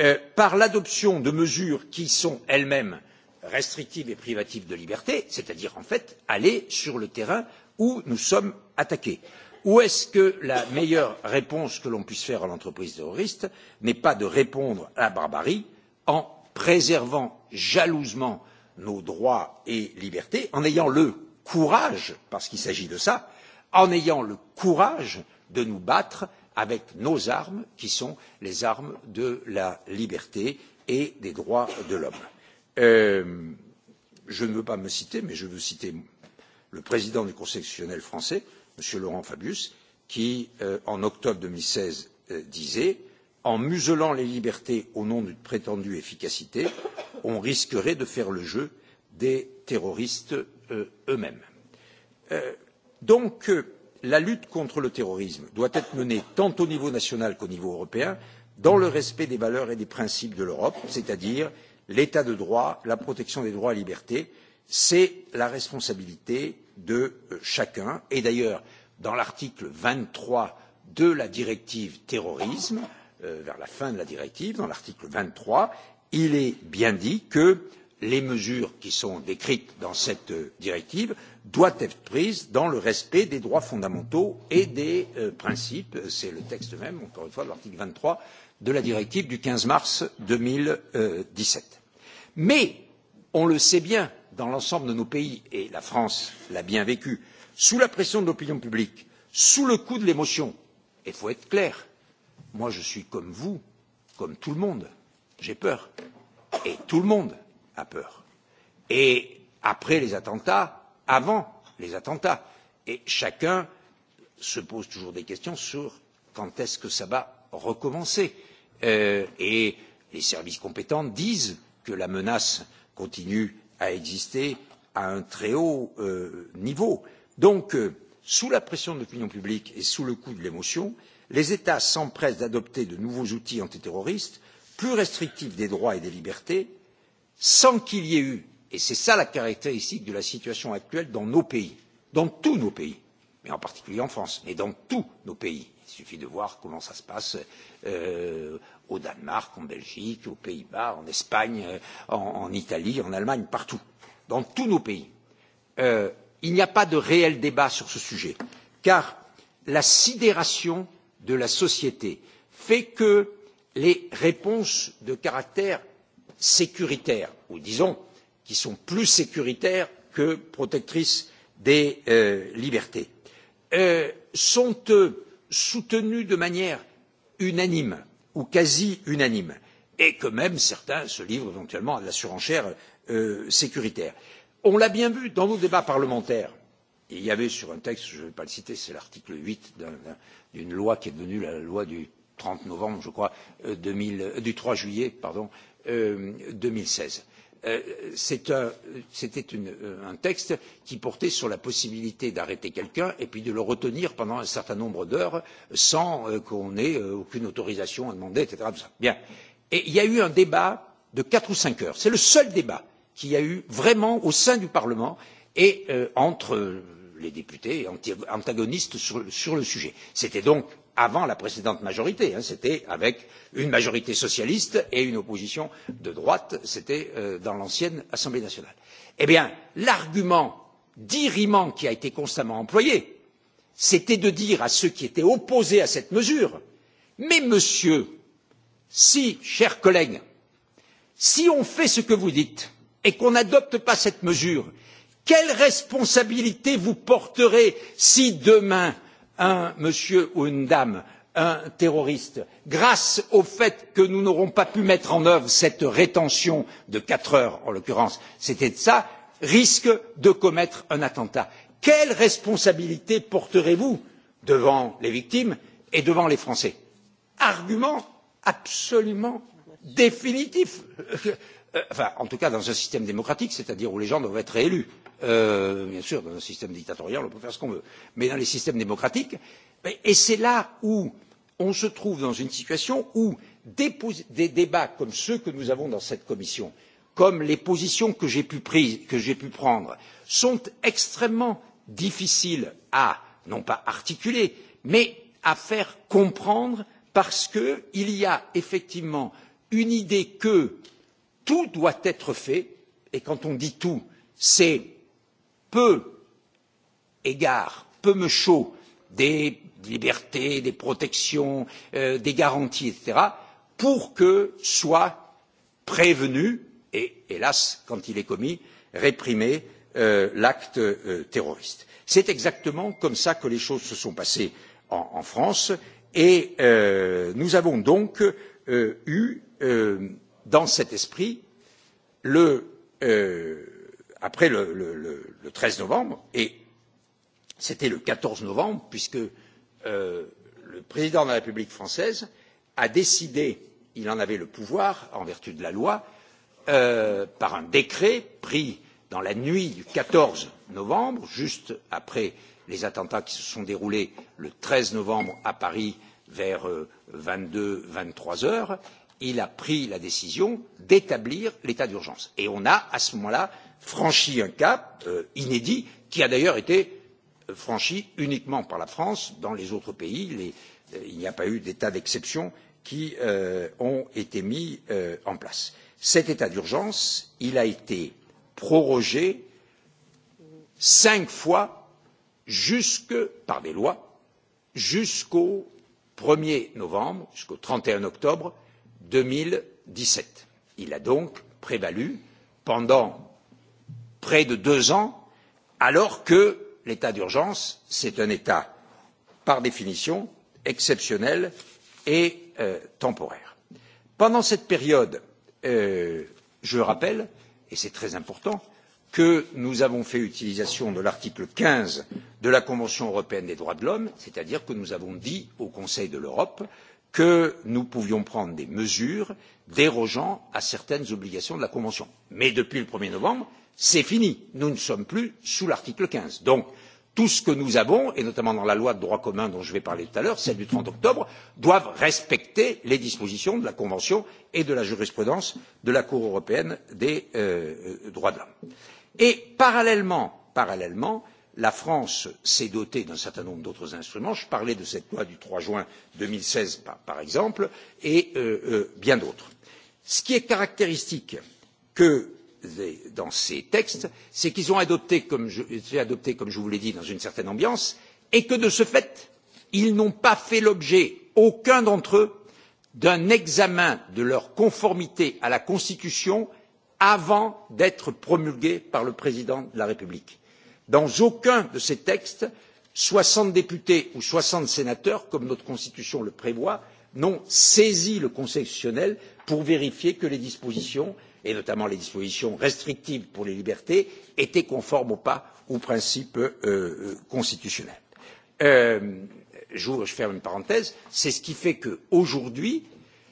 euh, par l'adoption de mesures qui sont elles mêmes restrictive et privative de liberté, c'est-à-dire en fait aller sur le terrain où nous sommes attaqués. Ou est-ce que la meilleure réponse que l'on puisse faire à l'entreprise terroriste n'est pas de répondre à la barbarie en préservant jalousement nos droits et libertés, en ayant le courage, parce qu'il s'agit de ça, en ayant le courage de nous battre avec nos armes, qui sont les armes de la liberté et des droits de l'homme. Euh, je ne veux pas me citer, mais je veux citer le président du Conseil constitutionnel français, M. Laurent Fabius, qui, euh, en octobre 2016, euh, disait En muselant les libertés au nom d'une prétendue efficacité, on risquerait de faire le jeu des terroristes euh, eux-mêmes. Euh, donc, euh, la lutte contre le terrorisme doit être menée tant au niveau national qu'au niveau européen, dans le respect des valeurs et des principes de l'Europe, c'est-à-dire euh, l'état de droit, la protection des droits et libertés. C'est la responsabilité de euh, chacun et d'ailleurs, dans l'article vingt trois de la directive terrorisme, euh, vers la fin de la directive, dans l'article vingt trois, il est bien dit que les mesures qui sont décrites dans cette euh, directive doivent être prises dans le respect des droits fondamentaux et des euh, principes euh, c'est le texte même encore une fois de l'article vingt trois de la directive du quinze mars deux mille dix sept mais on le sait bien dans l'ensemble de nos pays et la france l'a bien vécu sous la pression de l'opinion publique sous le coup de l'émotion et il faut être clair moi je suis comme vous comme tout le monde j'ai peur et tout le monde a peur et après les attentats avant les attentats et chacun se pose toujours des questions sur quand est ce que ça va recommencer euh, et les services compétents disent que la menace continue à exister à un très haut euh, niveau. donc euh, sous la pression de l'opinion publique et sous le coup de l'émotion les états s'empressent d'adopter de nouveaux outils antiterroristes plus restrictifs des droits et des libertés sans qu'il y ait eu et c'est ça la caractéristique de la situation actuelle dans nos pays dans tous nos pays mais en particulier en France, mais dans tous nos pays. Il suffit de voir comment ça se passe euh, au Danemark, en Belgique, aux Pays-Bas, en Espagne, euh, en, en Italie, en Allemagne, partout, dans tous nos pays. Euh, il n'y a pas de réel débat sur ce sujet, car la sidération de la société fait que les réponses de caractère sécuritaire, ou disons qui sont plus sécuritaires que protectrices des euh, libertés, euh, sont euh, soutenues de manière unanime ou quasi unanime et que même certains se livrent éventuellement à de la surenchère euh, sécuritaire. On l'a bien vu dans nos débats parlementaires. Il y avait sur un texte, je ne vais pas le citer, c'est l'article 8 d'une un, loi qui est devenue la loi du 30 novembre, je crois, euh, 2000, euh, du 3 juillet, pardon, euh, 2016 Euh, c'était un, une, euh, un texte qui portait sur la possibilité d'arrêter quelqu'un et puis de le retenir pendant un certain nombre d'heures sans euh, qu'on ait euh, aucune autorisation à demander, etc. Tout ça. Bien. Et il y a eu un débat de quatre ou cinq heures. C'est le seul débat qu'il y a eu vraiment au sein du Parlement et euh, entre les députés antagonistes sur, sur le sujet. C'était donc avant la précédente majorité c'était avec une majorité socialiste et une opposition de droite c'était euh, dans l'ancienne assemblée nationale. eh bien l'argument dirimant qui a été constamment employé c'était de dire à ceux qui étaient opposés à cette mesure mais monsieur si chers collègues si on fait ce que vous dites et qu'on n'adopte pas cette mesure quelle responsabilité vous porterez si demain un monsieur ou une dame un terroriste grâce au fait que nous n'aurons pas pu mettre en œuvre cette rétention de quatre heures en l'occurrence c'était de cela risque de commettre un attentat. quelle responsabilité porterez vous devant les victimes et devant les français? argument absolument définitif. Euh, enfin en tout cas dans un système démocratique c'est à dire où les gens doivent être réélus euh, bien sûr dans un système dictatorial on peut faire ce qu'on veut mais dans les systèmes démocratiques et c'est là où on se trouve dans une situation où des, des débats comme ceux que nous avons dans cette commission comme les positions que j'ai pu, prise, que pu prendre sont extrêmement difficiles à non pas articuler mais à faire comprendre parce qu'il y a effectivement une idée que tout doit être fait et quand on dit tout c'est peu égard peu me chaud des libertés des protections euh, des garanties etc. pour que soit prévenu et hélas quand il est commis réprimé euh, l'acte euh, terroriste. c'est exactement comme cela que les choses se sont passées en, en france et euh, nous avons donc euh, eu euh, dans cet esprit le, euh, après le, le, le, le 13 novembre, et c'était le 14 novembre, puisque euh, le président de la République française a décidé, il en avait le pouvoir en vertu de la loi, euh, par un décret pris dans la nuit du 14 novembre, juste après les attentats qui se sont déroulés le 13 novembre à Paris vers euh, 22-23 heures, il a pris la décision d'établir l'état d'urgence et on a à ce moment là franchi un cap euh, inédit qui a d'ailleurs été euh, franchi uniquement par la france dans les autres pays les, euh, il n'y a pas eu d'état d'exception qui euh, ont été mis euh, en place. cet état d'urgence il a été prorogé cinq fois jusque par des lois jusqu'au un er novembre jusqu'au trente et un octobre deux mille dix sept il a donc prévalu pendant près de deux ans alors que l'état d'urgence est un état par définition exceptionnel et euh, temporaire. pendant cette période euh, je rappelle et c'est très important que nous avons fait utilisation de l'article quinze de la convention européenne des droits de l'homme c'est à dire que nous avons dit au conseil de l'europe que nous pouvions prendre des mesures dérogeant à certaines obligations de la Convention. Mais depuis le 1er novembre, c'est fini. Nous ne sommes plus sous l'article 15. Donc, tout ce que nous avons, et notamment dans la loi de droit commun dont je vais parler tout à l'heure, celle du 30 octobre, doivent respecter les dispositions de la Convention et de la jurisprudence de la Cour européenne des euh, euh droits de l'homme. Et parallèlement, parallèlement, la France s'est dotée d'un certain nombre d'autres instruments je parlais de cette loi du trois juin deux mille seize par, par exemple et euh, euh, bien d'autres. ce qui est caractéristique que les, dans ces textes c'est qu'ils ont adopté comme je, été adoptés comme je vous l'ai dit dans une certaine ambiance et que de ce fait ils n'ont pas fait l'objet aucun d'entre eux d'un examen de leur conformité à la constitution avant d'être promulgués par le président de la république dans aucun de ces textes soixante députés ou soixante sénateurs comme notre constitution le prévoit n'ont saisi le conseil constitutionnel pour vérifier que les dispositions et notamment les dispositions restrictives pour les libertés étaient conformes ou pas aux principes euh, euh constitutionnels. Euh, j'ouvre je ferme une parenthèse c'est ce qui fait qu'aujourd'hui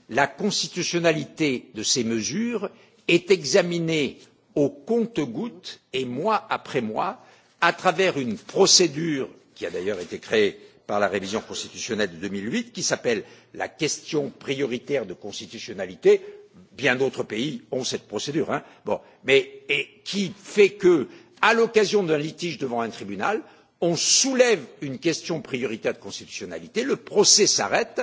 la constitutionnalité de ces mesures est examinée au compte gouttes et mois après mois à travers une procédure qui a d'ailleurs été créée par la révision constitutionnelle de deux mille huit qui s'appelle la question prioritaire de constitutionnalité bien d'autres pays ont cette procédure hein, bon, mais, et qui fait que à l'occasion d'un litige devant un tribunal on soulève une question prioritaire de constitutionnalité le procès s'arrête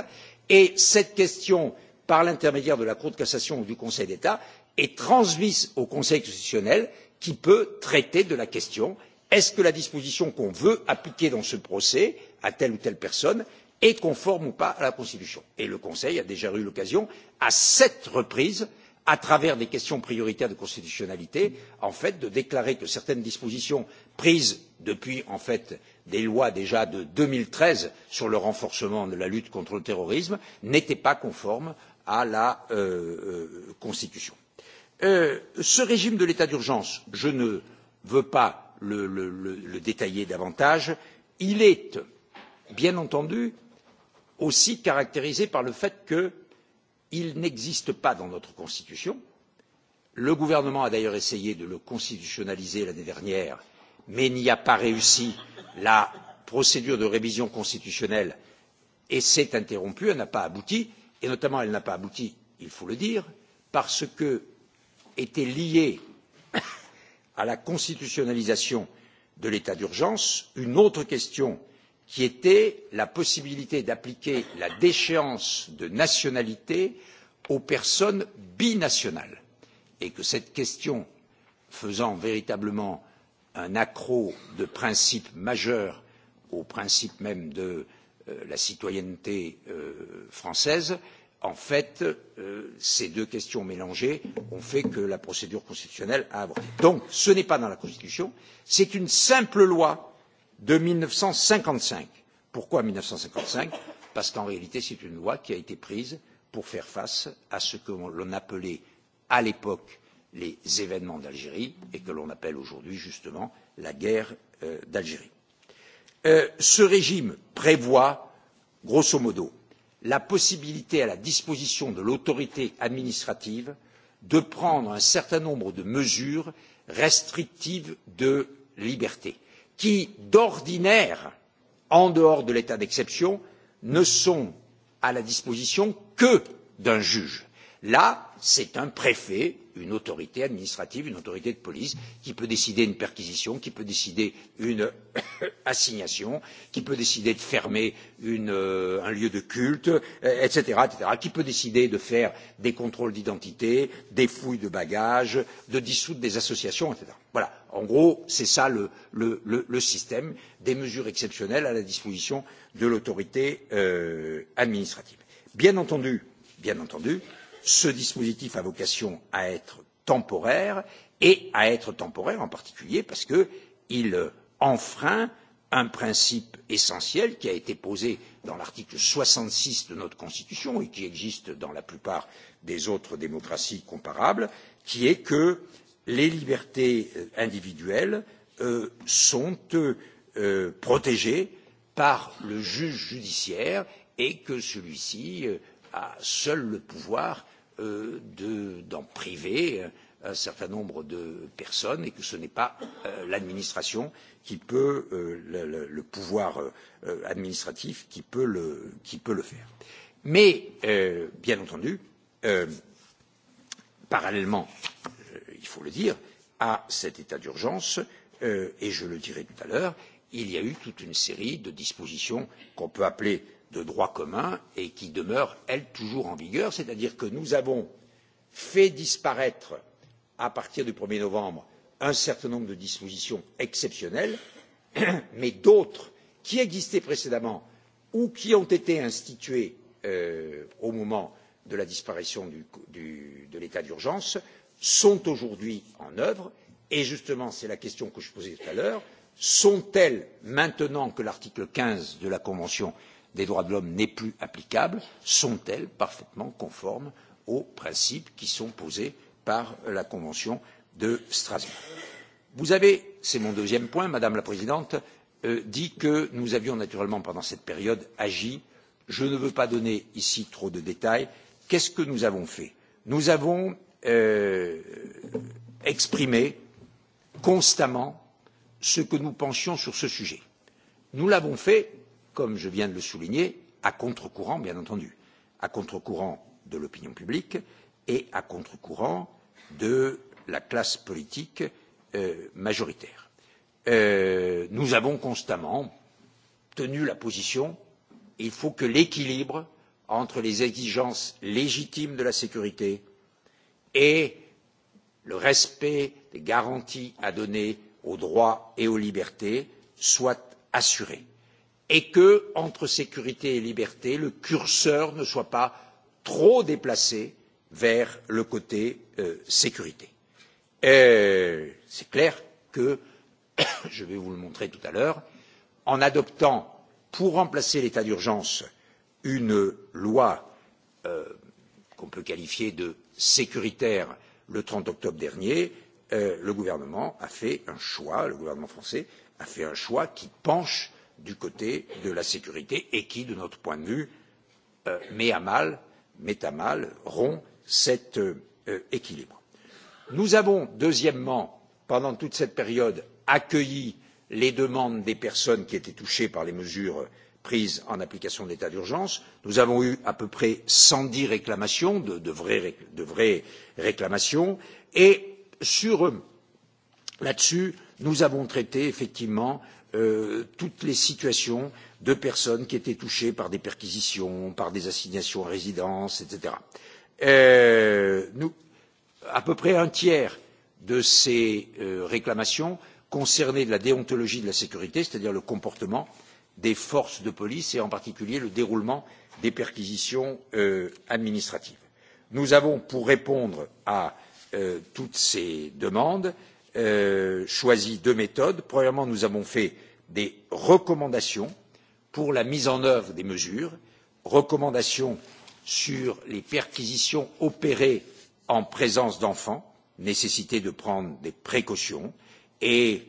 et cette question par l'intermédiaire de la cour de cassation ou du conseil d'état est transmise au conseil constitutionnel qui peut traiter de la question est ce que la disposition qu'on veut appliquer dans ce procès à telle ou telle personne est conforme ou pas à la constitution? et le conseil a déjà eu l'occasion à sept reprises à travers des questions prioritaires de constitutionnalité en fait de déclarer que certaines dispositions prises depuis en fait des lois déjà de deux mille treize sur le renforcement de la lutte contre le terrorisme n'étaient pas conformes à la euh, euh, constitution. Euh, ce régime de l'état d'urgence je ne veux pas le, le, le, le détailler davantage. Il est, bien entendu, aussi caractérisé par le fait qu'il n'existe pas dans notre Constitution. Le gouvernement a d'ailleurs essayé de le constitutionnaliser l'année dernière, mais n'y a pas réussi. La procédure de révision constitutionnelle et s'est interrompue, elle n'a pas abouti, et notamment elle n'a pas abouti, il faut le dire, parce que était liée à la constitutionnalisation de l'état d'urgence une autre question qui était la possibilité d'appliquer la déchéance de nationalité aux personnes binationales et que cette question faisant véritablement un accroc de principes majeurs au principe même de euh, la citoyenneté euh, française en fait, euh, ces deux questions mélangées ont fait que la procédure constitutionnelle a avorté. Donc, ce n'est pas dans la Constitution, c'est une simple loi de 1955. Pourquoi 1955 Parce qu'en réalité, c'est une loi qui a été prise pour faire face à ce que l'on appelait à l'époque les événements d'Algérie et que l'on appelle aujourd'hui justement la guerre euh, d'Algérie. Euh, ce régime prévoit, grosso modo, la possibilité à la disposition de l'autorité administrative de prendre un certain nombre de mesures restrictives de liberté qui d'ordinaire en dehors de l'état d'exception ne sont à la disposition que d'un juge. Là, c'est un préfet, une autorité administrative, une autorité de police, qui peut décider une perquisition, qui peut décider une assignation, qui peut décider de fermer une, euh, un lieu de culte, euh, etc., etc., qui peut décider de faire des contrôles d'identité, des fouilles de bagages, de dissoudre des associations, etc. Voilà. En gros, c'est ça le, le, le, le système des mesures exceptionnelles à la disposition de l'autorité euh, administrative. Bien entendu, bien entendu, euh, ce dispositif a vocation à être temporaire et à être temporaire en particulier parce qu'il enfreint un principe essentiel qui a été posé dans l'article soixante six de notre constitution et qui existe dans la plupart des autres démocraties comparables qui est que les libertés euh, individuelles euh, sont euh, protégées par le juge judiciaire et que celui ci euh, a seul le pouvoir euh, d'en de, priver un certain nombre de personnes et que ce n'est pas euh, l'administration qui peut euh, le, le, le pouvoir euh, administratif qui peut le, qui peut le faire. Mais euh, bien entendu, euh, parallèlement, euh, il faut le dire, à cet état d'urgence, euh, et je le dirai tout à l'heure, il y a eu toute une série de dispositions qu'on peut appeler euh, de droit commun et qui demeure, elle, toujours en vigueur, c'est-à-dire que nous avons fait disparaître, à partir du 1er novembre, un certain nombre de dispositions exceptionnelles, mais d'autres qui existaient précédemment ou qui ont été instituées euh, au moment de la disparition du, du, de l'état d'urgence sont aujourd'hui en œuvre et justement c'est la question que je posais tout à l'heure sont elles maintenant que l'article quinze de la convention des droits de l'homme n'est plus applicable sont elles parfaitement conformes aux principes qui sont posés par la convention de strasbourg. vous avez c'est mon deuxième point madame la présidente euh, dit que nous avions naturellement pendant cette période agi je ne veux pas donner ici trop de détails qu'est ce que nous avons fait? nous avons euh, exprimé constamment ce que nous pensions sur ce sujet. nous l'avons fait comme je viens de le souligner, à contre-courant, bien entendu, à contre-courant de l'opinion publique et à contre-courant de la classe politique euh, majoritaire. Euh, nous avons constamment tenu la position il faut que l'équilibre entre les exigences légitimes de la sécurité et le respect des garanties à donner aux droits et aux libertés soit assuré et que, entre sécurité et liberté, le curseur ne soit pas trop déplacé vers le côté euh, sécurité. Euh, C'est clair que je vais vous le montrer tout à l'heure en adoptant pour remplacer l'état d'urgence une loi euh, qu'on peut qualifier de sécuritaire le trente octobre dernier euh, le gouvernement a fait un choix le gouvernement français a fait un choix qui penche du côté de la sécurité et qui, de notre point de vue, euh, met à mal, met à mal, rompt cet euh, euh, équilibre. Nous avons, deuxièmement, pendant toute cette période, accueilli les demandes des personnes qui étaient touchées par les mesures prises en application de l'état d'urgence. Nous avons eu à peu près 110 réclamations, de, de, vraies, de vraies réclamations, et sur là-dessus, nous avons traité effectivement euh, toutes les situations de personnes qui étaient touchées par des perquisitions, par des assignations à résidence, etc. Euh, nous, à peu près un tiers de ces euh, réclamations concernaient de la déontologie de la sécurité, c'est-à-dire le comportement des forces de police et en particulier le déroulement des perquisitions euh, administratives. Nous avons, pour répondre à euh, toutes ces demandes, euh, euh, choisi deux méthodes. Premièrement, nous avons fait des recommandations pour la mise en œuvre des mesures, recommandations sur les perquisitions opérées en présence d'enfants, nécessité de prendre des précautions, et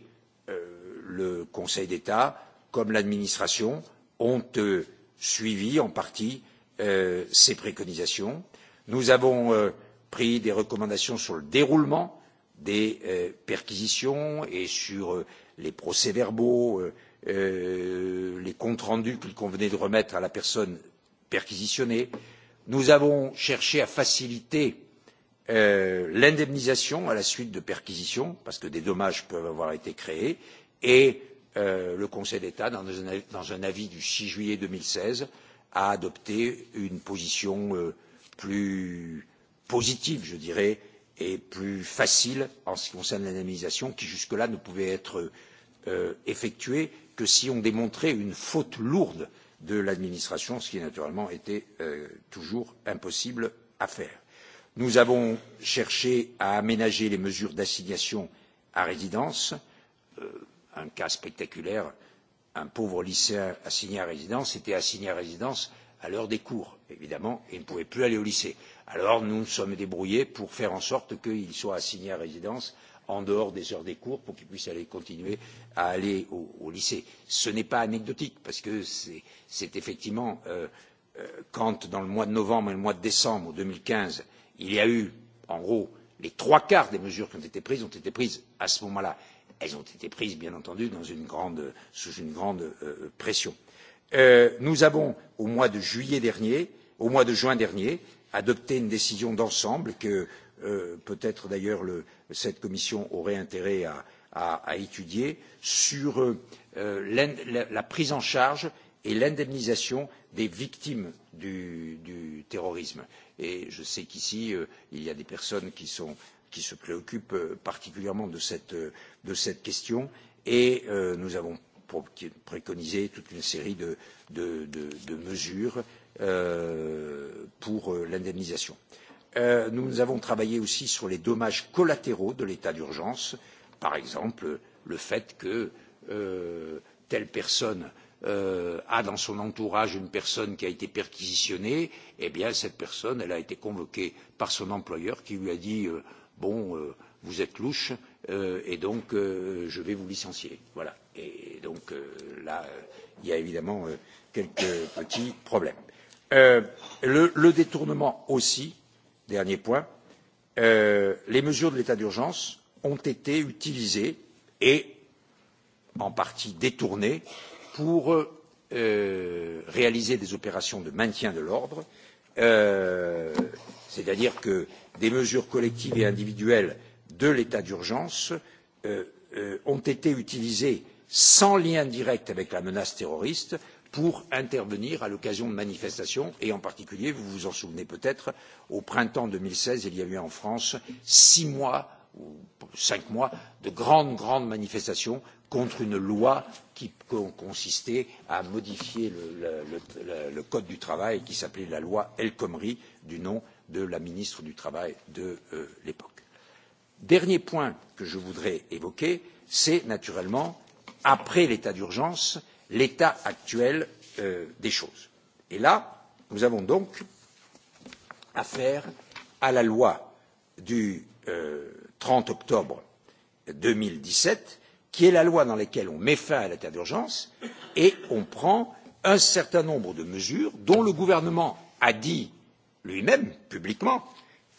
euh, le Conseil d'État, comme l'administration, ont euh, suivi en partie euh, ces préconisations. Nous avons euh, pris des recommandations sur le déroulement des euh, perquisitions et sur euh, les procès-verbaux, euh, euh, les comptes rendus qu'il convenait de remettre à la personne perquisitionnée. Nous avons cherché à faciliter euh, l'indemnisation à la suite de perquisitions, parce que des dommages peuvent avoir été créés, et euh, le Conseil d'État, dans, un, dans un avis du 6 juillet 2016, a adopté une position euh, plus positive, je dirais, et plus facile en ce qui concerne l'indemnisation qui jusque là ne pouvait être euh, effectuée que si on démontrait une faute lourde de l'administration, ce qui naturellement était euh, toujours impossible à faire. Nous avons cherché à aménager les mesures d'assignation à résidence. Euh, un cas spectaculaire, un pauvre lycéen assigné à résidence était assigné à résidence à l'heure des cours, évidemment, et ne pouvaient plus aller au lycée. Alors nous nous sommes débrouillés pour faire en sorte qu'ils soient assignés à résidence en dehors des heures des cours pour qu'ils puissent aller continuer à aller au, au lycée. Ce n'est pas anecdotique parce que c'est effectivement euh, euh, quand dans le mois de novembre et le mois de décembre 2015, il y a eu en gros les trois quarts des mesures qui ont été prises ont été prises à ce moment-là. Elles ont été prises, bien entendu, dans une grande, sous une grande euh, pression. Euh, nous avons, au mois de juillet dernier, au mois de juin dernier, adopté une décision d'ensemble que euh, peut-être d'ailleurs cette commission aurait intérêt à, à, à étudier sur euh, euh la, la prise en charge et l'indemnisation des victimes du, du terrorisme. Et je sais qu'ici, euh, il y a des personnes qui, sont, qui se préoccupent euh, particulièrement de cette, euh, de cette question et euh, nous avons préconisé toute une série de, de, de, de mesures euh, pour euh, l'indemnisation. Euh, nous avons travaillé aussi sur les dommages collatéraux de l'état d'urgence, par exemple le fait que euh, telle personne euh, a dans son entourage une personne qui a été perquisitionnée, eh bien cette personne, elle a été convoquée par son employeur qui lui a dit euh, bon, euh, vous êtes louche, euh, et donc euh, je vais vous licencier. Voilà. Et donc euh, là, euh, il euh, y a évidemment euh, quelques petits problèmes. Euh, le, le détournement aussi, dernier point, euh, les mesures de l'état d'urgence ont été utilisées et en partie détournées pour euh, réaliser des opérations de maintien de l'ordre, euh, c'est-à-dire que des mesures collectives et individuelles de l'état d'urgence euh, euh, ont été utilisés sans lien direct avec la menace terroriste pour intervenir à l'occasion de manifestations et en particulier vous vous en souvenez peut être au printemps deux mille seize il y a eu en france six mois ou cinq mois de grandes grandes manifestations contre une loi qui consistait à modifier le, le, le, le code du travail qui s'appelait la loi El Khomri du nom de la ministre du travail de euh, l'époque dernier point que je voudrais évoquer c'est naturellement après l'état d'urgence l'état actuel euh, des choses et là nous avons donc affaire à la loi du euh, trente euh, octobre deux mille dix sept qui est la loi dans laquelle on met fin à l'état d'urgence et on prend un certain nombre de mesures dont le gouvernement a dit lui même publiquement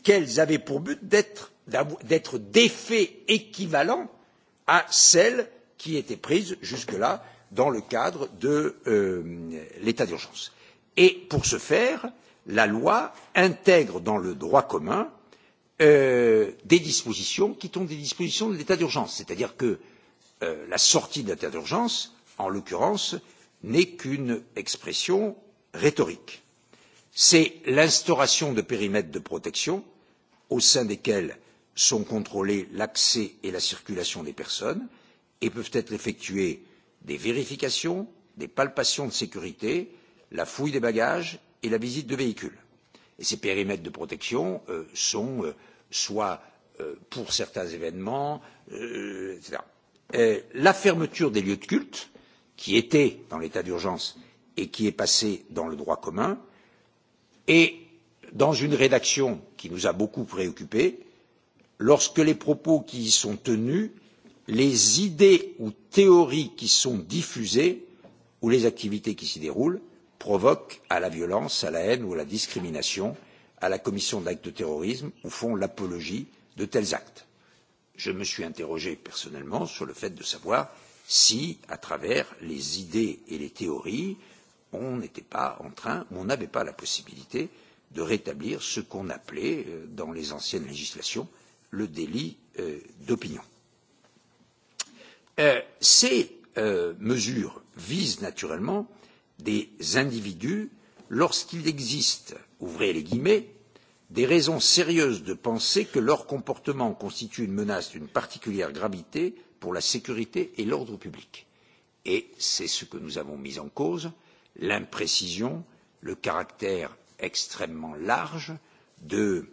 qu'elles avaient pour but d'être d'être d'effets équivalents à celles qui étaient prises jusque là dans le cadre de euh, l'état d'urgence. Et pour ce faire, la loi intègre dans le droit commun euh, des dispositions qui sont des dispositions de l'état d'urgence, c'est-à-dire que euh, la sortie de l'état d'urgence, en l'occurrence, n'est qu'une expression rhétorique. C'est l'instauration de périmètres de protection au sein desquels sont contrôlés l'accès et la circulation des personnes et peuvent être effectuées des vérifications, des palpations de sécurité, la fouille des bagages et la visite de véhicules. Et ces périmètres de protection euh, sont euh, soit euh, pour certains événements, euh, etc. Euh, la fermeture des lieux de culte, qui était dans l'état d'urgence et qui est passée dans le droit commun, est dans une rédaction qui nous a beaucoup préoccupés, lorsque les propos qui y sont tenus, les idées ou théories qui sont diffusées ou les activités qui s'y déroulent provoquent à la violence, à la haine ou à la discrimination, à la commission d'actes de terrorisme ou font l'apologie de tels actes. Je me suis interrogé personnellement sur le fait de savoir si, à travers les idées et les théories, on n'était pas en train, on n'avait pas la possibilité de rétablir ce qu'on appelait, euh, dans les anciennes législations, le délit euh, d'opinion. Euh, ces euh, mesures visent naturellement des individus lorsqu'il existe ouvrez les guillemets des raisons sérieuses de penser que leur comportement constitue une menace d'une particulière gravité pour la sécurité et l'ordre public. Et c'est ce que nous avons mis en cause l'imprécision, le caractère extrêmement large de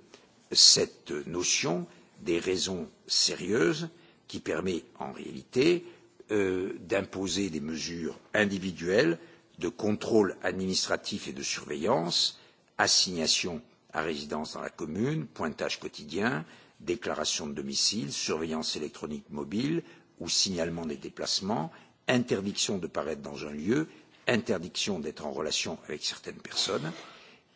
cette notion des raisons sérieuses qui permet en réalité euh, d'imposer des mesures individuelles de contrôle administratif et de surveillance, assignation à résidence dans la commune, pointage quotidien, déclaration de domicile, surveillance électronique mobile ou signalement des déplacements, interdiction de paraître dans un lieu, interdiction d'être en relation avec certaines personnes,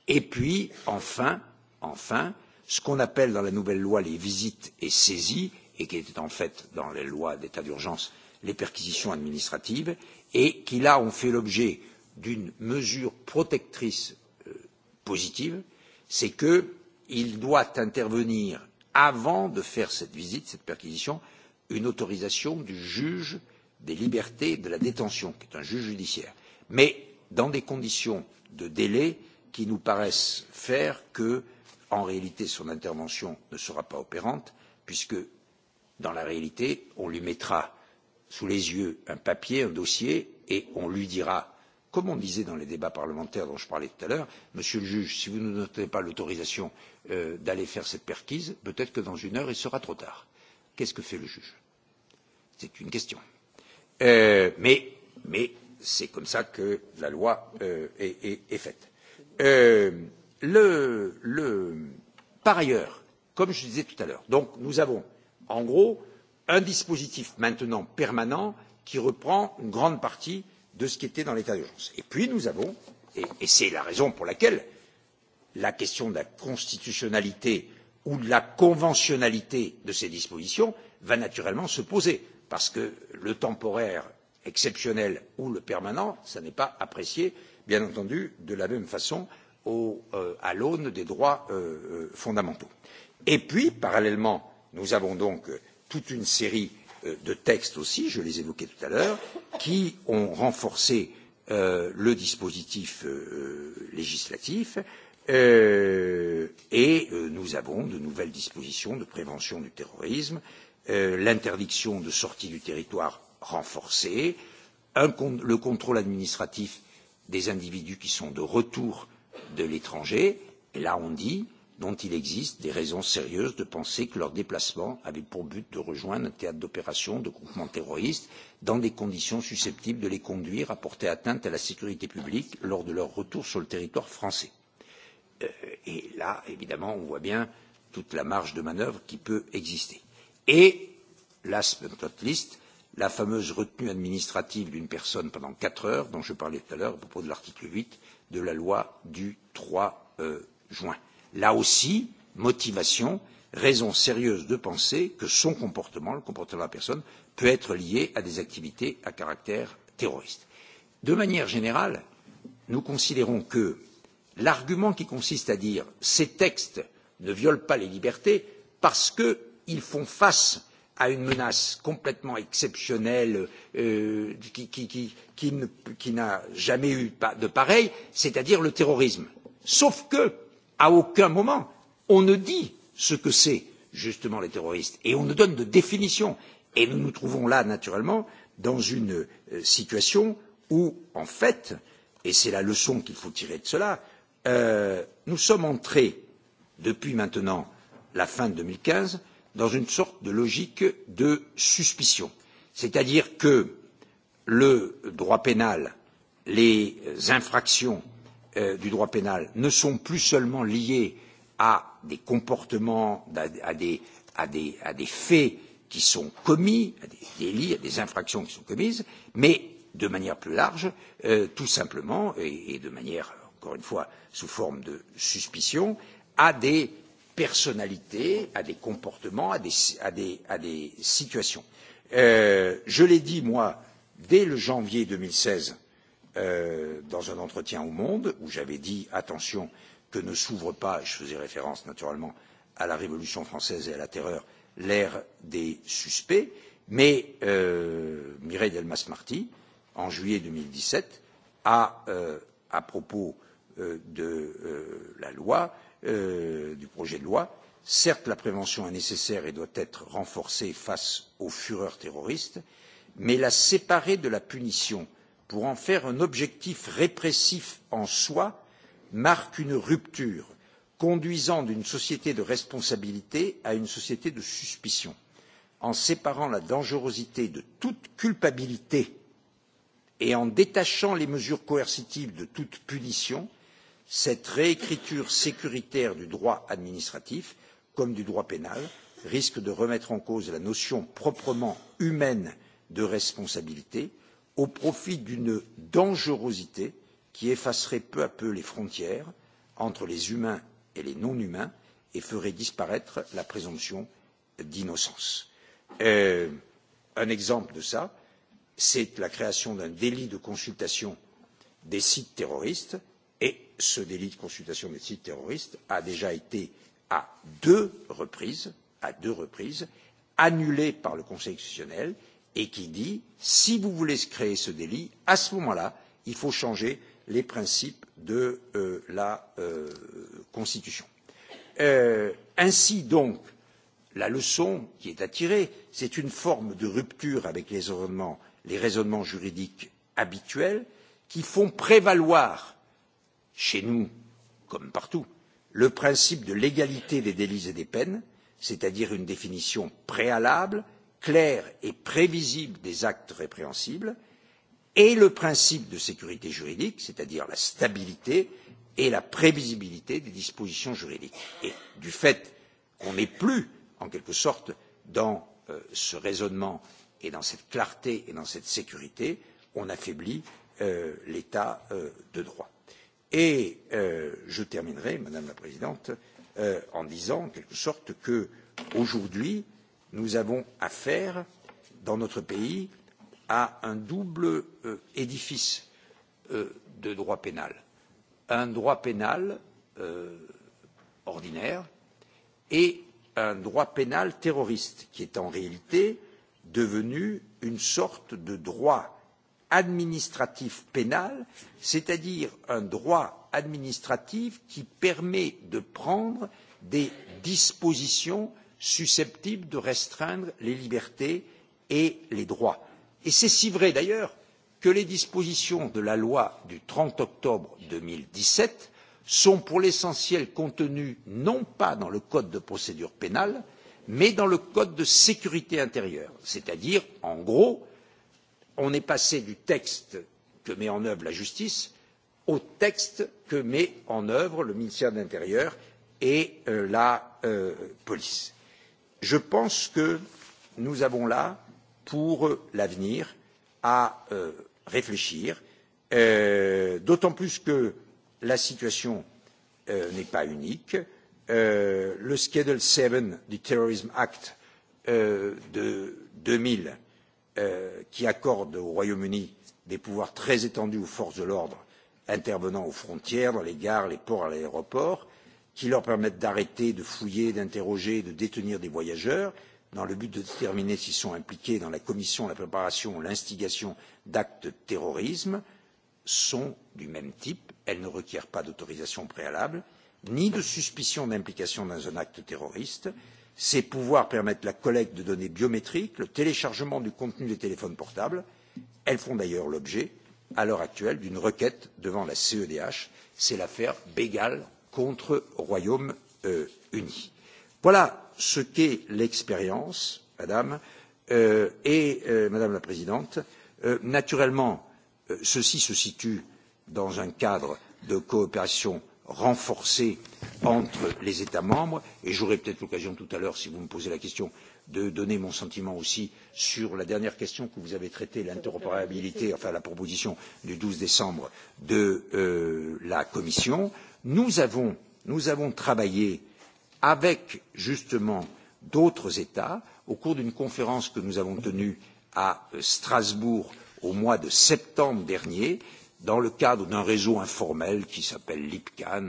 et puis enfin, enfin, ce qu'on appelle dans la nouvelle loi les visites et saisies, et qui était en fait dans les lois d'état d'urgence les perquisitions administratives, et qui là ont fait l'objet d'une mesure protectrice euh, positive, c'est qu'il doit intervenir avant de faire cette visite, cette perquisition, une autorisation du juge des libertés de la détention, qui est un juge judiciaire, mais dans des conditions de délai qui nous paraissent faire que euh, en réalité, son intervention ne sera pas opérante, puisque, dans la réalité, on lui mettra sous les yeux un papier, un dossier, et on lui dira, comme on disait dans les débats parlementaires dont je parlais tout à l'heure, Monsieur le juge, si vous ne nous donnez pas l'autorisation euh, d'aller faire cette perquise, peut-être que dans une heure, il sera trop tard. Qu'est-ce que fait le juge C'est une question. Euh, mais mais c'est comme ça que la loi euh, est, est, est faite. Euh, le, le, par ailleurs, comme je disais tout à l'heure, donc nous avons en gros un dispositif maintenant permanent qui reprend une grande partie de ce qui était dans l'état d'urgence. Et puis nous avons, et, et c'est la raison pour laquelle la question de la constitutionnalité ou de la conventionnalité de ces dispositions va naturellement se poser, parce que le temporaire exceptionnel ou le permanent, ça n'est pas apprécié, bien entendu, de la même façon au, euh, à l'aune des droits euh, euh, fondamentaux. Et puis, parallèlement, nous avons donc euh, toute une série euh, de textes aussi, je les évoquais tout à l'heure, qui ont renforcé euh, le dispositif euh, euh, législatif euh, et euh, nous avons de nouvelles dispositions de prévention du terrorisme, euh, l'interdiction de sortie du territoire renforcée, un, le contrôle administratif des individus qui sont de retour euh, de l'étranger, et là on dit dont il existe des raisons sérieuses de penser que leur déplacement avait pour but de rejoindre un théâtre d'opération de groupements terroristes dans des conditions susceptibles de les conduire à porter atteinte à la sécurité publique lors de leur retour sur le territoire français. Euh, et là, évidemment, on voit bien toute la marge de manœuvre qui peut exister. Et, last but not least, la fameuse retenue administrative d'une personne pendant quatre heures dont je parlais tout à l'heure à propos de l'article 8 de la loi du 3 euh, juin. Là aussi, motivation, raison sérieuse de penser que son comportement, le comportement de la personne, peut être lié à des activités à caractère terroriste. De manière générale, nous considérons que l'argument qui consiste à dire ces textes ne violent pas les libertés parce qu'ils font face à une menace complètement exceptionnelle euh, qui, qui, qui, qui, ne, qui n'a jamais eu de pareille, c'est-à-dire le terrorisme. Sauf que, à aucun moment, on ne dit ce que c'est justement les terroristes et on ne donne de définition. Et nous nous trouvons là, naturellement, dans une euh, situation où, en fait, et c'est la leçon qu'il faut tirer de cela, euh, nous sommes entrés, depuis maintenant la fin de 2015, dans une sorte de logique de suspicion. C'est-à-dire que le droit pénal, les infractions euh, du droit pénal ne sont plus seulement liées à des comportements, à, à, des, à, des, à des faits qui sont commis, à des délits, à des infractions qui sont commises, mais de manière plus large, euh, tout simplement, et, et de manière, encore une fois, sous forme de suspicion, à des personnalités, à des comportements, à des, à des, à des situations. Euh, je l'ai dit, moi, dès le janvier 2016, euh, dans un entretien au Monde, où j'avais dit attention que ne s'ouvre pas, je faisais référence naturellement à la Révolution française et à la terreur, l'ère des suspects, mais euh, Mireille Delmas Marty, en juillet 2017, a, euh, à propos euh, de euh, la loi, euh, euh, du projet de loi. Certes, la prévention est nécessaire et doit être renforcée face aux fureurs terroristes, mais la séparer de la punition pour en faire un objectif répressif en soi marque une rupture conduisant d'une société de responsabilité à une société de suspicion. En séparant la dangerosité de toute culpabilité et en détachant les mesures coercitives de toute punition, cette réécriture sécuritaire du droit administratif comme du droit pénal risque de remettre en cause la notion proprement humaine de responsabilité au profit d'une dangerosité qui effacerait peu à peu les frontières entre les humains et les non humains et ferait disparaître la présomption d'innocence. Euh, un exemple de ça, c'est la création d'un délit de consultation des sites terroristes Et ce délit de consultation de sites terroristes a déjà été à deux reprises, à deux reprises, annulé par le Conseil constitutionnel et qui dit si vous voulez créer ce délit, à ce moment-là, il faut changer les principes de euh, la euh, Constitution. Euh, ainsi donc, la leçon qui est à tirer, c'est une forme de rupture avec les raisonnements, les raisonnements juridiques habituels qui font prévaloir chez nous comme partout le principe de l'égalité des délits et des peines c'est à dire une définition préalable claire et prévisible des actes répréhensibles et le principe de sécurité juridique c'est à dire la stabilité et la prévisibilité des dispositions juridiques et du fait qu'on n'est plus en quelque sorte dans euh, ce raisonnement et dans cette clarté et dans cette sécurité on affaiblit euh, l'état euh, de droit. Et euh, je terminerai, Madame la Présidente, euh, en disant en quelque sorte que aujourd'hui, nous avons affaire dans notre pays à un double euh, édifice euh, de droit pénal. Un droit pénal euh, ordinaire et un droit pénal terroriste qui est en réalité devenu une sorte de droit administratif pénal, c'est-à-dire un droit administratif qui permet de prendre des dispositions susceptibles de restreindre les libertés et les droits. Et c'est si vrai d'ailleurs que les dispositions de la loi du 30 octobre 2017 sont pour l'essentiel contenues non pas dans le code de procédure pénale, mais dans le code de sécurité intérieure, c'est-à-dire, en gros, on est passé du texte que met en œuvre la justice au texte que met en œuvre le ministère de l'Intérieur et euh, la euh, police. Je pense que nous avons là, pour euh, l'avenir, à euh, réfléchir, euh, d'autant plus que la situation euh, n'est pas unique. Euh, le Schedule 7 du Terrorism Act euh, de 2000 euh, qui accorde au Royaume-Uni des pouvoirs très étendus aux forces de l'ordre intervenant aux frontières, dans les gares, les ports, à l'aéroport, qui leur permettent d'arrêter, de fouiller, d'interroger, de détenir des voyageurs, dans le but de déterminer s'ils sont impliqués dans la commission, la préparation ou l'instigation d'actes de terrorisme, sont du même type. Elles ne requièrent pas d'autorisation préalable, ni de suspicion d'implication dans un acte terroriste. Mmh Ces pouvoirs permettent la collecte de données biométriques, le téléchargement du contenu des téléphones portables. Elles font d'ailleurs l'objet, à l'heure actuelle, d'une requête devant la CEDH. C'est l'affaire Bégal contre Royaume-Uni. Euh, voilà ce qu'est l'expérience, Madame euh, et euh, Madame la Présidente. Euh, naturellement, euh, ceci se situe dans un cadre de coopération renforcée entre les États membres et j'aurai peut-être l'occasion tout à l'heure, si vous me posez la question, de donner mon sentiment aussi sur la dernière question que vous avez traitée, l'interopérabilité, enfin la proposition du 12 décembre de euh, la Commission. Nous avons, nous avons travaillé avec justement d'autres États au cours d'une conférence que nous avons tenue à euh, Strasbourg au mois de septembre dernier dans le cadre d'un réseau informel qui s'appelle l'IPCAN,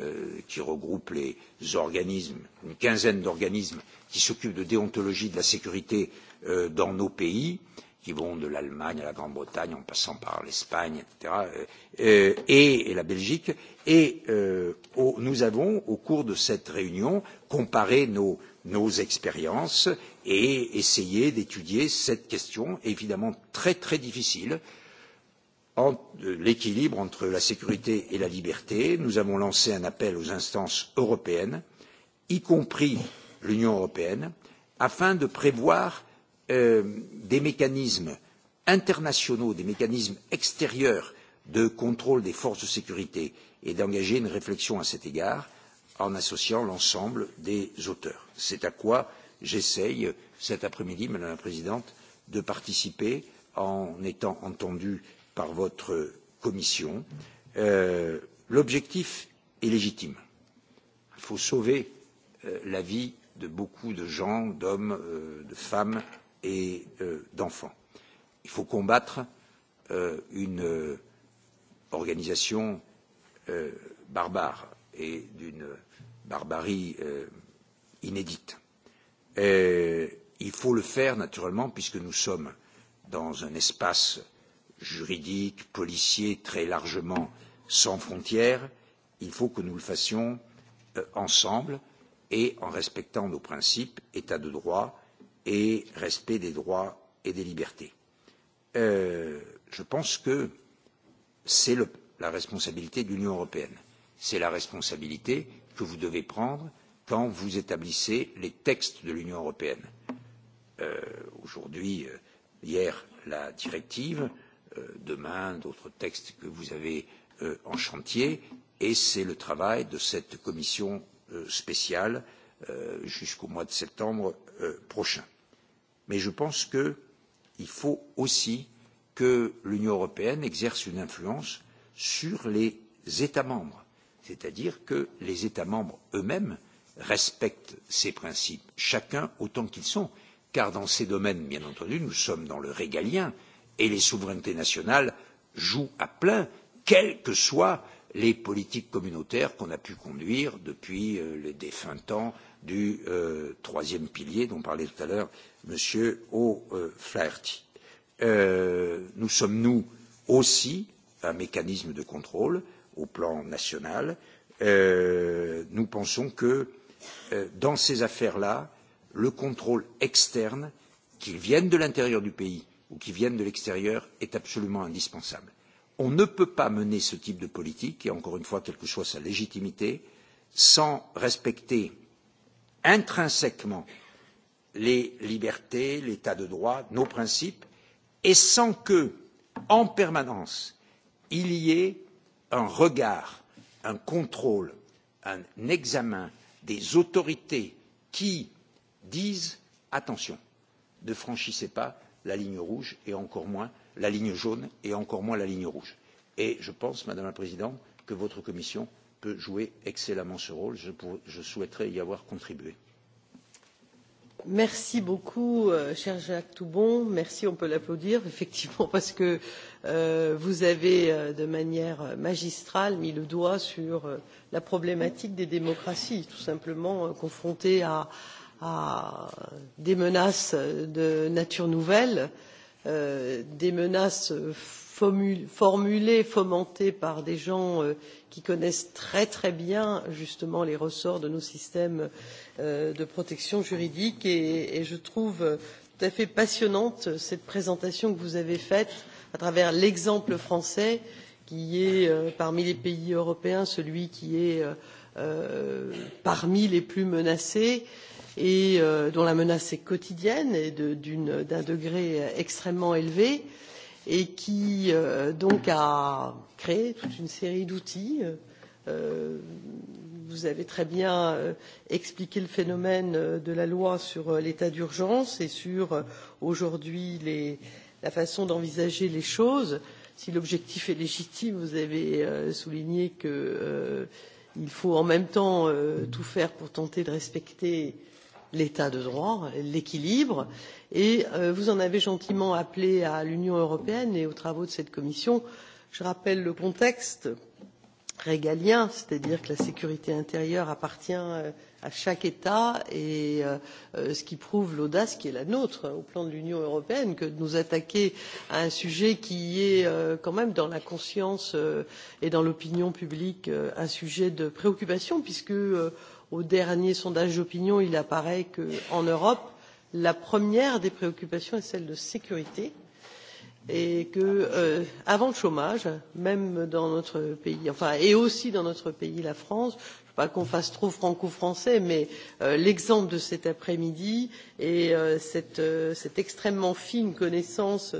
euh, qui regroupe les organismes, une quinzaine d'organismes qui s'occupent de déontologie de la sécurité euh, dans nos pays, qui vont de l'Allemagne à la Grande-Bretagne en passant par l'Espagne, etc., euh, euh, et, et la Belgique. Et euh, au, nous avons, au cours de cette réunion, comparé nos, nos expériences et essayé d'étudier cette question, évidemment très très difficile, euh, en, euh, l'équilibre entre la sécurité et la liberté. Nous avons lancé un appel aux instances européennes, y compris l'Union européenne, afin de prévoir euh, des mécanismes internationaux, des mécanismes extérieurs de contrôle des forces de sécurité et d'engager une réflexion à cet égard en associant l'ensemble des auteurs. C'est à quoi j'essaye euh, cet après-midi, Madame la Présidente, de participer en étant entendu euh, par votre commission. Euh, L'objectif est légitime. Il faut sauver euh, la vie de beaucoup de gens, d'hommes, euh, de femmes et euh, d'enfants. Il faut combattre euh, une euh, organisation euh, barbare et d'une barbarie euh, inédite. Et euh, il faut le faire naturellement puisque nous sommes dans un espace euh, juridiques, policiers, très largement sans frontières, il faut que nous le fassions euh, ensemble et en respectant nos principes, état de droit et respect des droits et des libertés. Euh, je pense que c'est la responsabilité de l'Union européenne. C'est la responsabilité que vous devez prendre quand vous établissez les textes de l'Union européenne. Euh, Aujourd'hui, euh, hier, la directive, euh, euh, demain, d'autres textes que vous avez euh, en chantier, et c'est le travail de cette commission euh, spéciale euh, jusqu'au mois de septembre euh, prochain. Mais je pense qu'il faut aussi que l'Union européenne exerce une influence sur les États membres, c'est-à-dire que les États membres eux-mêmes respectent ces principes, chacun autant qu'ils sont, car dans ces domaines, bien entendu, nous sommes dans le régalien, euh, et les souverainetés nationales jouent à plein, quelles que soient les politiques communautaires qu'on a pu conduire depuis euh, les défunts temps du euh, troisième pilier dont parlait tout à l'heure M. O'Flaherty. Euh, nous sommes-nous aussi un mécanisme de contrôle au plan national euh, Nous pensons que euh, dans ces affaires-là, le contrôle externe, qu'il vienne de l'intérieur du pays ou qui viennent de l'extérieur est absolument indispensable. On ne peut pas mener ce type de politique, et encore une fois, quelle que soit sa légitimité, sans respecter intrinsèquement les libertés, l'état de droit, nos principes, et sans que, en permanence, il y ait un regard, un contrôle, un examen des autorités qui disent attention, ne franchissez pas la ligne rouge et encore moins la ligne jaune et encore moins la ligne rouge. Et je pense, Madame la Présidente, que votre Commission peut jouer excellemment ce rôle. Je, pour, je souhaiterais y avoir contribué. Merci beaucoup, euh, cher Jacques Toubon. Merci, on peut l'applaudir, effectivement, parce que euh, vous avez, euh, de manière magistrale, mis le doigt sur euh, la problématique des démocraties, tout simplement euh, confrontées à, euh, à des menaces de nature nouvelle euh, des menaces formulées fomentées par des gens euh, qui connaissent très très bien justement les ressorts de nos systèmes euh, de protection juridique et, et je trouve tout à fait passionnante cette présentation que vous avez faite à travers l'exemple français qui est euh, parmi les pays européens celui qui est euh, euh, parmi les plus menacés et et euh, dont la menace est quotidienne et d'un degré extrêmement élevé et qui euh, donc a créé toute une série d'outils. Euh, vous avez très bien euh, expliqué le phénomène euh, de la loi sur euh, l'état d'urgence et sur euh, aujourd'hui les, la façon d'envisager les choses. Si l'objectif est légitime, vous avez euh, souligné qu'il euh, faut en même temps euh, tout faire pour tenter de respecter euh, l'état de droit l'équilibre et euh, vous en avez gentiment appelé à l'union européenne et aux travaux de cette commission. je rappelle le contexte régalien c'est à dire que la sécurité intérieure appartient euh, à chaque état et euh, euh, ce qui prouve l'audace qui est la nôtre au plan de l'union européenne que de nous attaquer à un sujet qui est euh, quand même dans la conscience euh, et dans l'opinion publique euh, un sujet de préoccupation puisque au dernier sondage d'opinion il apparaît qu'en europe la première des préoccupations est celle de la sécurité et que euh, avant le chômage même dans notre pays enfin et aussi dans notre pays la france pas qu'on fasse trop franco français mais euh, l'exemple de cet après midi et euh, cette, euh, cette extrêmement fine connaissance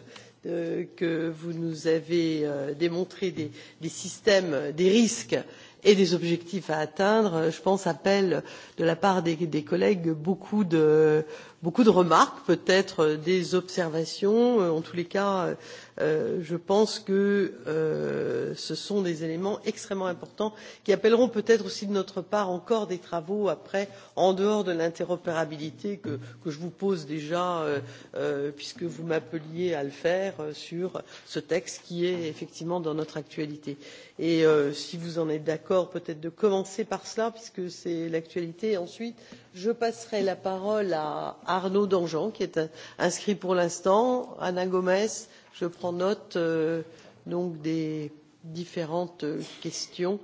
euh, que vous nous avez euh, démontrée des, des systèmes des risques et des objectifs à atteindre euh, je pense appellent de la part des, des collègues beaucoup de, beaucoup de remarques peut être euh, des observations euh, en tous les cas Euh, je pense que euh, ce sont des éléments extrêmement importants qui appelleront peut être aussi de notre part encore des travaux après en dehors de l'interopérabilité que, que je vous pose déjà euh, euh puisque vous m'appeliez à le faire euh, sur ce texte qui est effectivement dans notre actualité. Et euh, si vous en êtes d'accord peut être de commencer par cela puisque c'est l'actualité et ensuite je passerai la parole à arnaud danjean qui est inscrit pour l'instant anna gomes Je prends note euh, donc des différentes questions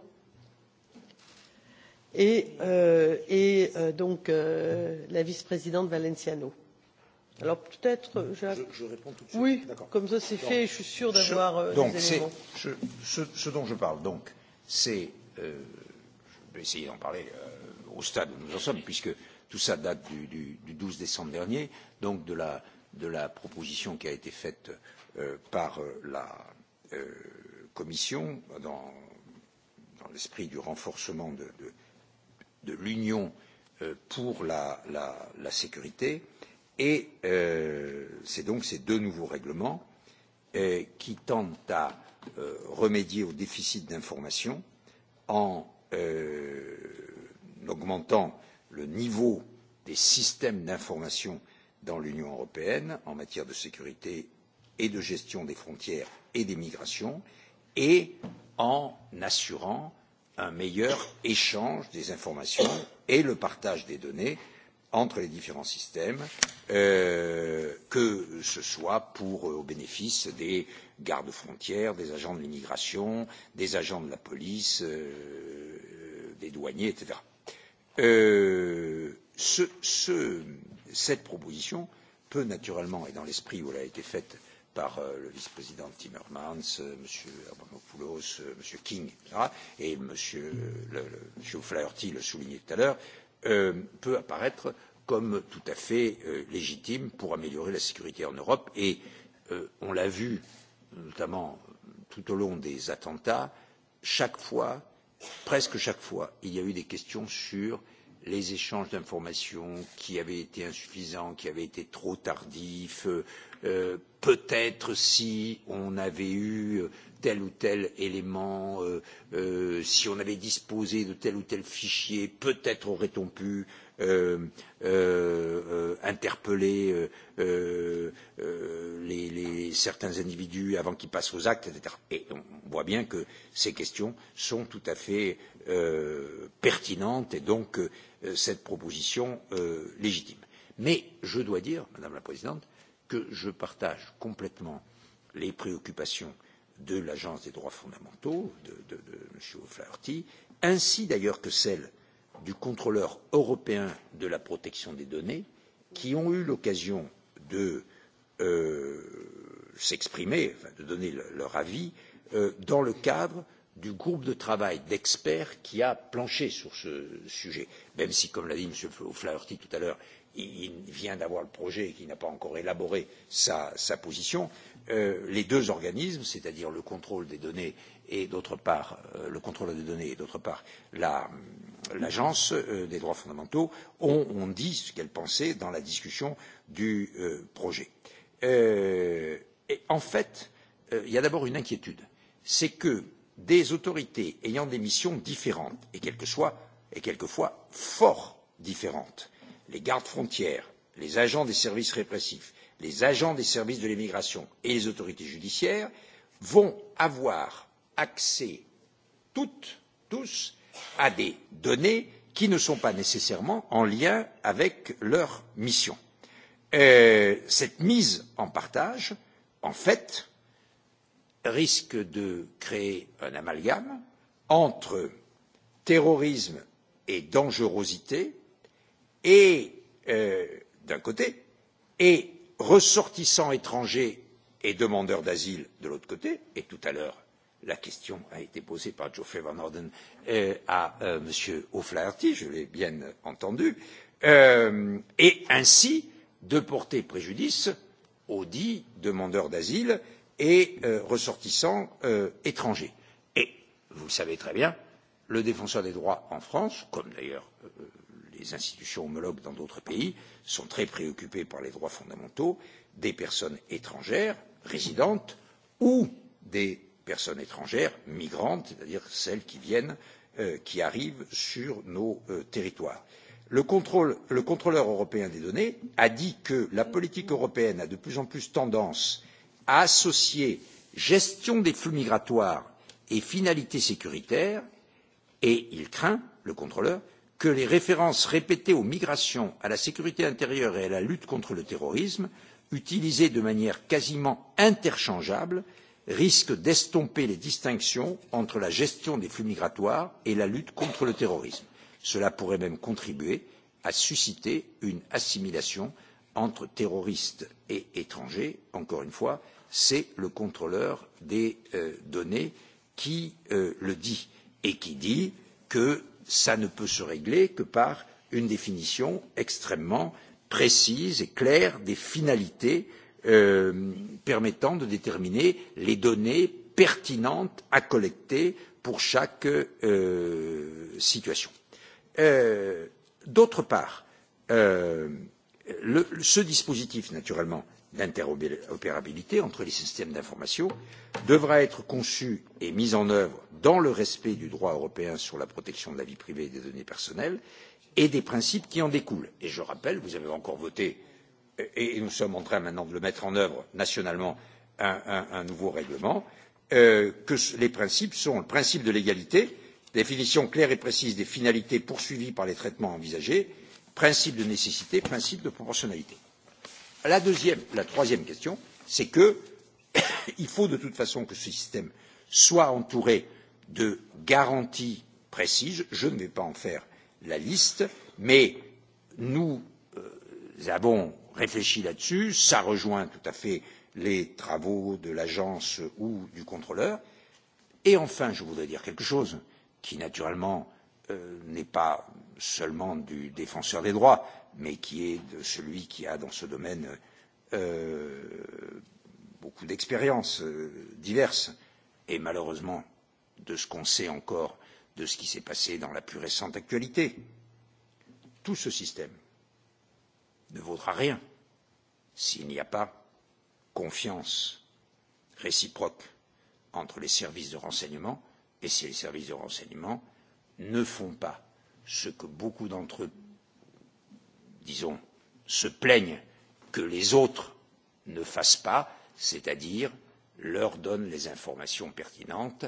et, euh, et euh, donc euh, la vice-présidente Valenciano. Alors peut-être. Je, je réponds tout de suite. Oui, comme ça c'est fait, je suis sûr d'avoir euh, donc, des éléments. Je, ce, ce dont je parle, donc, c'est. Euh, je vais essayer d'en parler euh, au stade où nous en sommes, puisque tout ça date du, du, du 12 décembre dernier, donc de la, de la proposition qui a été faite euh, par euh, la euh, Commission dans, dans l'esprit du renforcement de, de, de l'Union euh, pour la, la, la sécurité. Et euh, c'est donc ces deux nouveaux règlements euh, qui tendent à euh, remédier au déficit d'information en euh, augmentant le niveau des systèmes d'information dans l'Union européenne en matière de sécurité et de gestion des frontières et des migrations et en assurant un meilleur échange des informations et le partage des données entre les différents systèmes, euh, que ce soit pour euh, au bénéfice des gardes frontières, des agents de l'immigration, des agents de la police, euh, des douaniers, etc. Euh, ce, ce, cette proposition peut naturellement, et dans l'esprit où elle a été faite par euh, le vice-président Timmermans, euh, M. Abramopoulos, euh, M. King, etc., et M. Euh, le, le, M. Flaherty le soulignait tout à l'heure, euh, peut apparaître comme tout à fait euh, légitime pour améliorer la sécurité en Europe. Et euh, on l'a vu, notamment tout au long des attentats, chaque fois, presque chaque fois, il y a eu des questions sur euh, les échanges d'informations qui avaient été insuffisants, qui avaient été trop tardifs, euh, peut-être si on avait eu euh, tel ou tel élément, euh, euh, si on avait disposé de tel ou tel fichier, peut-être aurait-on pu euh, Euh, euh, euh, interpeller euh, euh, euh, les, les, certains individus avant qu'ils passent aux actes, etc. Et on voit bien que ces questions sont tout à fait euh, pertinentes et donc euh, cette proposition euh, légitime. Mais je dois dire, Madame la Présidente, que je partage complètement les préoccupations de l'Agence des droits fondamentaux, de, de, de M. O'Flaherty, ainsi d'ailleurs que celles euh, du contrôleur européen de la protection des données qui ont eu l'occasion de euh, s'exprimer, enfin, de donner le, leur avis euh, dans le cadre du groupe de travail d'experts qui a planché sur ce sujet, même si, comme l'a dit M. Flaherty tout à l'heure, il vient d'avoir le projet et qu'il n'a pas encore élaboré sa, sa position, euh, les deux organismes, c'est-à-dire le contrôle des données et d'autre part euh, le contrôleur des données et d'autre part l'agence la, euh, des droits fondamentaux ont, ont dit ce qu'elles pensaient dans la discussion du euh, projet. Euh, et en fait, euh, il euh, y a d'abord une inquiétude, c'est que des autorités ayant des missions différentes et quelquefois, et quelquefois fort différentes, les gardes frontières, les agents des services répressifs, les agents des services de l'immigration et les autorités judiciaires vont avoir accès toutes, tous à des données qui ne sont pas nécessairement en lien avec leur mission. Euh, cette mise en partage, en fait, risque de créer un amalgame entre terrorisme et dangerosité et euh, d'un côté et ressortissants étrangers et demandeurs d'asile de l'autre côté et tout à l'heure La question a été posée par Geoffrey Van Orden euh, à euh, M. O'Flaherty, je l'ai bien entendu, euh, et ainsi de porter préjudice audits demandeurs d'asile et euh, ressortissants euh, étrangers. Et vous le savez très bien, le défenseur des droits en France, comme d'ailleurs euh, les institutions homologues dans d'autres pays, sont très préoccupés par les droits fondamentaux des personnes étrangères résidentes ou des personnes étrangères migrantes, c'est-à-dire celles qui viennent, euh, qui arrivent sur nos euh, territoires. Le, contrôle, le contrôleur européen des données a dit que la politique européenne a de plus en plus tendance à associer gestion des flux migratoires et finalité sécuritaire et il craint, le contrôleur, que les références répétées aux migrations, à la sécurité intérieure et à la lutte contre le terrorisme, utilisées de manière quasiment interchangeable, risque d'estomper les distinctions entre la gestion des flux migratoires et la lutte contre le terrorisme. Cela pourrait même contribuer à susciter une assimilation entre terroristes et étrangers. Encore une fois, c'est le contrôleur des euh, données qui euh, le dit et qui dit que ça ne peut se régler que par une définition extrêmement précise et claire des finalités euh, euh, permettant de déterminer les données pertinentes à collecter pour chaque euh, situation. Euh, D'autre part, euh, le, ce dispositif, naturellement, d'interopérabilité entre les systèmes d'information devra être conçu et mis en œuvre dans le respect du droit européen sur la protection de la vie privée et des données personnelles et des principes qui en découlent. Et je rappelle, vous avez encore voté et, et nous sommes en train maintenant de le mettre en œuvre nationalement un, un, un nouveau règlement euh, que les principes sont le principe de l'égalité définition claire et précise des finalités poursuivies par les traitements envisagés principe de nécessité principe de proportionnalité. la, deuxième, la troisième question c'est qu'il faut de toute façon que ce système soit entouré de garanties précises je ne vais pas en faire la liste mais nous euh, avons réfléchit là dessus ça rejoint tout à fait les travaux de l'agence ou du contrôleur et enfin je voudrais dire quelque chose qui naturellement euh, n'est pas seulement du défenseur des droits mais qui est de celui qui a dans ce domaine euh, beaucoup d'expériences euh, diverses et malheureusement de ce qu'on sait encore de ce qui s'est passé dans la plus récente actualité tout ce système ne vaudra rien s'il n'y a pas confiance réciproque entre les services de renseignement et si les services de renseignement ne font pas ce que beaucoup d'entre eux, disons, se plaignent que les autres ne fassent pas, c'est-à-dire leur donnent les informations pertinentes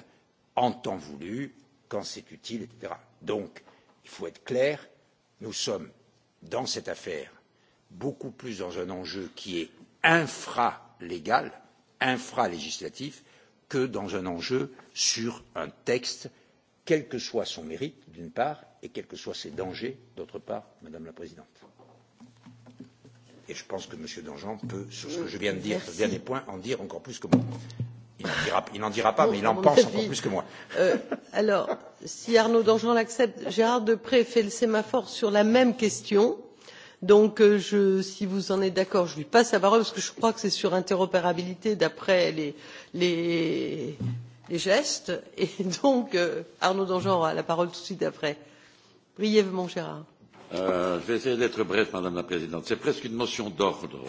en temps voulu, quand c'est utile, etc. Donc, il faut être clair, nous sommes dans cette affaire beaucoup plus dans un enjeu qui est infralégal, infralégislatif, que dans un enjeu sur un texte, quel que soit son mérite, d'une part, et quels que soient ses dangers, d'autre part, Madame la Présidente. Et je pense que M. Dangean peut, sur ce que je viens de dire, Merci. ce dernier point, en dire encore plus que moi. Il n'en dira, il en dira pas, non, mais il en pense avis, encore plus que moi. Euh, alors, si Arnaud Dangean l'accepte, Gérard Depré fait le sémaphore sur la même question donc euh, je, si vous en êtes d'accord je lui passe la parole parce que je crois que c'est sur l'interopérabilité d'après les, les, les gestes et donc euh, arnaud danjean aura la parole tout de suite après. brièvement gérard. Euh, je vais essayer d'être bref madame la présidente c'est presque une motion d'ordre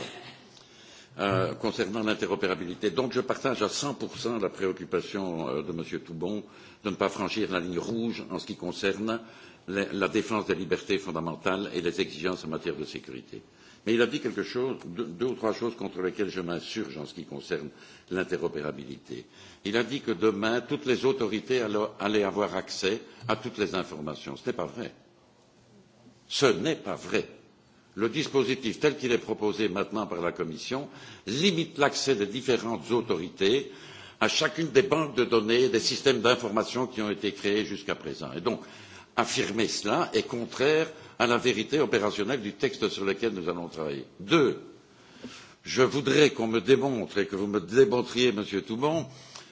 euh, concernant l'interopérabilité donc je partage à cent la préoccupation euh, de m. toubon de ne pas franchir la ligne rouge en ce qui concerne la, la défense des libertés fondamentales et les exigences en matière de sécurité. Mais il a dit quelque chose, deux, deux ou trois choses contre lesquelles je m'insurge en ce qui concerne l'interopérabilité. Il a dit que demain, toutes les autorités allaient avoir accès à toutes les informations. Ce n'est pas vrai. Ce n'est pas vrai. Le dispositif tel qu'il est proposé maintenant par la Commission limite l'accès des différentes autorités à chacune des banques de données et des systèmes d'information qui ont été créés jusqu'à présent. Et donc, affirmer cela est contraire à la vérité opérationnelle du texte sur lequel nous allons travailler. deuxièmement je voudrais qu'on me démontre et que vous me démontriez monsieur toubon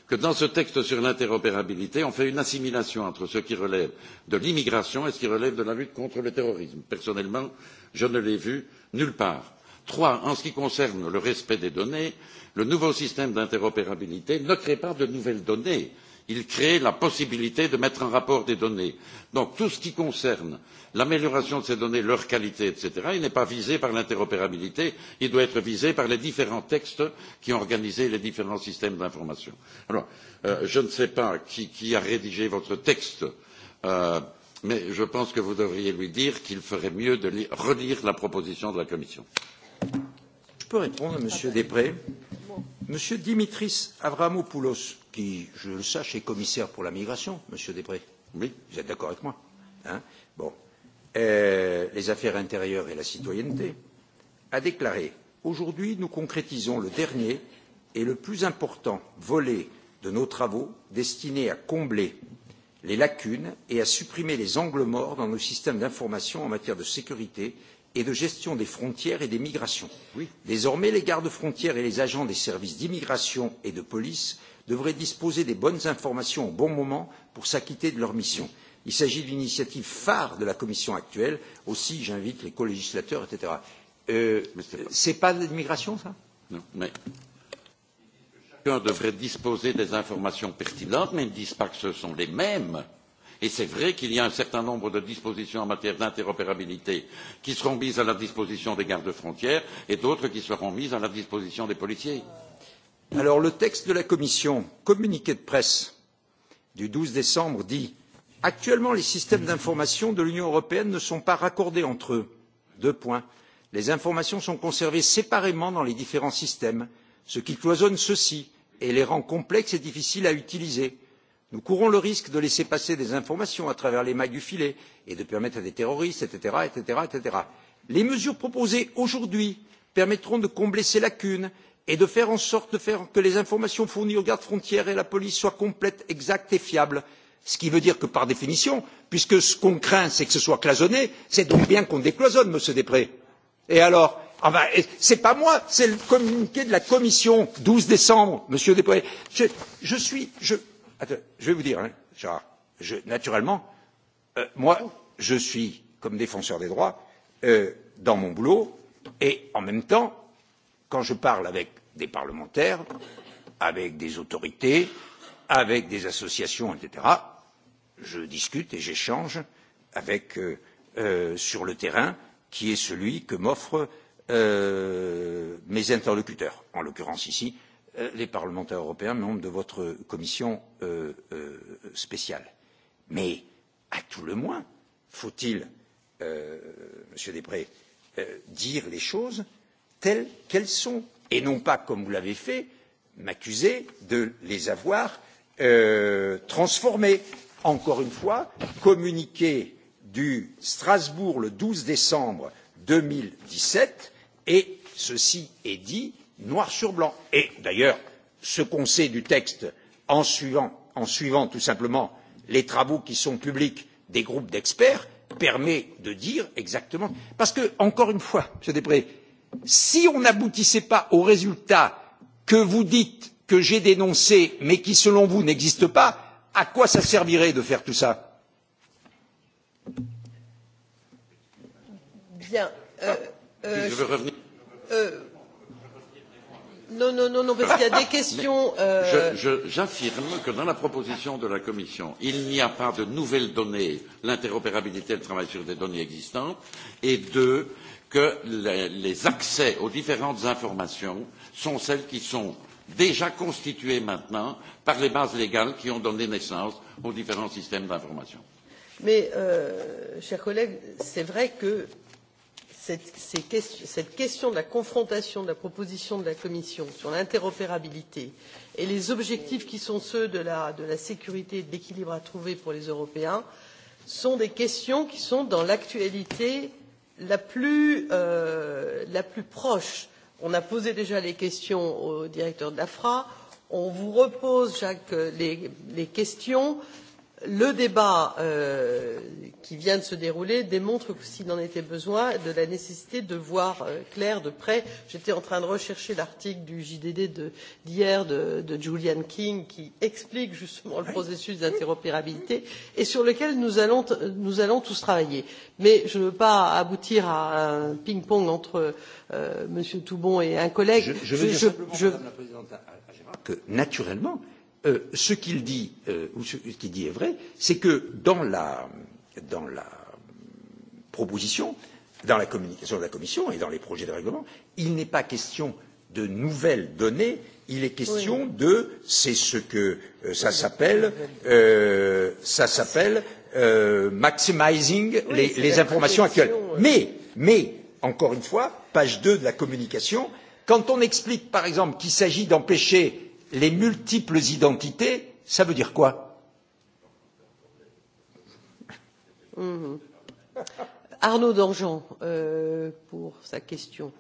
que dans ce texte sur l'interopérabilité on fait une assimilation entre ce qui relève de l'immigration et ce qui relève de la lutte contre le terrorisme. personnellement je ne l'ai vu nulle part. troisièmement en ce qui concerne le respect des données le nouveau système d'interopérabilité ne crée pas de nouvelles données il crée la possibilité de mettre en rapport des données. donc tout ce qui concerne l'amélioration de ces données leur qualité etc. n'est pas visé par l'interopérabilité il doit être visé par les différents textes qui ont organisé les différents systèmes d'information. alors euh, je ne sais pas qui, qui a rédigé votre texte euh, mais je pense que vous devriez lui dire qu'il ferait mieux de relire la proposition de la commission. je peux répondre à m. deprez. Monsieur Dimitris Avramopoulos, qui, je le sache, est commissaire pour la migration, Monsieur Després. Oui. Vous êtes d'accord avec moi hein Bon. Euh, les affaires intérieures et la citoyenneté a déclaré Aujourd'hui, nous concrétisons le dernier et le plus important volet de nos travaux destinés à combler les lacunes et à supprimer les angles morts dans nos systèmes d'information en matière de sécurité et de gestion des frontières et des migrations. Oui. Désormais, les gardes frontières et les agents des services d'immigration et de police devraient disposer des bonnes informations au bon moment pour s'acquitter de leur mission. Il s'agit d'une initiative phare de la Commission actuelle. Aussi, j'invite les colégislateurs, etc. Euh, c'est pas de l'immigration, ça Non, mais chacun devrait disposer des informations pertinentes, mais ils ne disent pas que ce sont les mêmes. Euh, Et c'est vrai qu'il y a un certain nombre de dispositions en matière d'interopérabilité qui seront mises à la disposition des gardes frontières et d'autres qui seront mises à la disposition des policiers. Alors le texte de la Commission, communiqué de presse du 12 décembre, dit Actuellement, les systèmes d'information de l'Union européenne ne sont pas raccordés entre eux. Deux points. Les informations sont conservées séparément dans les différents systèmes, ce qui cloisonne ceux-ci et les rend complexes et difficiles à utiliser nous courons le risque de laisser passer des informations à travers les mailles du filet et de permettre à des terroristes etc. etc. les mesures proposées aujourd'hui permettront de combler ces lacunes et de faire en sorte que les informations fournies aux gardes frontières et à la police soient complètes exactes et fiables ce qui veut dire que par définition puisque ce qu'on craint c'est que ce soit cloisonné c'est donc bien qu'on décloisonne monsieur deprez. et alors? Enfin, ce n'est pas moi, c'est le communiqué de la Commission, 12 décembre, Monsieur Després. Je, je suis, je, Attends, je vais vous dire, hein, Gérard, je, naturellement, euh, moi, je suis, comme défenseur des droits, euh, dans mon boulot, et en même temps, quand je parle avec des parlementaires, avec des autorités, avec des associations, etc., je discute et j'échange avec euh, euh, sur le terrain qui est celui que m'offrent euh, mes interlocuteurs, en l'occurrence ici Euh, les parlementaires européens membres de votre commission euh, euh, spéciale. Mais à tout le moins, faut-il, euh, Monsieur Després, euh, dire les choses telles qu'elles sont et non pas, comme vous l'avez fait, m'accuser de les avoir euh, transformées. Encore une fois, communiqué du Strasbourg le 12 décembre 2017 et ceci est dit noir sur blanc et d'ailleurs ce qu'on sait du texte en suivant, en suivant tout simplement les travaux qui sont publics des groupes d'experts permet de dire exactement parce que encore une fois monsieur deprez si on n'aboutissait pas aux résultats que vous dites que j'ai dénoncés mais qui selon vous n'existent pas à quoi ça servirait de faire tout ça Bien, euh, euh, je veux euh, revenir. Euh, Non, non, non, non, parce qu'il y a des questions. Euh... J'affirme que dans la proposition de la Commission, il n'y a pas de nouvelles données, l'interopérabilité, le travail sur des données existantes, et deux, que les, les accès aux différentes informations sont celles qui sont déjà constituées maintenant par les bases légales qui ont donné naissance aux différents systèmes d'information. Mais, euh, chers collègues, c'est vrai que cette, ces, cette question de la confrontation de la proposition de la Commission sur l'interopérabilité et les objectifs qui sont ceux de la, de la sécurité et de l'équilibre à trouver pour les Européens sont des questions qui sont dans l'actualité la, plus, euh, la plus proche. On a posé déjà les questions au directeur de l'AFRA, on vous repose, Jacques, les, les questions. Euh, le débat euh, qui vient de se dérouler démontre s'il en était besoin la nécessité de voir euh, clair de près. j'étais en train de rechercher l'article du jdd d'hier de, de, de julian king qui explique justement le processus d'interopérabilité et sur lequel nous allons, nous allons tous travailler mais je ne veux pas aboutir à un ping pong entre euh, m. toubon et un collègue. je, je veux je, dire je, simplement je... madame la présidente à, à gérard que naturellement euh, ce qu'il dit, euh, ou ce, ce qu'il dit est vrai, c'est que dans la, dans la proposition, dans la communication de la Commission et dans les projets de règlement, il n'est pas question de nouvelles données, il est question oui. de, c'est ce que euh, ça s'appelle, euh, ça s'appelle euh, maximizing oui, les, les informations actuelles. Euh... Mais, mais, encore une fois, page 2 de la communication, quand on explique par exemple qu'il s'agit d'empêcher les multiples identités, ça veut dire quoi mmh. Arnaud Dangean euh, pour sa question.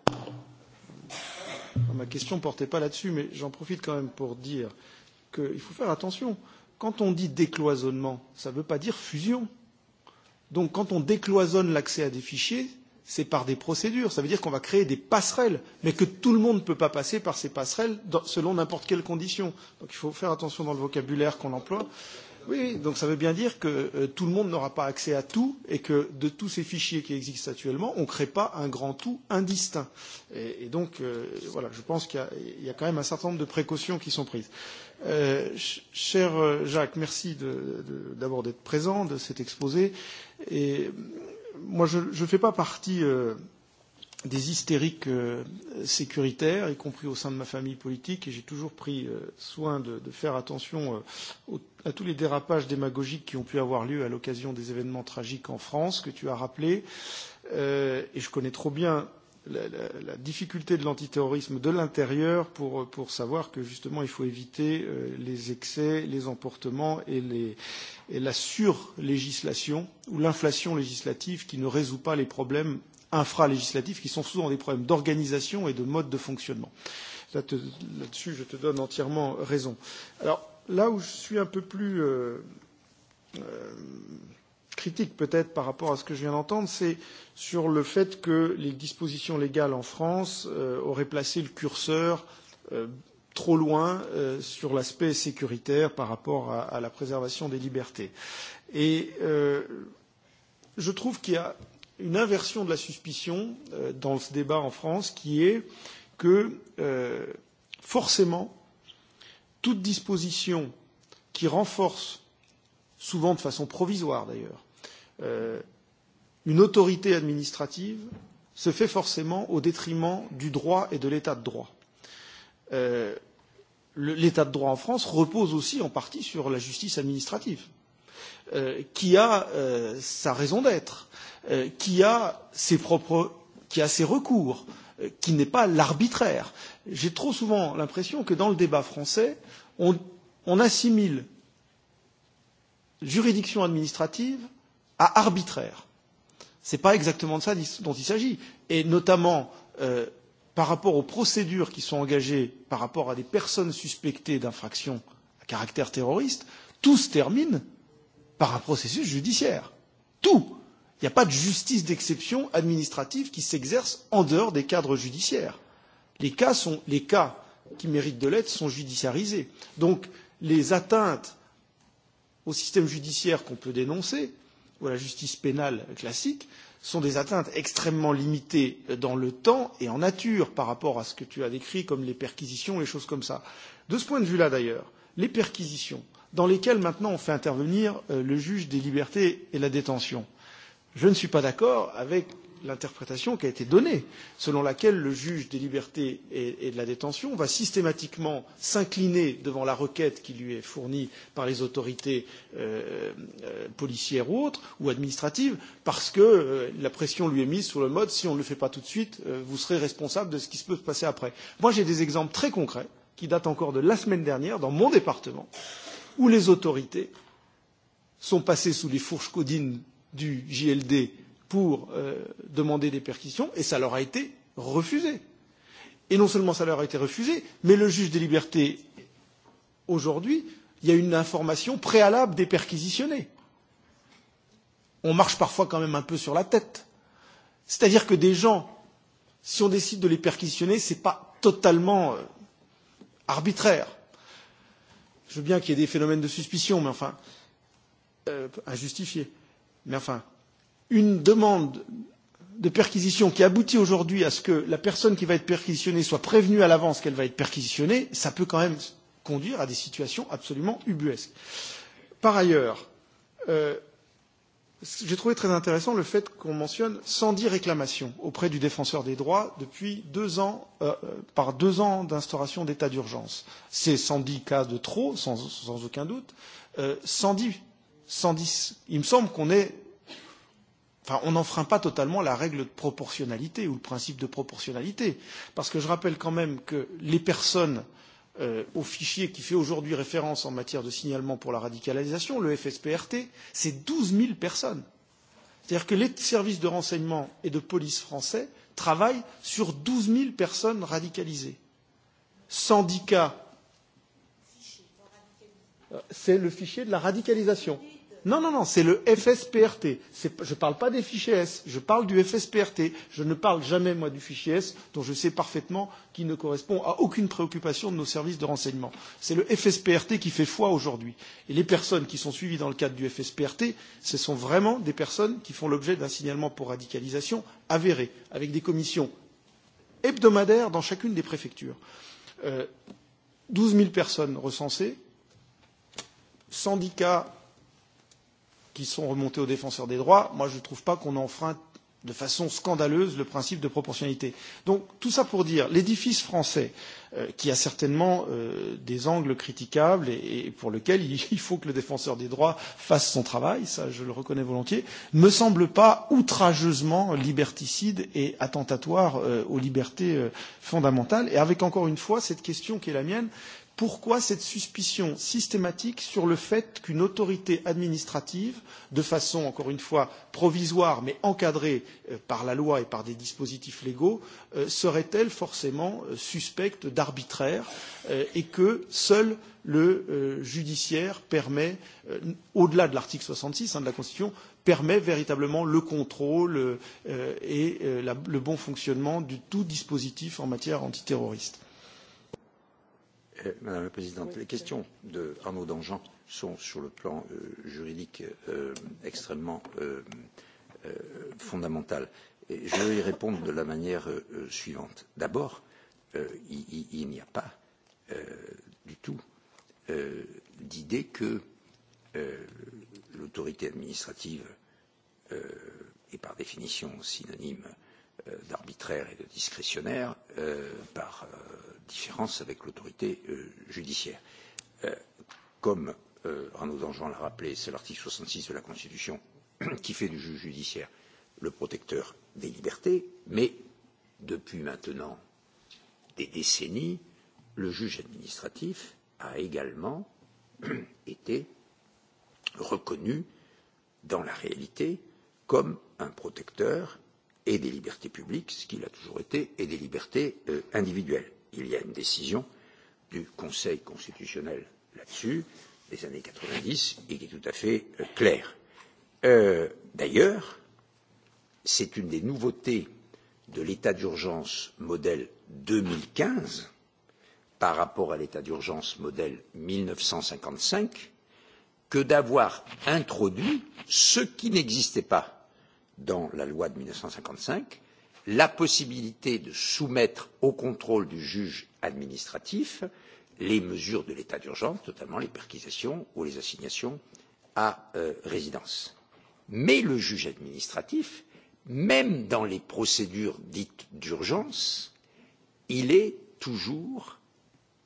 Ma question ne portait pas là-dessus, mais j'en profite quand même pour dire qu'il faut faire attention. Quand on dit décloisonnement, ça ne veut pas dire fusion. Donc quand on décloisonne l'accès à des fichiers, c'est par des procédures. Ça veut dire qu'on va créer des passerelles, mais que tout le monde ne peut pas passer par ces passerelles dans, selon n'importe quelle condition. Donc il faut faire attention dans le vocabulaire qu'on emploie. Oui, donc ça veut bien dire que euh, tout le monde n'aura pas accès à tout et que de tous ces fichiers qui existent actuellement, on ne crée pas un grand tout indistinct. Et, et donc, euh, voilà, je pense qu'il y, y a quand même un certain nombre de précautions qui sont prises. Euh, ch cher euh, Jacques, merci d'abord d'être présent, de cet exposé. Et moi, je ne fais pas partie euh, des hystériques euh, sécuritaires, y compris au sein de ma famille politique, et j'ai toujours pris euh, soin de, de faire attention euh, au, à tous les dérapages démagogiques qui ont pu avoir lieu à l'occasion des événements tragiques en France que tu as rappelés. Euh, et je connais trop bien la, la, la difficulté de l'antiterrorisme de l'intérieur pour, pour savoir que justement il faut éviter euh, les excès, les emportements et, les, et la surlégislation ou l'inflation législative qui ne résout pas les problèmes infralégislatifs qui sont souvent des problèmes d'organisation et de mode de fonctionnement. Là-dessus, là, te, là je te donne entièrement raison. Alors là où je suis un peu plus. Euh, euh, critique peut-être par rapport à ce que je viens d'entendre, c'est sur le fait que les dispositions légales en France euh, auraient placé le curseur euh, trop loin euh, sur l'aspect sécuritaire par rapport à, à la préservation des libertés. Et euh, je trouve qu'il y a une inversion de la suspicion euh, dans ce débat en France qui est que euh, forcément toute disposition qui renforce, souvent de façon provisoire d'ailleurs, euh, une autorité administrative se fait forcément au détriment du droit et de l'état de droit. Euh, l'état de droit en France repose aussi en partie sur la justice administrative, euh, qui a euh, sa raison d'être, euh, qui a ses propres qui a ses recours, euh, qui n'est pas l'arbitraire. J'ai trop souvent l'impression que dans le débat français, on, on assimile juridiction administrative à arbitraire. Ce n'est pas exactement de ça dont il s'agit. Et notamment, euh, par rapport aux procédures qui sont engagées par rapport à des personnes suspectées d'infractions à caractère terroriste, tout se termine par un processus judiciaire. Tout. Il n'y a pas de justice d'exception administrative qui s'exerce en dehors des cadres judiciaires. Les cas, sont, les cas qui méritent de l'être sont judiciarisés. Donc les atteintes au système judiciaire qu'on peut dénoncer, euh, ou à la justice pénale classique sont des atteintes extrêmement limitées dans le temps et en nature par rapport à ce que tu as décrit comme les perquisitions, les choses comme ça. De ce point de vue-là, d'ailleurs, les perquisitions, dans lesquelles maintenant on fait intervenir euh, le juge des libertés et la détention, je ne suis pas d'accord avec l'interprétation qui a été donnée, selon laquelle le juge des libertés et, et de la détention va systématiquement s'incliner devant la requête qui lui est fournie par les autorités euh, euh, policières ou autres, ou administratives, parce que euh, la pression lui est mise sur le mode si on ne le fait pas tout de suite, euh, vous serez responsable de ce qui se peut se passer après. Moi, j'ai des exemples très concrets qui datent encore de la semaine dernière dans mon département, où les autorités sont passées sous les fourches codines du JLD pour euh, demander des perquisitions et ça leur a été refusé. Et non seulement ça leur a été refusé, mais le juge des libertés, aujourd'hui, il y a une information préalable des perquisitionnés. On marche parfois quand même un peu sur la tête. C'est-à-dire que des gens, si on décide de les perquisitionner, ce n'est pas totalement euh, arbitraire. Je veux bien qu'il y ait des phénomènes de suspicion, mais enfin, euh, injustifiés. Mais enfin, une demande de perquisition qui aboutit aujourd'hui à ce que la personne qui va être perquisitionnée soit prévenue à l'avance qu'elle va être perquisitionnée, ça peut quand même conduire à des situations absolument ubuesques. Par ailleurs, euh, j'ai trouvé très intéressant le fait qu'on mentionne 110 réclamations auprès du défenseur des droits depuis deux ans, euh, euh par deux ans d'instauration d'état d'urgence. C'est 110 cas de trop, sans, sans aucun doute. Euh, 110, 110. Il me semble qu'on est enfin, on n'enfreint pas totalement la règle de proportionnalité ou le principe de proportionnalité. Parce que je rappelle quand même que les personnes euh, au fichier qui fait aujourd'hui référence en matière de signalement pour la radicalisation, le FSPRT, c'est 12 000 personnes. C'est-à-dire que les services de renseignement et de police français travaillent sur 12 000 personnes radicalisées. 110 cas, euh, c'est le fichier de la radicalisation. Oui Non, non, non, c'est le FSPRT. Je ne parle pas des fichiers S, je parle du FSPRT. Je ne parle jamais, moi, du fichier S, dont je sais parfaitement qu'il ne correspond à aucune préoccupation de nos services de renseignement. C'est le FSPRT qui fait foi aujourd'hui. Et les personnes qui sont suivies dans le cadre du FSPRT, ce sont vraiment des personnes qui font l'objet d'un signalement pour radicalisation avéré, avec des commissions hebdomadaires dans chacune des préfectures. Euh, 12 000 personnes recensées, 110 cas qui sont remontées au défenseur des droits, moi je ne trouve pas qu'on enfreint de façon scandaleuse le principe de proportionnalité. Donc tout ça pour dire l'édifice français euh, qui a certainement euh, des angles critiquables et, et pour lequel il, il faut que le défenseur des droits fasse son travail, ça je le reconnais volontiers, ne semble pas outrageusement liberticide et attentatoire euh, aux libertés euh, fondamentales et avec encore une fois cette question qui est la mienne pourquoi cette suspicion systématique sur le fait qu'une autorité administrative, de façon encore une fois provisoire mais encadrée euh, par la loi et par des dispositifs légaux, euh, serait elle forcément euh, suspecte d'arbitraire et que seul le judiciaire permet, au delà de l'article soixante six de la Constitution, permet véritablement le contrôle et le bon fonctionnement de tout dispositif en matière antiterroriste. Euh, Madame la Présidente, oui, les questions de Arnaud Dangean sont sur le plan euh, juridique euh, extrêmement euh, euh, fondamentales. Et je vais y répondre de la manière euh, euh, suivante. D'abord, euh, il, il, il n'y a pas euh, du tout euh, d'idée que euh, l'autorité administrative euh, est par définition synonyme euh, d'arbitraire et de discrétionnaire euh, par euh, différence avec l'autorité euh, judiciaire. Euh, comme euh, Arnaud Dangean l'a rappelé, c'est l'article 66 de la Constitution qui fait du juge judiciaire le protecteur des libertés, mais depuis maintenant des décennies, le juge administratif a également été reconnu dans la réalité comme un protecteur et des libertés publiques, ce qu'il a toujours été, et des libertés euh, individuelles. Il y a une décision du Conseil constitutionnel là-dessus des années 90 et qui est tout à fait euh, claire. Euh, D'ailleurs, c'est une des nouveautés de l'état d'urgence modèle 2015 par rapport à l'état d'urgence modèle 1955 que d'avoir introduit ce qui n'existait pas dans la loi de 1955, la possibilité de soumettre au contrôle du juge administratif les mesures de l'état d'urgence, notamment les perquisitions ou les assignations à euh, résidence. Mais le juge administratif, même dans les procédures dites d'urgence, il est toujours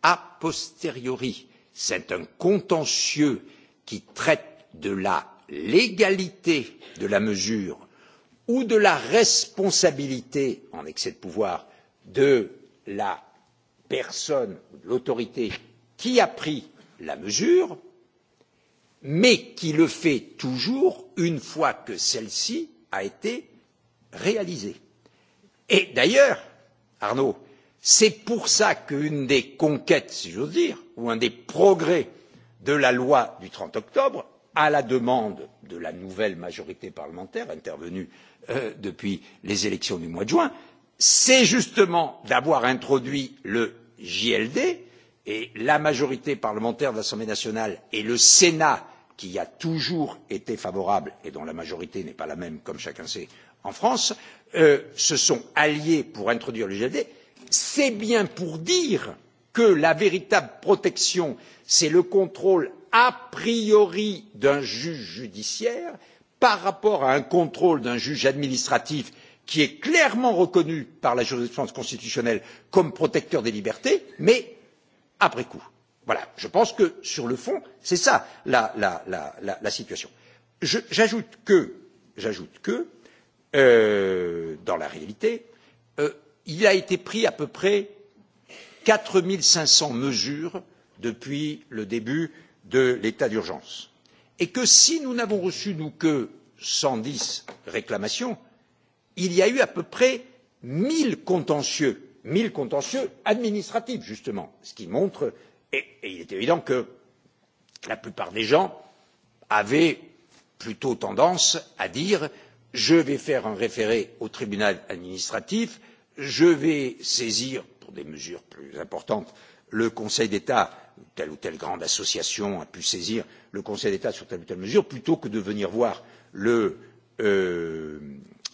a posteriori. C'est un contentieux qui traite de la légalité de la mesure ou de la responsabilité en excès de pouvoir de la personne ou de l'autorité qui a pris la mesure mais qui le fait toujours une fois que celle ci a été réalisée. et d'ailleurs arnaud c'est pour cela qu'une des conquêtes si j'ose dire ou un des progrès de la loi du trente octobre à la demande de la nouvelle majorité parlementaire intervenue euh, depuis les élections du mois de juin, c'est justement d'avoir introduit le JLD et la majorité parlementaire de l'Assemblée nationale et le Sénat qui a toujours été favorable et dont la majorité n'est pas la même, comme chacun sait, en France, euh, se sont alliés pour introduire le GLD, c'est bien pour dire que la véritable protection, c'est le contrôle a priori d'un juge judiciaire par rapport à un contrôle d'un juge administratif qui est clairement reconnu par la jurisprudence constitutionnelle comme protecteur des libertés mais après coup. Voilà, je pense que sur le fond, c'est ça la, la, la, la, la situation. J'ajoute que, j'ajoute que, euh, dans la réalité, euh, il a été pris à peu près 4500 mesures depuis le début de l'état d'urgence et que si nous n'avons reçu nous que cent dix réclamations il y a eu à peu près mille contentieux mille contentieux administratifs justement ce qui montre et, et il est évident que la plupart des gens avaient plutôt tendance à dire je vais faire un référé au tribunal administratif je vais saisir pour des mesures plus importantes le conseil d'état telle ou telle grande association a pu saisir le Conseil d'État sur telle ou telle mesure, plutôt que de venir voir le, euh,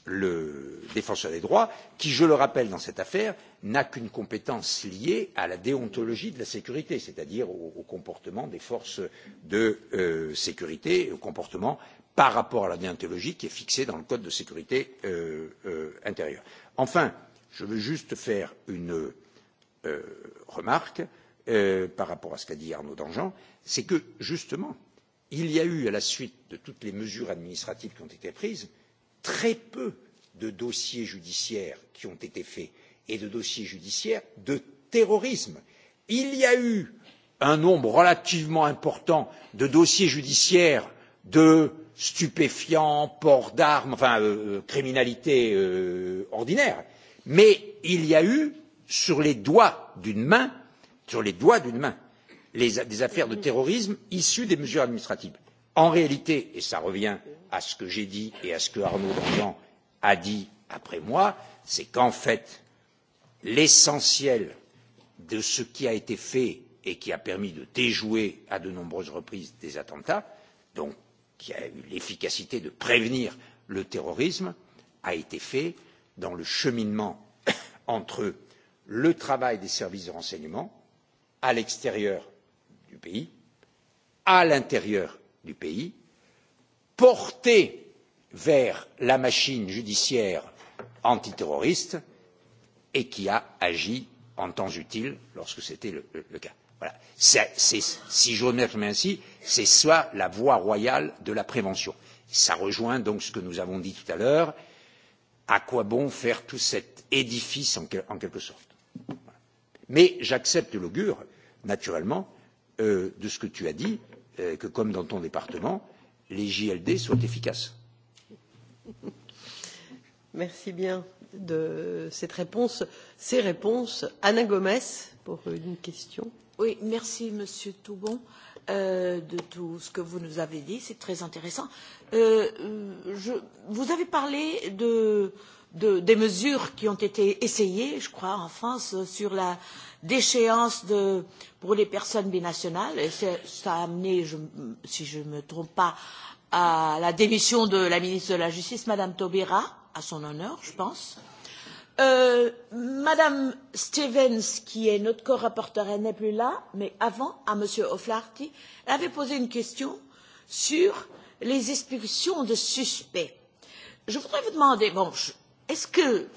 le défenseur des droits, qui, je le rappelle, dans cette affaire, n'a qu'une compétence liée à la déontologie de la sécurité, c'est-à-dire au, au comportement des forces de euh, sécurité, au comportement par rapport à la déontologie qui est fixée dans le Code de sécurité euh, euh, intérieure. Enfin, je veux juste faire une euh, remarque. Euh, euh, par rapport à ce qu'a dit Arnaud Dangean, c'est que, justement, il y a eu, à la suite de toutes les mesures administratives qui ont été prises, très peu de dossiers judiciaires qui ont été faits et de dossiers judiciaires de terrorisme. Il y a eu un nombre relativement important de dossiers judiciaires de stupéfiants, port d'armes, enfin euh, euh, criminalité euh, ordinaire, mais il y a eu, sur les doigts d'une main, sur les doigts d'une main les, des affaires de terrorisme issues des mesures administratives. En réalité, et ça revient à ce que j'ai dit et à ce que Arnaud Dangean a dit après moi, c'est qu'en fait, l'essentiel de ce qui a été fait et qui a permis de déjouer à de nombreuses reprises des attentats, donc qui a eu l'efficacité de prévenir le terrorisme, a été fait dans le cheminement entre le travail des services de renseignement, à l'extérieur du pays à l'intérieur du pays portée vers la machine judiciaire antiterroriste et qui a agi en temps utile lorsque c'était le, le, le cas. Voilà. C'est, c'est, si j'ose m'exprimer ainsi, c'est ça la voie royale de la prévention. Ça rejoint donc ce que nous avons dit tout à l'heure. À quoi bon faire tout cet édifice en, en quelque sorte mais j'accepte l'augure naturellement euh, de ce que tu as dit euh, que comme dans ton département les JLD soient efficaces. Merci bien de cette réponse. Ces réponses, Anna Gomez pour une question. Oui, merci Monsieur Toubon euh, de tout ce que vous nous avez dit, c'est très intéressant. Euh, je, vous avez parlé de de, des mesures qui ont été essayées, je crois, en France sur la déchéance de, pour les personnes binationales. Et ça a amené, je, si je ne me trompe pas, à la démission de la ministre de la Justice, Madame Taubira, à son honneur, je pense. Euh, Madame Stevens, qui est notre co-rapporteure, elle n'est plus là, mais avant, à Monsieur O'Flaherty, elle avait posé une question sur les expulsions de suspects. Je voudrais vous demander, bon, je, est ce que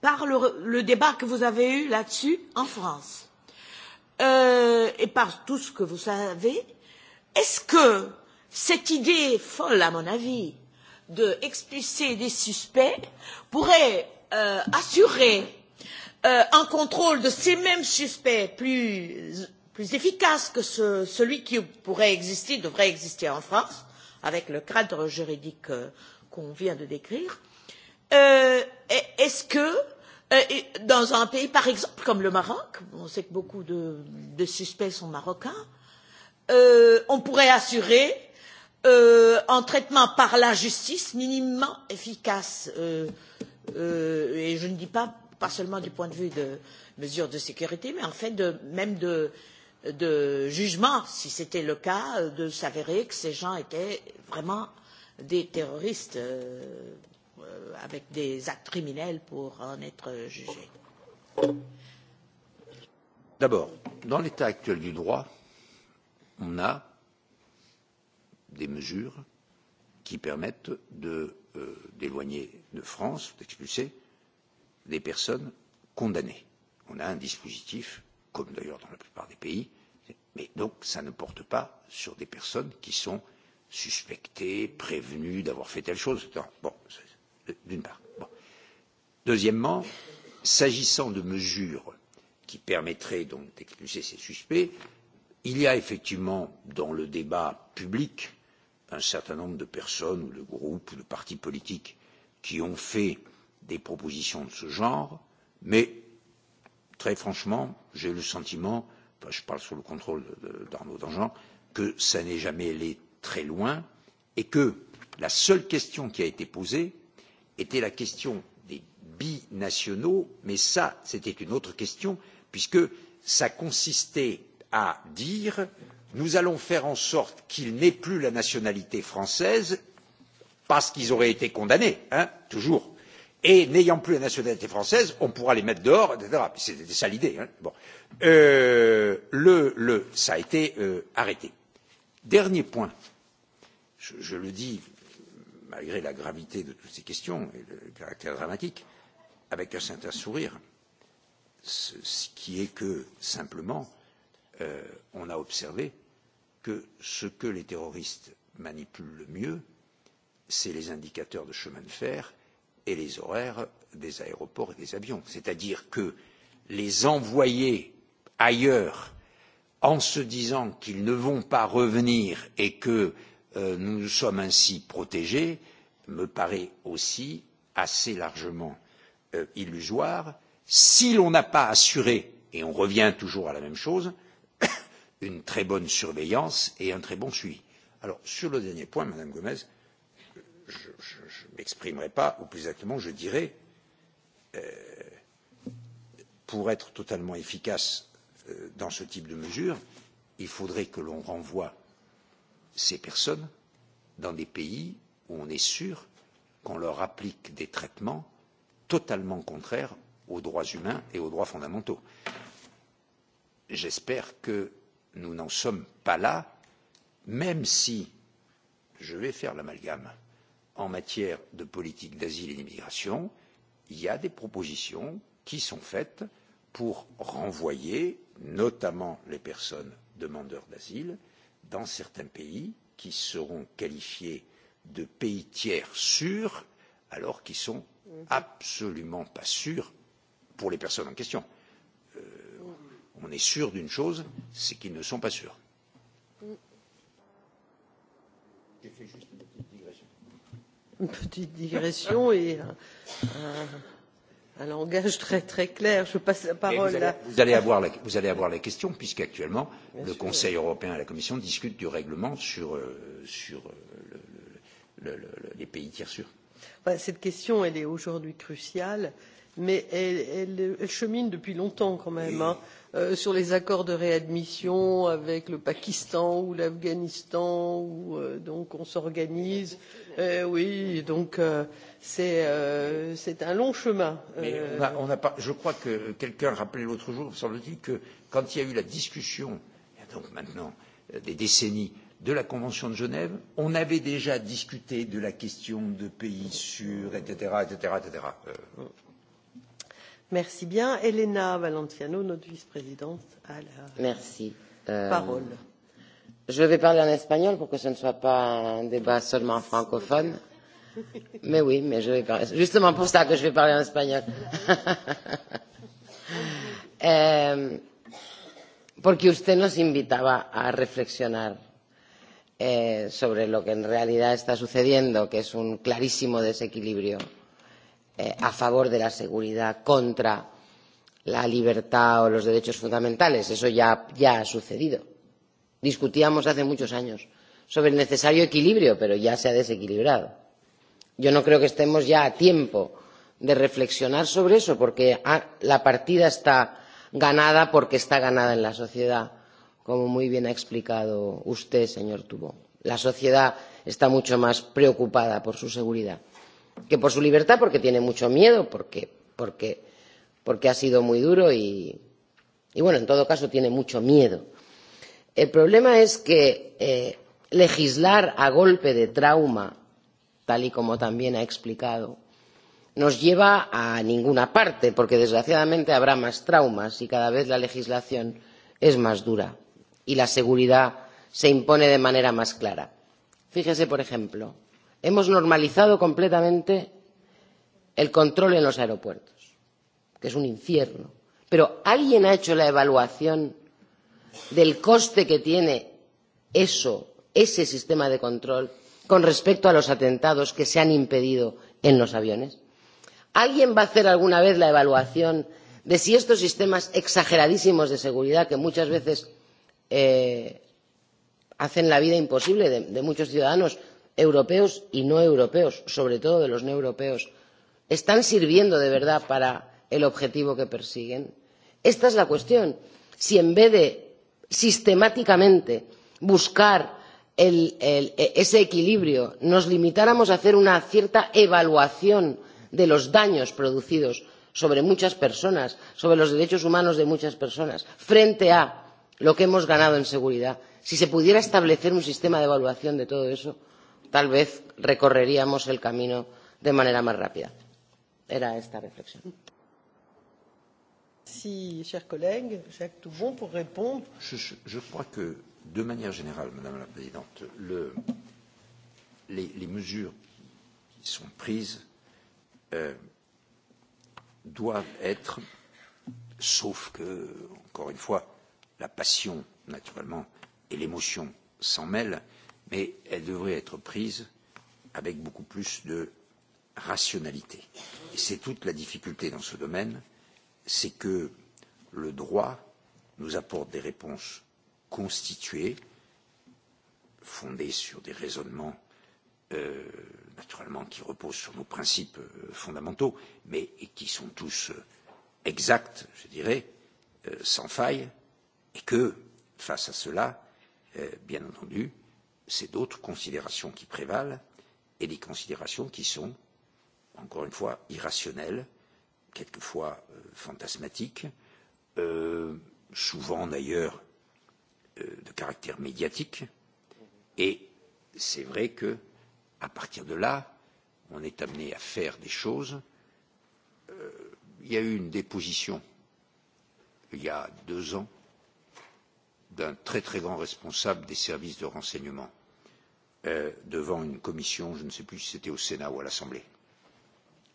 par le, le débat que vous avez eu là dessus en france euh, et par tout ce que vous savez est ce que cette idée folle à mon avis d'expulser de des suspects pourrait euh, assurer euh, un contrôle de ces mêmes suspects plus, plus efficace que ce, celui qui pourrait exister devrait exister en france avec le cadre juridique euh, qu'on vient de décrire euh, est-ce que euh, dans un pays, par exemple, comme le Maroc, on sait que beaucoup de, de suspects sont marocains, euh, on pourrait assurer euh, un traitement par la justice minimement efficace. Euh, euh, et je ne dis pas, pas seulement du point de vue de mesures de sécurité, mais en fait de, même de, de jugement, si c'était le cas, de s'avérer que ces gens étaient vraiment des terroristes. Euh, euh, avec des actes criminels pour en être jugé. D'abord, dans l'état actuel du droit, on a des mesures qui permettent de, euh, d'éloigner de France, d'expulser des personnes condamnées. On a un dispositif, comme d'ailleurs dans la plupart des pays, mais donc ça ne porte pas sur des personnes qui sont suspectées, prévenues d'avoir fait telle chose. Non, bon, d'une part. Bon. Deuxièmement, s'agissant de mesures qui permettraient donc d'expulser ces suspects, il y a effectivement dans le débat public un certain nombre de personnes ou de groupes ou de partis politiques qui ont fait des propositions de ce genre, mais très franchement, j'ai le sentiment, enfin, je parle sous le contrôle d'Arnaud Dangean, que ça n'est jamais allé très loin et que la seule question qui a été posée, était la question des binationaux, mais ça, c'était une autre question, puisque ça consistait à dire nous allons faire en sorte qu'ils n'aient plus la nationalité française parce qu'ils auraient été condamnés, hein, toujours. Et n'ayant plus la nationalité française, on pourra les mettre dehors, etc. C'était ça l'idée. Hein. Bon. Euh, le, le, ça a été euh, arrêté. Dernier point, je, je le dis malgré la gravité de toutes ces questions et le caractère dramatique, avec un certain sourire. Ce, ce qui est que, simplement, euh, on a observé que ce que les terroristes manipulent le mieux, c'est les indicateurs de chemin de fer et les horaires des aéroports et des avions. C'est-à-dire que les envoyer ailleurs en se disant qu'ils ne vont pas revenir et que euh, euh, nous nous sommes ainsi protégés me paraît aussi assez largement euh, illusoire si l'on n'a pas assuré et on revient toujours à la même chose une très bonne surveillance et un très bon suivi. Alors, sur le dernier point, Madame Gomez, je ne m'exprimerai pas, ou plus exactement, je dirais, euh, pour être totalement efficace euh, dans ce type de mesure, il faudrait que l'on renvoie ces personnes dans des pays où on est sûr qu'on leur applique des traitements totalement contraires aux droits humains et aux droits fondamentaux. J'espère que nous n'en sommes pas là, même si je vais faire l'amalgame en matière de politique d'asile et d'immigration, il y a des propositions qui sont faites pour renvoyer notamment les personnes demandeurs d'asile dans certains pays qui seront qualifiés de pays tiers sûrs alors qu'ils sont mhm. absolument pas sûrs pour les personnes en question. Euh, on est sûr d'une chose, c'est qu'ils ne sont pas sûrs. J'ai fait juste une petite digression. Une petite digression et un, un, un langage très très clair. Je passe la parole vous allez, à... Vous allez, avoir la, vous allez avoir la question, puisqu'actuellement, le sûr. Conseil européen et la Commission discutent du règlement sur, euh, sur euh, le, le, le, les pays tiers sûrs. Enfin, cette question, elle est aujourd'hui cruciale, mais elle, elle, elle chemine depuis longtemps quand même. Et... Hein. Euh, Euh, sur les accords de réadmission avec le pakistan ou l'afghanistan où euh, donc on s'organise eh oui donc euh, c'est euh, un long chemin. Mais on a, on a pas, je crois que quelqu'un rappelait l'autre jour, semble t il, que quand il y a eu la discussion il y a donc maintenant des décennies de la Convention de Genève, on avait déjà discuté de la question de pays sûrs, etc. etc., etc. Euh, Merci bien. Elena Valenciano, notre vice-présidente, a la Merci. Euh, parole. Je vais parler en espagnol pour que ce ne soit pas un débat seulement francophone. Mais oui, mais je vais parler. Justement pour ça que je vais parler en espagnol. eh, porque usted nos invitaba a reflexionar eh, sobre lo que en realidad está sucediendo, que es un clarísimo desequilibrio eh, eh, a favor de la seguridad contra la libertad o los derechos fundamentales. Eso ya, ya ha sucedido. Discutíamos hace muchos años sobre el necesario equilibrio, pero ya se ha desequilibrado. Yo no creo que estemos ya a tiempo de reflexionar sobre eso, porque ah, la partida está ganada porque está ganada en la sociedad, como muy bien ha explicado usted, señor Tubón. La sociedad está mucho más preocupada por su seguridad que por su libertad, porque tiene mucho miedo, porque, porque, porque ha sido muy duro y, y, bueno, en todo caso tiene mucho miedo. El problema es que eh, legislar a golpe de trauma, tal y como también ha explicado, nos lleva a ninguna parte, porque desgraciadamente habrá más traumas y cada vez la legislación es más dura y la seguridad se impone de manera más clara. Fíjese, por ejemplo, hemos normalizado completamente el control en los aeropuertos, que es un infierno. Pero ¿alguien ha hecho la evaluación del coste que tiene eso, ese sistema de control, con respecto a los atentados que se han impedido en los aviones? ¿Alguien va a hacer alguna vez la evaluación de si estos sistemas exageradísimos de seguridad que muchas veces eh, hacen la vida imposible de, de muchos ciudadanos europeos y no europeos sobre todo de los no europeos están sirviendo de verdad para el objetivo que persiguen? esta es la cuestión si en vez de sistemáticamente buscar el, el, e, ese equilibrio nos limitáramos a hacer una cierta evaluación de los daños producidos sobre muchas personas, sobre los derechos humanos de muchas personas, frente a lo que hemos ganado en seguridad. Si se pudiera establecer un sistema de evaluación de todo eso, tal vez recorreríamos el camino de manera más rápida. Era esta reflexión. Merci, cher collègue. Jacques Toubon pour répondre. Je, je, je crois que, de manière générale, Madame la Présidente, le, les, les mesures qui sont prises euh, doivent être, sauf que, encore une fois, la passion, naturellement, et l'émotion s'en mêlent, mais elle devrait être prise avec beaucoup plus de rationalité. Et c'est toute la difficulté dans ce domaine, c'est que le droit nous apporte des réponses constituées, fondées sur des raisonnements euh, naturellement qui reposent sur nos principes euh, fondamentaux, mais qui sont tous euh, exacts, je dirais, euh, sans faille, et que, face à cela, euh, bien entendu, c'est d'autres considérations qui prévalent et des considérations qui sont, encore une fois, irrationnelles, quelquefois euh, fantasmatiques, euh, souvent d'ailleurs euh, de caractère médiatique. Et c'est vrai que, à partir de là, on est amené à faire des choses. Euh, il y a eu une déposition il y a deux ans d'un très très grand responsable des services de renseignement euh, devant une commission, je ne sais plus si c'était au Sénat ou à l'Assemblée.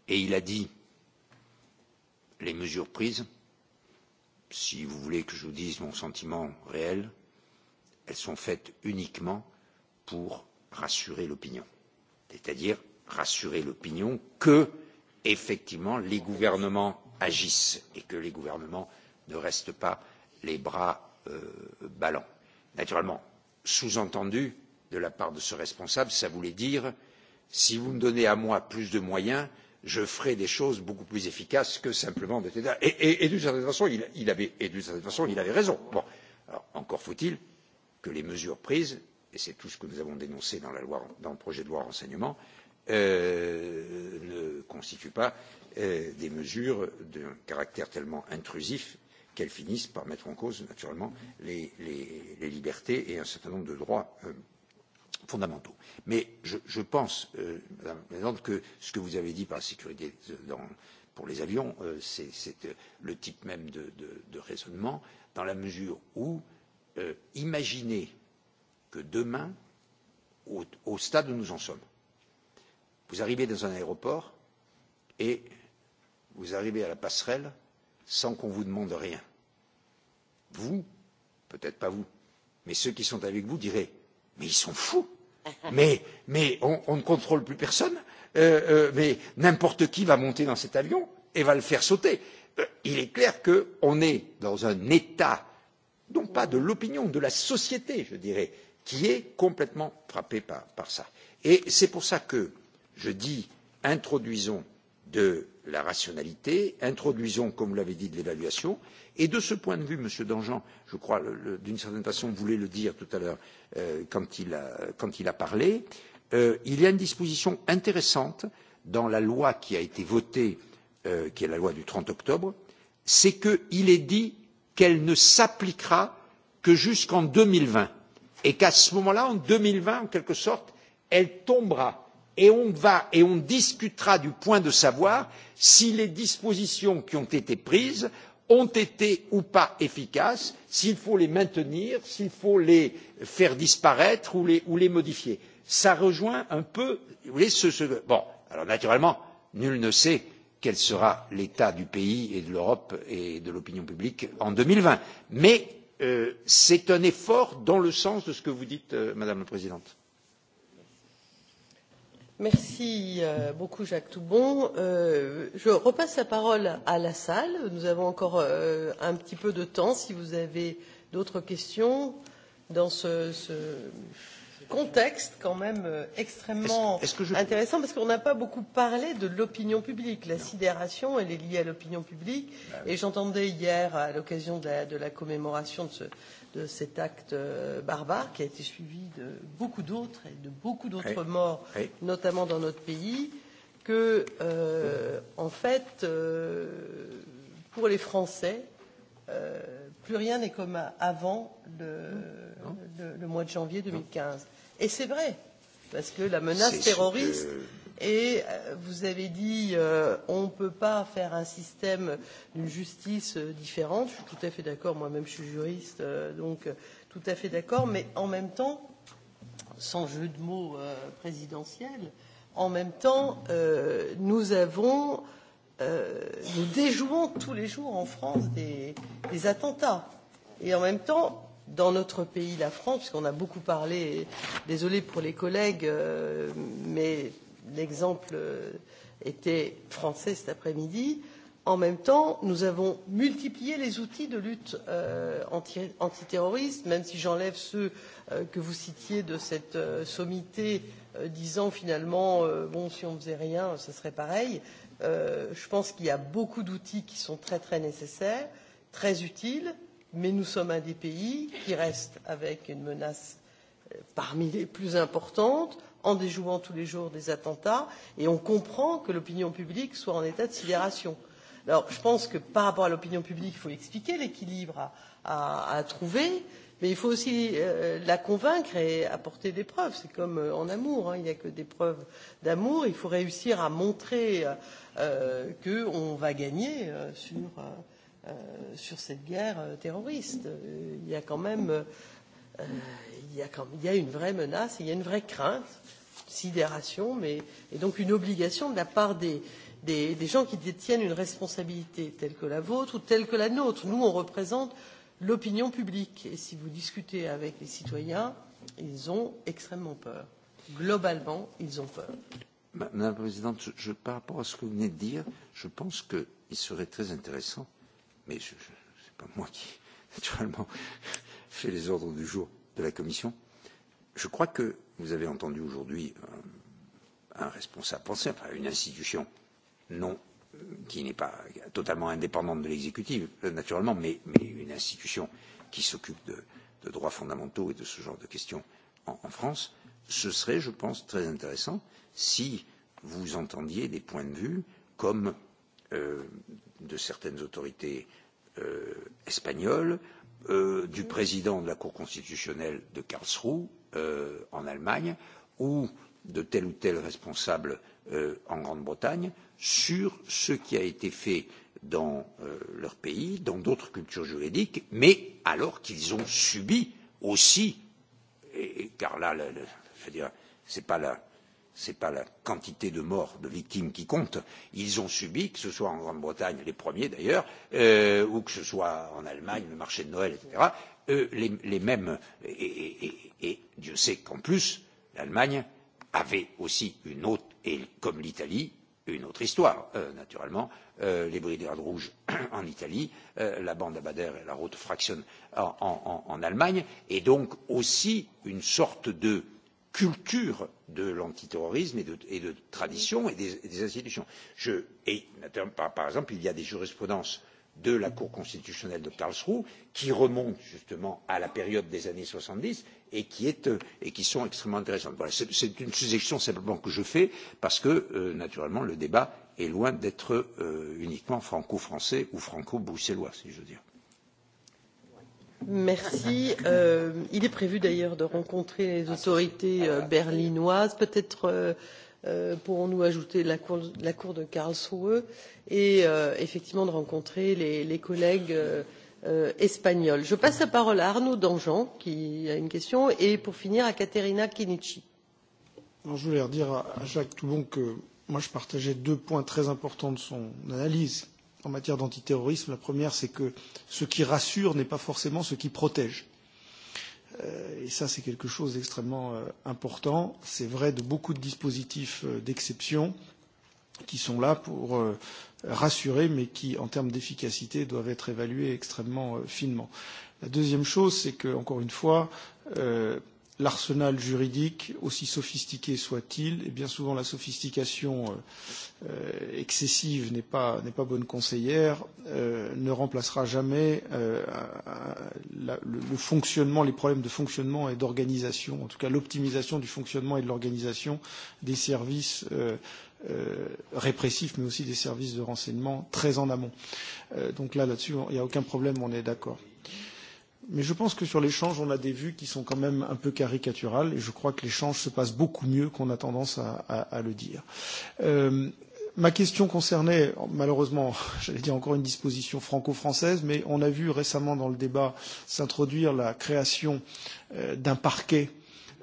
Et il a dit les mesures prises, si vous voulez que je vous dise mon sentiment réel, elles sont faites uniquement pour rassurer l'opinion. C'est-à-dire rassurer l'opinion que, effectivement, les gouvernements agissent et que les gouvernements ne restent pas les bras euh, ballants. Naturellement, sous-entendu, de la part de ce responsable, ça voulait dire si vous me donnez à moi plus de moyens, je ferai des choses beaucoup plus efficaces que simplement d'être là. Et, et, et d'une certaine façon, il, il avait, et d'une certaine façon, il avait raison. Bon, alors encore faut-il que les mesures prises, et c'est tout ce que nous avons dénoncé dans, la loi, dans le projet de loi renseignement, euh, ne constituent pas euh, des mesures d'un caractère tellement intrusif qu'elles finissent par mettre en cause, naturellement, les, les, les libertés et un certain nombre de droits euh, fondamentaux. Mais je, je pense, euh, Madame la Présidente, que ce que vous avez dit par la sécurité dans, pour les avions, euh, c'est euh, le type même de, de, de raisonnement, dans la mesure où euh, imaginez que demain, au, au stade où nous en sommes, vous arrivez dans un aéroport et vous arrivez à la passerelle sans qu'on vous demande rien. Vous, peut-être pas vous, mais ceux qui sont avec vous diraient Mais ils sont fous mais, mais on, on ne contrôle plus personne, euh, euh, mais n'importe qui va monter dans cet avion et va le faire sauter. Euh, il est clair qu'on est dans un état, non pas de l'opinion, de la société, je dirais, qui est complètement frappé par, par ça. Et c'est pour ça que je dis introduisons de la rationalité, introduisons, comme vous l'avez dit, de l'évaluation, Et de ce point de vue, Monsieur Dangean, je crois, d'une certaine façon, voulait le dire tout à l'heure euh, quand, il a, quand il a parlé, euh, il y a une disposition intéressante dans la loi qui a été votée, euh, qui est la loi du 30 octobre, c'est qu'il est dit qu'elle ne s'appliquera que jusqu'en 2020 et qu'à ce moment-là, en 2020, en quelque sorte, elle tombera et on va et on discutera du point de savoir si les dispositions qui ont été prises ont été ou pas efficaces s'il faut les maintenir s'il faut les faire disparaître ou les, ou les modifier. cela rejoint un peu vous voyez, ce, ce... Bon, alors naturellement nul ne sait quel sera l'état du pays et de l'europe et de l'opinion publique en deux mille vingt mais euh, c'est un effort dans le sens de ce que vous dites euh, madame la présidente. Merci euh, beaucoup Jacques Toubon. Euh, je repasse la parole à la salle. Nous avons encore euh, un petit peu de temps si vous avez d'autres questions dans ce, ce contexte quand même euh, extrêmement est -ce, est -ce je... intéressant parce qu'on n'a pas beaucoup parlé de l'opinion publique. La sidération, elle est liée à l'opinion publique. Et j'entendais hier, à l'occasion de, la, de la commémoration de ce, de cet acte euh, barbare qui a été suivi de beaucoup d'autres et de beaucoup d'autres oui. morts, oui. notamment dans notre pays, que, euh, en fait, euh, pour les Français, euh, plus rien n'est comme avant le, non. le, le mois de janvier 2015. Non. Et c'est vrai, parce que la menace terroriste. Ce que et euh, vous avez dit euh, on ne peut pas faire un système d'une justice euh, différente. Je suis tout à fait d'accord, moi-même je suis juriste, euh, donc euh, tout à fait d'accord, mais en même temps, sans jeu de mots euh, présidentiel, en même temps, euh, nous avons, euh, nous déjouons tous les jours en France des, des attentats. Et en même temps, dans notre pays, la France, puisqu'on a beaucoup parlé, désolé pour les collègues, euh, mais l'exemple euh, était français cet après-midi. En même temps, nous avons multiplié les outils de lutte euh, anti, antiterroriste, même si j'enlève ceux euh, que vous citiez de cette euh, sommité euh, disant finalement, euh, bon, si on ne faisait rien, ce serait pareil. Euh, je pense qu'il y a beaucoup d'outils qui sont très très nécessaires, très utiles, mais nous sommes un des pays qui reste avec une menace euh, parmi les plus importantes en déjouant tous les jours des attentats et on comprend que l'opinion publique soit en état de sidération. Alors, je pense que par rapport à l'opinion publique, il faut expliquer l'équilibre à, à, à trouver, mais il faut aussi euh, la convaincre et apporter des preuves. C'est comme euh, en amour, hein, il n'y a que des preuves d'amour. Il faut réussir à montrer euh, euh qu'on va gagner euh, sur, euh, euh, sur cette guerre euh, terroriste. Euh, il y a quand même. Euh, Euh, il y, a quand, il y a une vraie menace, il y a une vraie crainte, sidération, mais, et donc une obligation de la part des, des, des gens qui détiennent une responsabilité telle que la vôtre ou telle que la nôtre. Nous, on représente l'opinion publique et si vous discutez avec les citoyens, ils ont extrêmement peur. Globalement, ils ont peur. Madame la Présidente, je, je, par rapport à ce que vous venez de dire, je pense qu'il serait très intéressant, mais ce n'est pas moi qui, naturellement, chez les ordres du jour de la Commission. Je crois que vous avez entendu aujourd'hui un, euh, un responsable penser, enfin une institution non euh, qui n'est pas totalement indépendante de l'exécutif, euh, naturellement, mais, mais une institution qui s'occupe de, de droits fondamentaux et de ce genre de questions en, en France, ce serait, je pense, très intéressant si vous entendiez des points de vue comme euh, de certaines autorités euh, espagnoles, euh, du président de la Cour constitutionnelle de Karlsruhe euh, en Allemagne ou de tel ou tel responsable euh, en Grande-Bretagne sur ce qui a été fait dans euh, leur pays, dans d'autres cultures juridiques, mais alors qu'ils ont subi aussi, et, et, car là, le, le, je veux dire, c'est pas la, euh, ce n'est pas la quantité de morts, de victimes qui compte. Ils ont subi, que ce soit en Grande-Bretagne, les premiers d'ailleurs, euh, ou que ce soit en Allemagne, le marché de Noël, etc., euh, les, les mêmes. Et, et, et, et Dieu sait qu'en plus, l'Allemagne avait aussi une autre, et comme l'Italie, une autre histoire, euh, naturellement. Euh, les brigades rouges en Italie, euh, la bande à Bader et la route fractionne en, en, en Allemagne, et donc aussi une sorte de euh, culture de l'antiterrorisme et de, et de tradition et des, et des institutions. Je, et par, par exemple, il y a des jurisprudences de la Cour constitutionnelle de Karlsruhe qui remontent justement à la période des années 70 et qui, est, euh, et qui sont extrêmement intéressantes. Voilà, c'est une suggestion simplement que je fais parce que, euh, naturellement, le débat est loin d'être euh, uniquement franco-français ou franco-bruxellois, si je veux dire. Merci. Euh, il est prévu d'ailleurs de rencontrer les autorités euh, berlinoises. Peut-être euh, euh, pourrons-nous ajouter la cour, la cour de Karlsruhe et euh, effectivement de rencontrer les, les collègues euh, euh, espagnols. Je passe la parole à Arnaud Dangean qui a une question et pour finir à Caterina Kinichi. Alors, je voulais redire à Jacques Toubon que moi je partageais deux points très importants de son analyse en matière d'antiterrorisme. La première, c'est que ce qui rassure n'est pas forcément ce qui protège. Euh, et ça, c'est quelque chose d'extrêmement euh, important. C'est vrai de beaucoup de dispositifs euh, d'exception qui sont là pour euh, rassurer, mais qui, en termes d'efficacité, doivent être évalués extrêmement euh, finement. La deuxième chose, c'est que, encore une fois, euh, l'arsenal juridique, aussi sophistiqué soit-il, et bien souvent la sophistication euh, euh, excessive n'est pas, n'est pas bonne conseillère, euh, ne remplacera jamais euh, la, le, le fonctionnement, les problèmes de fonctionnement et d'organisation, en tout cas l'optimisation du fonctionnement et de l'organisation des services euh, euh, répressifs, mais aussi des services de renseignement très en amont. Euh, donc là, là-dessus, il n'y a aucun problème, on est d'accord. Euh, Mais je pense que sur l'échange, on a des vues qui sont quand même un peu caricaturales, et je crois que l'échange se passe beaucoup mieux qu'on a tendance à, à, à le dire. Euh, ma question concernait, malheureusement, j'allais dire encore une disposition franco-française, mais on a vu récemment dans le débat s'introduire la création euh, d'un parquet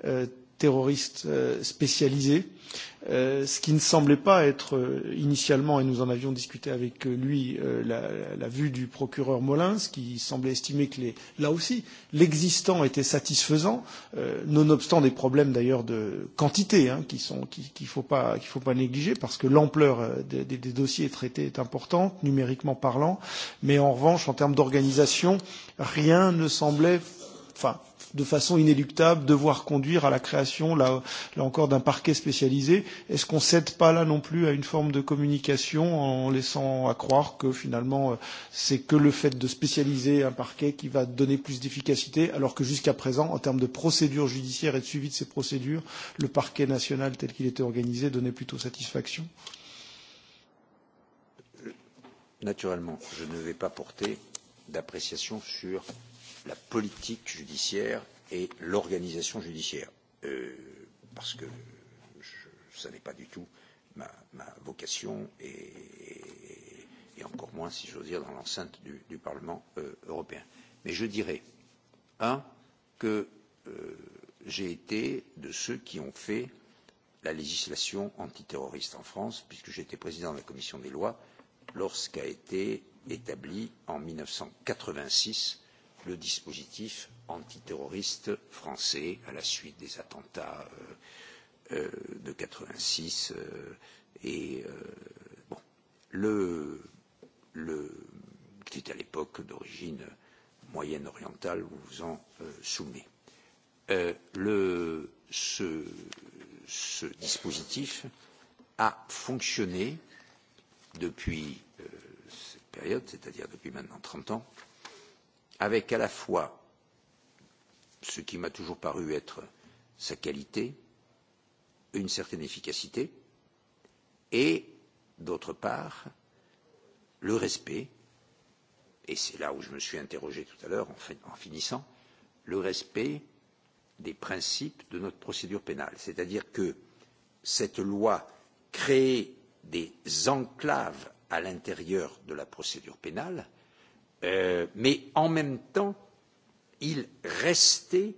euh, terroristes euh, spécialisés, euh, ce qui ne semblait pas être euh, initialement, et nous en avions discuté avec euh, lui, euh, la, la vue du procureur Molins, qui semblait estimer que les, là aussi l'existant était satisfaisant, euh, nonobstant des problèmes d'ailleurs de quantité hein, qui sont qu'il qui faut pas qu'il faut pas négliger parce que l'ampleur euh, des, des, des dossiers traités est importante numériquement parlant, mais en revanche en termes d'organisation, rien ne semblait enfin, de façon inéluctable, devoir conduire à la création, là, là encore, d'un parquet spécialisé. Est-ce qu'on ne cède pas là non plus à une forme de communication en laissant à croire que finalement euh, c'est que le fait de spécialiser un parquet qui va donner plus d'efficacité, alors que jusqu'à présent, en termes de procédures judiciaires et de suivi de ces procédures, le parquet national tel qu'il était organisé donnait plutôt satisfaction Naturellement, je ne vais pas porter d'appréciation sur euh, la politique judiciaire et l'organisation judiciaire, euh, parce que je, ça n'est pas du tout ma, ma vocation et, et, et encore moins, si j'ose dire, dans l'enceinte du, du Parlement euh, européen. Mais je dirais, un, que euh, j'ai été de ceux qui ont fait la législation antiterroriste en France, puisque j'étais président de la commission des lois lorsqu'a été établie en 1986 le dispositif antiterroriste français à la suite des attentats euh, euh, de 86 euh, et euh, bon le le qui est à l'époque d'origine moyenne orientale vous vous en euh, souvenez euh, le ce ce dispositif a fonctionné depuis euh, cette période c'est-à-dire depuis maintenant 30 ans euh, avec à la fois ce qui m'a toujours paru être sa qualité, une certaine efficacité, et, d'autre part, le respect, et c'est là où je me suis interrogé tout à l'heure en, fin, en finissant, le respect des principes de notre procédure pénale. C'est-à-dire que cette loi crée des enclaves à l'intérieur de la procédure pénale, euh, Euh, mais en même temps, il restait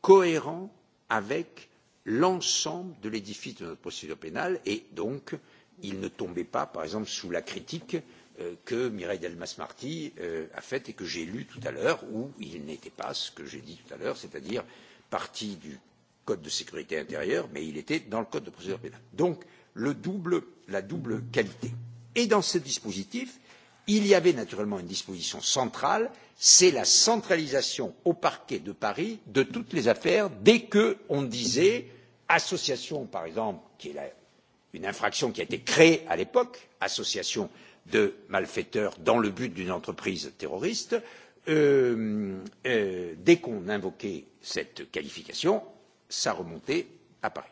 cohérent avec l'ensemble de l'édifice de notre procédure pénale et donc il ne tombait pas, par exemple, sous la critique euh, que Mireille Delmas Marty euh, a faite et que j'ai lue tout à l'heure, où il n'était pas ce que j'ai dit tout à l'heure, c'est-à-dire partie du code de sécurité intérieure, mais il était dans le code de procédure pénale. Donc le double, la double qualité. Et dans ce dispositif, il y avait naturellement une disposition centrale c'est la centralisation au parquet de paris de toutes les affaires dès qu'on disait association par exemple qui est la, une infraction qui a été créée à l'époque association de malfaiteurs dans le but d'une entreprise terroriste euh, euh, dès qu'on invoquait cette qualification ça remontait à paris.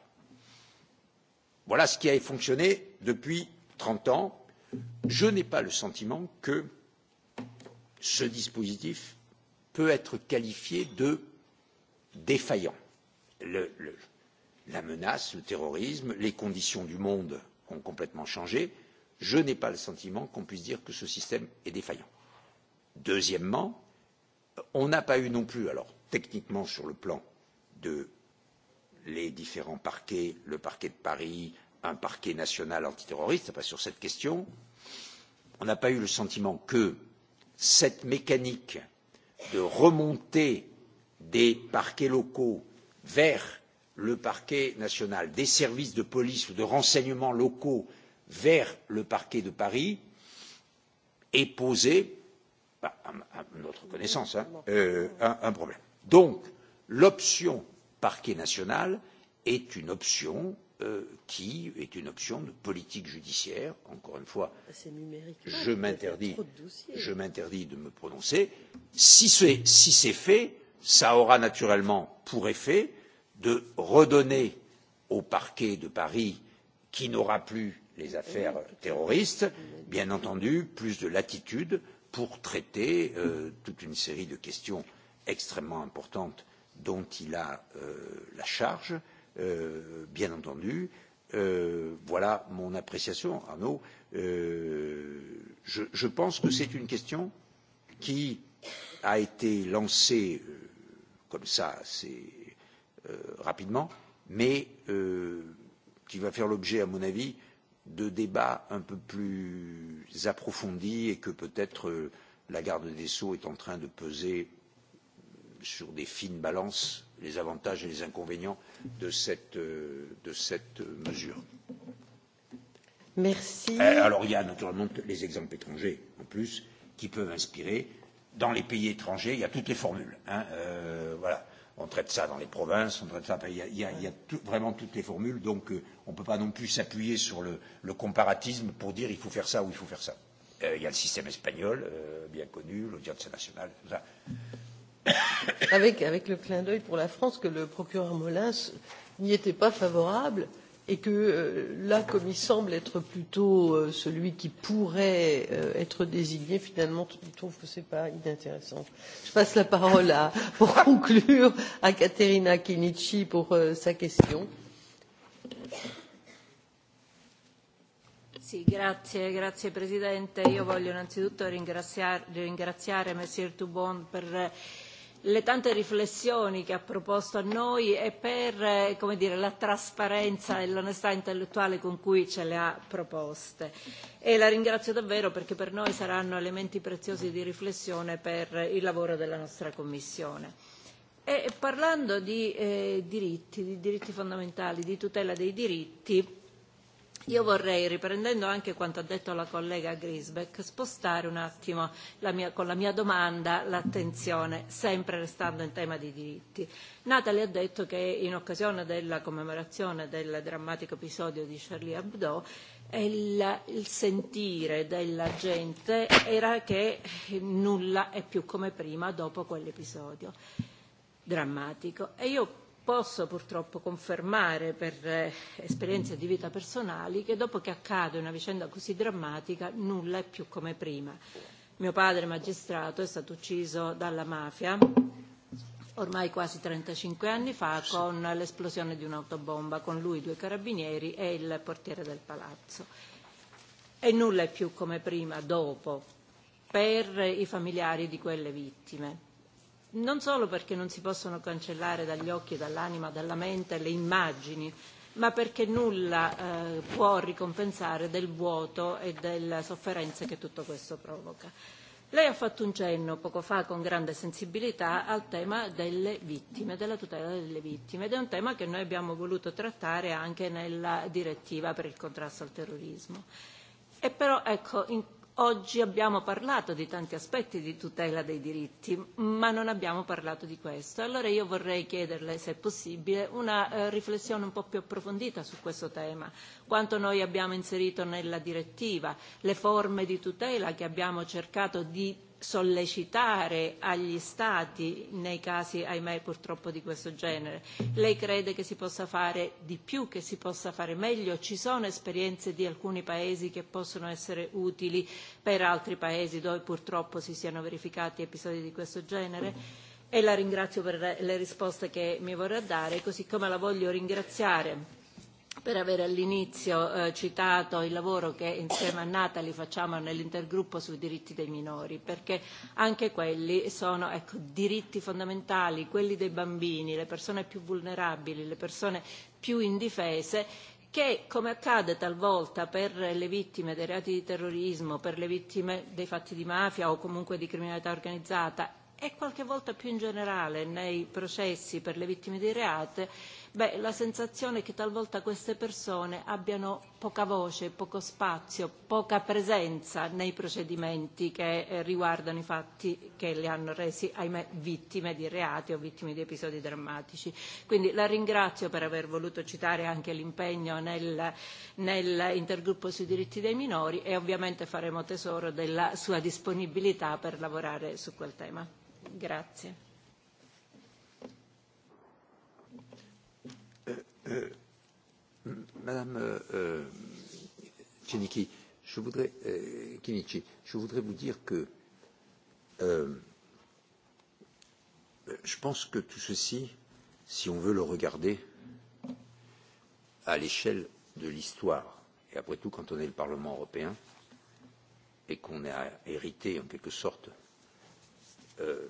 voilà ce qui a fonctionné depuis trente ans je n'ai pas le sentiment que ce dispositif peut être qualifié de défaillant. Le, le, la menace, le terrorisme, les conditions du monde ont complètement changé. Je n'ai pas le sentiment qu'on puisse dire que ce système est défaillant. Deuxièmement, on n'a pas eu non plus, alors techniquement sur le plan de les différents parquets, le parquet de Paris, un parquet national antiterroriste, pas sur cette question, on n'a pas eu le sentiment que cette mécanique de remontée des parquets locaux vers le parquet national, des services de police ou de renseignement locaux vers le parquet de Paris est posée, bah, à, à notre connaissance, hein, euh, un, un problème. Donc, l'option parquet national est une option euh, qui est une option de politique judiciaire. Encore une fois, ah, je ah, m'interdis, je m'interdis de me prononcer. Si c'est, si c'est fait, ça aura naturellement pour effet de redonner au parquet de Paris, qui n'aura plus les ah affaires terroristes, bien entendu, plus de latitude pour traiter euh, toute une série de questions extrêmement importantes dont il a euh, la charge euh, bien entendu. Euh, voilà mon appréciation, Arnaud. Euh, je, je pense que c'est une question qui a été lancée euh, comme ça assez euh, rapidement, mais euh, qui va faire l'objet, à mon avis, de débats un peu plus approfondis et que peut-être euh, la garde des Sceaux est en train de peser sur des fines balances les avantages et les inconvénients de cette, euh, de cette euh, mesure. Merci. Euh, alors il y a naturellement les exemples étrangers en plus qui peuvent inspirer. Dans les pays étrangers, il y a toutes les formules. Hein, euh, voilà. On traite ça dans les provinces, on traite ça. Il y a, il y a, il y a tout, vraiment toutes les formules, donc euh, on ne peut pas non plus s'appuyer sur le, le comparatisme pour dire il faut faire ça ou il faut faire ça. Euh, il y a le système espagnol, euh, bien connu, l'audience nationale, tout ça. Euh, avec, avec le clin d'œil pour la France que le procureur Molins n'y était pas favorable et que euh, là, comme il semble être plutôt euh, celui qui pourrait euh, être désigné, finalement, il trouve que ce n'est pas inintéressant. Je passe la parole à, pour conclure à Katerina Kinichi pour euh, sa question. Sì, grazie, grazie Presidente. Io voglio innanzitutto ringraziare, ringraziare Messier Toubon per eh, le tante riflessioni che ha proposto a noi e per eh, come dire, la trasparenza e l'onestà intellettuale con cui ce le ha proposte. E la ringrazio davvero perché per noi saranno elementi preziosi di riflessione per il lavoro della nostra Commissione. E parlando di eh, diritti, di diritti fondamentali, di tutela dei diritti, Io vorrei, riprendendo anche quanto ha detto la collega Grisbeck, spostare un attimo la mia, con la mia domanda l'attenzione, sempre restando in tema di diritti. Natalie ha detto che in occasione della commemorazione del drammatico episodio di Charlie Hebdo il, il sentire della gente era che nulla è più come prima dopo quell'episodio drammatico. E io posso purtroppo confermare per eh, esperienze di vita personali che dopo che accade una vicenda così drammatica nulla è più come prima. Mio padre magistrato è stato ucciso dalla mafia ormai quasi 35 anni fa con l'esplosione di un'autobomba, con lui due carabinieri e il portiere del palazzo. E nulla è più come prima dopo per i familiari di quelle vittime non solo perché non si possono cancellare dagli occhi, dall'anima, dalla mente le immagini, ma perché nulla eh, può ricompensare del vuoto e delle sofferenze che tutto questo provoca. Lei ha fatto un cenno poco fa con grande sensibilità al tema delle vittime, della tutela delle vittime ed è un tema che noi abbiamo voluto trattare anche nella direttiva per il contrasto al terrorismo. E però ecco, in Oggi abbiamo parlato di tanti aspetti di tutela dei diritti, ma non abbiamo parlato di questo. Allora io vorrei chiederle, se è possibile, una eh, riflessione un po' più approfondita su questo tema. Quanto noi abbiamo inserito nella direttiva, le forme di tutela che abbiamo cercato di sollecitare agli Stati nei casi, ahimè, purtroppo di questo genere? Lei crede che si possa fare di più, che si possa fare meglio? Ci sono esperienze di alcuni Paesi che possono essere utili per altri Paesi dove purtroppo si siano verificati episodi di questo genere? E la ringrazio per le risposte che mi vorrà dare, così come la voglio ringraziare per aver all'inizio eh, citato il lavoro che insieme a Natali facciamo nell'intergruppo sui diritti dei minori, perché anche quelli sono ecco, diritti fondamentali, quelli dei bambini, le persone più vulnerabili, le persone più indifese che, come accade talvolta per le vittime dei reati di terrorismo, per le vittime dei fatti di mafia o comunque di criminalità organizzata e qualche volta più in generale nei processi per le vittime di reate, beh, la sensazione è che talvolta queste persone abbiano poca voce, poco spazio, poca presenza nei procedimenti che eh, riguardano i fatti che li hanno resi, ahimè, vittime di reati o vittime di episodi drammatici. Quindi la ringrazio per aver voluto citare anche l'impegno nel, nell'intergruppo sui diritti dei minori e ovviamente faremo tesoro della sua disponibilità per lavorare su quel tema. Grazie. Euh, Madame euh, euh, Chiniki, je voudrais, euh, Kinichi, je voudrais vous dire que euh, je pense que tout ceci, si on veut le regarder à l'échelle de l'histoire, et après tout, quand on est le Parlement européen et qu'on a hérité en quelque sorte euh,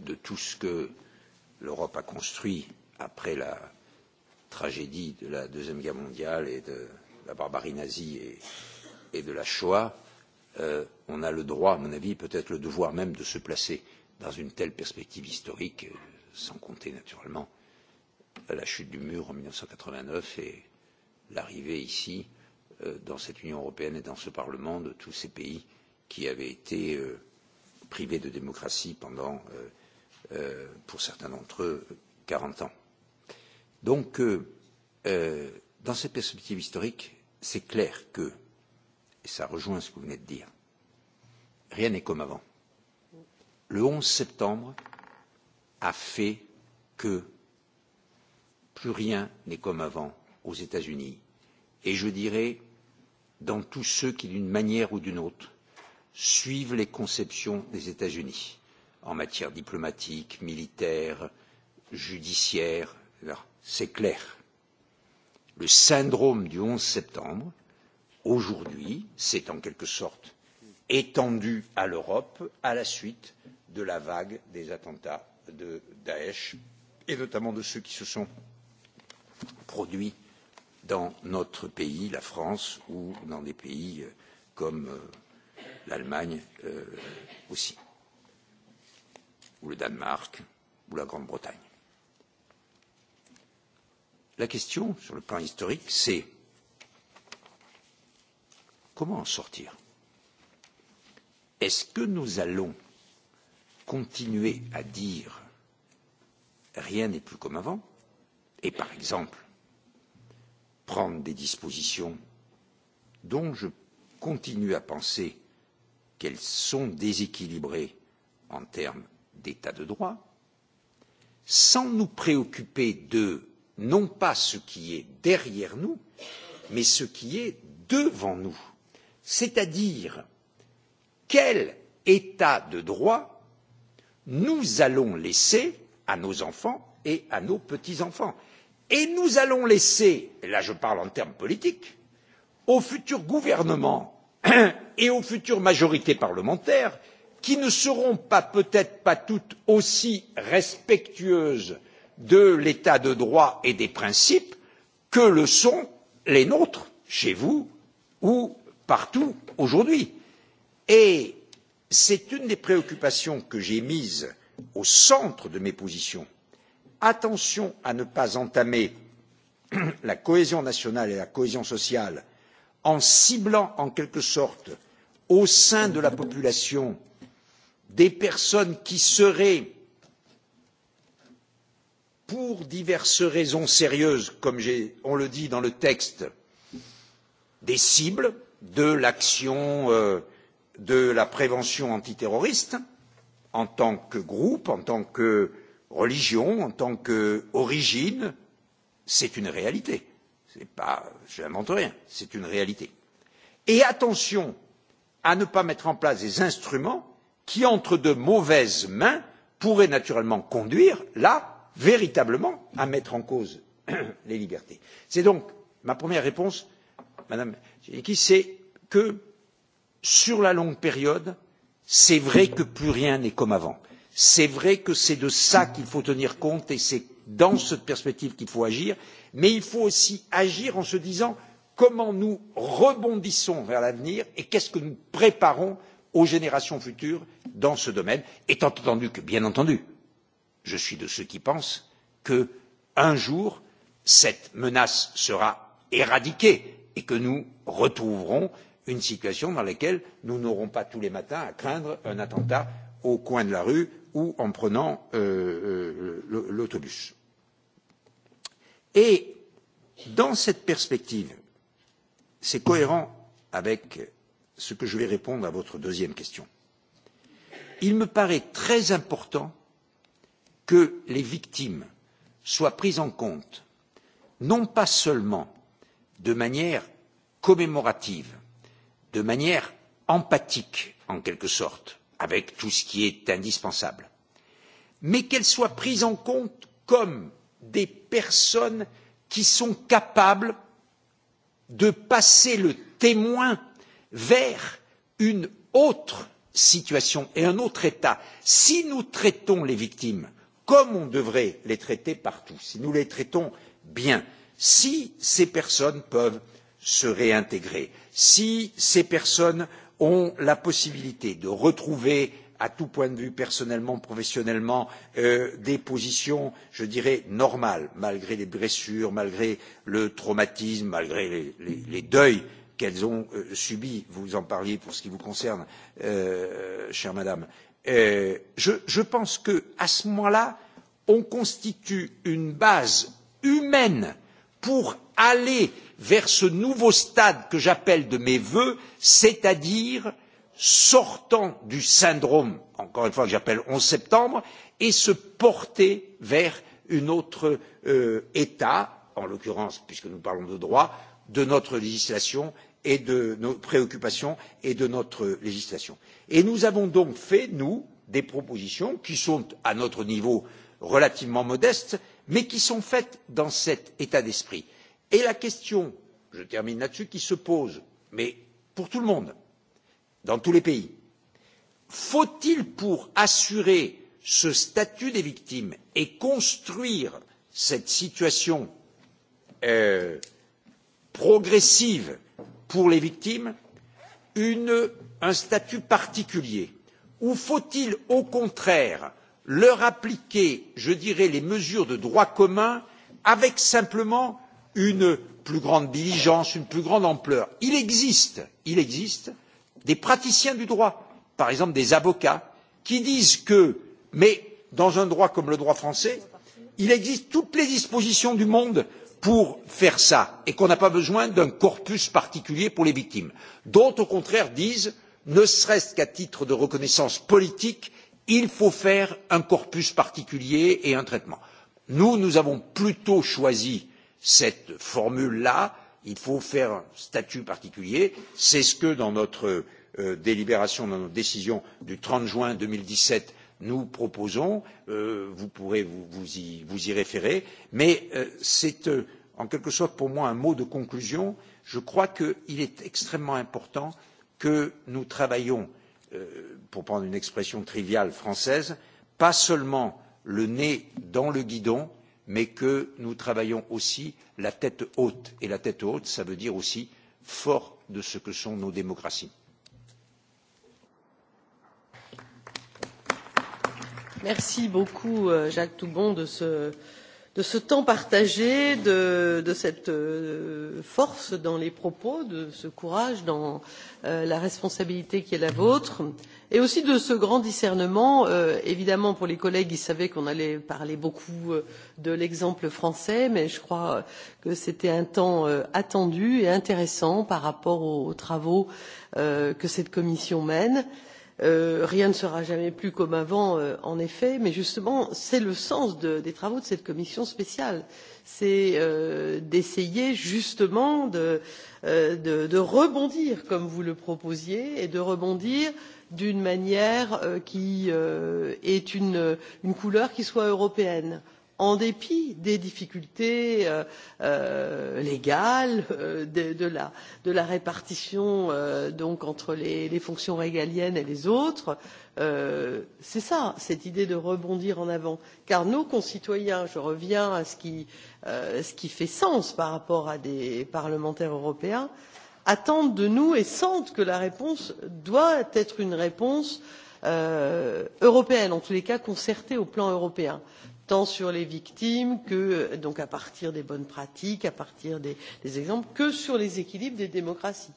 de tout ce que l'Europe a construit après la tragédie de la Deuxième Guerre mondiale et de la barbarie nazie et, et de la Shoah, euh, on a le droit, à mon avis, peut-être le devoir même de se placer dans une telle perspective historique, euh, sans compter naturellement la chute du mur en 1989 et l'arrivée ici, euh, dans cette Union européenne et dans ce Parlement, de tous ces pays qui avaient été euh, privés de démocratie pendant, euh, euh, pour certains d'entre eux, 40 ans. Donc, euh, euh, dans cette perspective historique, c'est clair que, et ça rejoint ce que vous venez de dire, rien n'est comme avant. Le 11 septembre a fait que plus rien n'est comme avant aux États-Unis. Et je dirais, dans tous ceux qui, d'une manière ou d'une autre, suivent les conceptions des États-Unis en matière diplomatique, militaire, judiciaire, là c'est clair. Le syndrome du 11 septembre, aujourd'hui, s'est en quelque sorte étendu à l'Europe à la suite de la vague des attentats de Daesh et notamment de ceux qui se sont produits dans notre pays, la France, ou dans des pays euh, comme euh, l'Allemagne euh, aussi, ou le Danemark, ou la Grande-Bretagne. La question, sur le plan historique, c'est comment en sortir Est-ce que nous allons continuer à dire rien n'est plus comme avant et, par exemple, prendre des dispositions dont je continue à penser qu'elles sont déséquilibrées en termes d'état de droit, sans nous préoccuper de non pas ce qui est derrière nous, mais ce qui est devant nous, c'est-à-dire quel état de droit nous allons laisser à nos enfants et à nos petits-enfants. Et nous allons laisser, et là je parle en termes politiques, aux futurs gouvernements et aux futures majorités parlementaires qui ne seront pas peut-être pas toutes aussi respectueuses de l'état de droit et des principes que le sont les nôtres chez vous ou partout aujourd'hui. Et c'est une des préoccupations que j'ai mise au centre de mes positions. Attention à ne pas entamer la cohésion nationale et la cohésion sociale en ciblant en quelque sorte au sein de la population des personnes qui seraient pour diverses raisons sérieuses comme on le dit dans le texte des cibles de l'action euh, de la prévention antiterroriste en tant que groupe en tant que religion en tant qu'origine c'est une réalité c'est pas j'invente rien c'est une réalité et attention à ne pas mettre en place des instruments qui entre de mauvaises mains pourraient naturellement conduire là véritablement à mettre en cause les libertés. c'est donc ma première réponse madame giannakou c'est que sur la longue période c'est vrai que plus rien n'est comme avant c'est vrai que c'est de cela qu'il faut tenir compte et c'est dans cette perspective qu'il faut agir mais il faut aussi agir en se disant comment nous rebondissons vers l'avenir et qu'est ce que nous préparons aux générations futures dans ce domaine étant entendu que bien entendu je suis de ceux qui pensent que un jour cette menace sera éradiquée et que nous retrouverons une situation dans laquelle nous n'aurons pas tous les matins à craindre un attentat au coin de la rue ou en prenant euh, euh, l'autobus. Et dans cette perspective, c'est cohérent avec ce que je vais répondre à votre deuxième question. Il me paraît très important que les victimes soient prises en compte, non pas seulement de manière commémorative, de manière empathique en quelque sorte, avec tout ce qui est indispensable, mais qu'elles soient prises en compte comme des personnes qui sont capables de passer le témoin vers une autre situation et un autre État. Si nous traitons les victimes comme on devrait les traiter partout si nous les traitons bien si ces personnes peuvent se réintégrer si ces personnes ont la possibilité de retrouver à tout point de vue personnellement professionnellement euh, des positions je dirais normales malgré les blessures malgré le traumatisme malgré les, les, les deuils qu'elles ont euh, subis vous en parliez pour ce qui vous concerne euh, chère madame euh, je, je pense que à ce moment là on constitue une base humaine pour aller vers ce nouveau stade que j'appelle de mes vœux c'est à dire sortant du syndrome encore une fois que j'appelle onze septembre et se porter vers un autre euh, état en l'occurrence puisque nous parlons de droit de notre législation et de nos préoccupations et de notre législation et nous avons donc fait nous des propositions qui sont à notre niveau relativement modestes mais qui sont faites dans cet état d'esprit. et la question je termine là dessus qui se pose mais pour tout le monde dans tous les pays faut il pour assurer ce statut des victimes et construire cette situation euh, progressive pour les victimes une un statut particulier ou faut il au contraire leur appliquer je dirais les mesures de droit commun avec simplement une plus grande diligence une plus grande ampleur? il existe des praticiens du droit par exemple des avocats qui disent que mais dans un droit comme le droit français il existe toutes les dispositions du monde pour faire cela et qu'on n'a pas besoin d'un corpus particulier pour les victimes. d'autres au contraire disent ne serait ce qu'à titre de reconnaissance politique il faut faire un corpus particulier et un traitement. nous nous avons plutôt choisi cette formule là il faut faire un statut particulier c'est ce que dans notre euh, délibération dans notre décision du trente juin deux mille dix sept nous proposons euh, vous pourrez vous, vous, y, vous y référer mais euh, c'est euh, en quelque sorte pour moi un mot de conclusion je crois qu'il est extrêmement important euh, que nous travaillons, euh, pour prendre une expression triviale française, pas seulement le nez dans le guidon, mais que nous travaillons aussi la tête haute. Et la tête haute, ça veut dire aussi fort de ce que sont nos démocraties. Merci beaucoup, euh, Jacques Toubon, de ce, de ce temps partagé, de, de cette euh, force dans les propos, de ce courage dans euh, la responsabilité qui est la vôtre, et aussi de ce grand discernement. Euh, évidemment, pour les collègues, ils savaient qu'on allait parler beaucoup euh, de l'exemple français, mais je crois que c'était un temps euh, attendu et intéressant par rapport aux, aux travaux euh, que cette commission mène. Euh, Euh, rien ne sera jamais plus comme avant euh, en effet mais justement c'est le sens de, des travaux de cette commission spéciale c'est euh, d'essayer justement de, euh, de, de rebondir comme vous le proposiez et de rebondir d'une manière euh, qui ait euh, une, une couleur qui soit européenne en dépit des difficultés euh, euh, légales euh, de, de, la, de la répartition euh, donc, entre les, les fonctions régaliennes et les autres euh, c'est cela cette idée de rebondir en avant car nos concitoyens je reviens à ce qui, euh, ce qui fait sens par rapport à des parlementaires européens attendent de nous et sentent que la réponse doit être une réponse européenne en tous les cas concertée au plan européen tant sur les victimes que, donc à partir des bonnes pratiques à partir des, des exemples que sur les équilibres des démocraties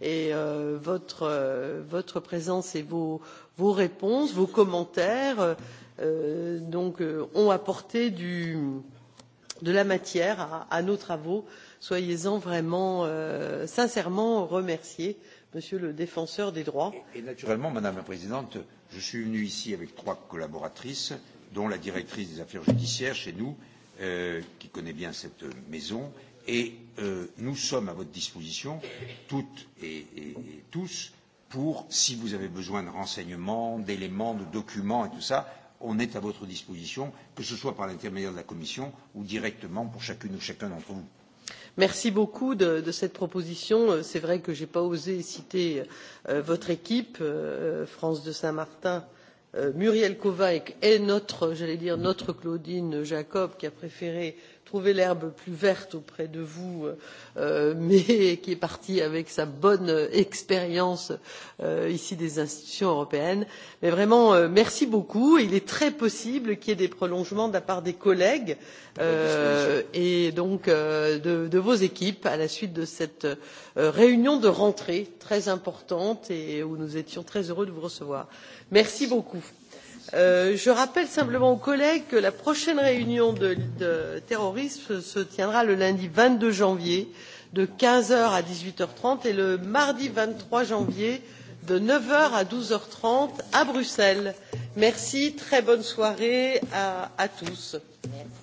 et euh, votre, euh, votre présence et vos, vos réponses vos commentaires euh, donc, euh, ont apporté du, de la matière à, à nos travaux soyez en vraiment euh, sincèrement remerciés monsieur le défenseur des droits. et, et naturellement madame la présidente je suis venu ici avec trois collaboratrices dont la directrice des affaires judiciaires chez nous, euh, qui connaît bien cette maison, et euh, nous sommes à votre disposition, toutes et, et, et tous, pour, si vous avez besoin de renseignements, d'éléments, de documents et tout ça, on est à votre disposition, que ce soit par l'intermédiaire de la Commission ou directement pour chacune ou chacun d'entre vous merci beaucoup de, de cette proposition. Euh, c'est vrai que je n'ai pas osé citer euh, votre équipe euh, euh france de saint martin et Euh, muriel kovács est notre j'allais dire notre claudine jacob qui a préféré trouver l'herbe plus verte auprès de vous euh, euh mais qui est parti avec sa bonne euh, expérience euh, ici des institutions européennes. mais vraiment euh, merci beaucoup. il est très possible qu'il y ait des prolongements de la part des collègues euh, et donc de, de vos équipes à la suite de cette réunion de rentrée très importante et où nous étions très heureux de vous recevoir. merci beaucoup. Euh, je rappelle simplement aux collègues que la prochaine réunion de, de terrorisme se tiendra le lundi vingt deux janvier de quinze heures à dix huit heures trente et le mardi vingt trois janvier de neuf heures à douze heures trente à bruxelles. merci très bonne soirée à, à tous. Merci.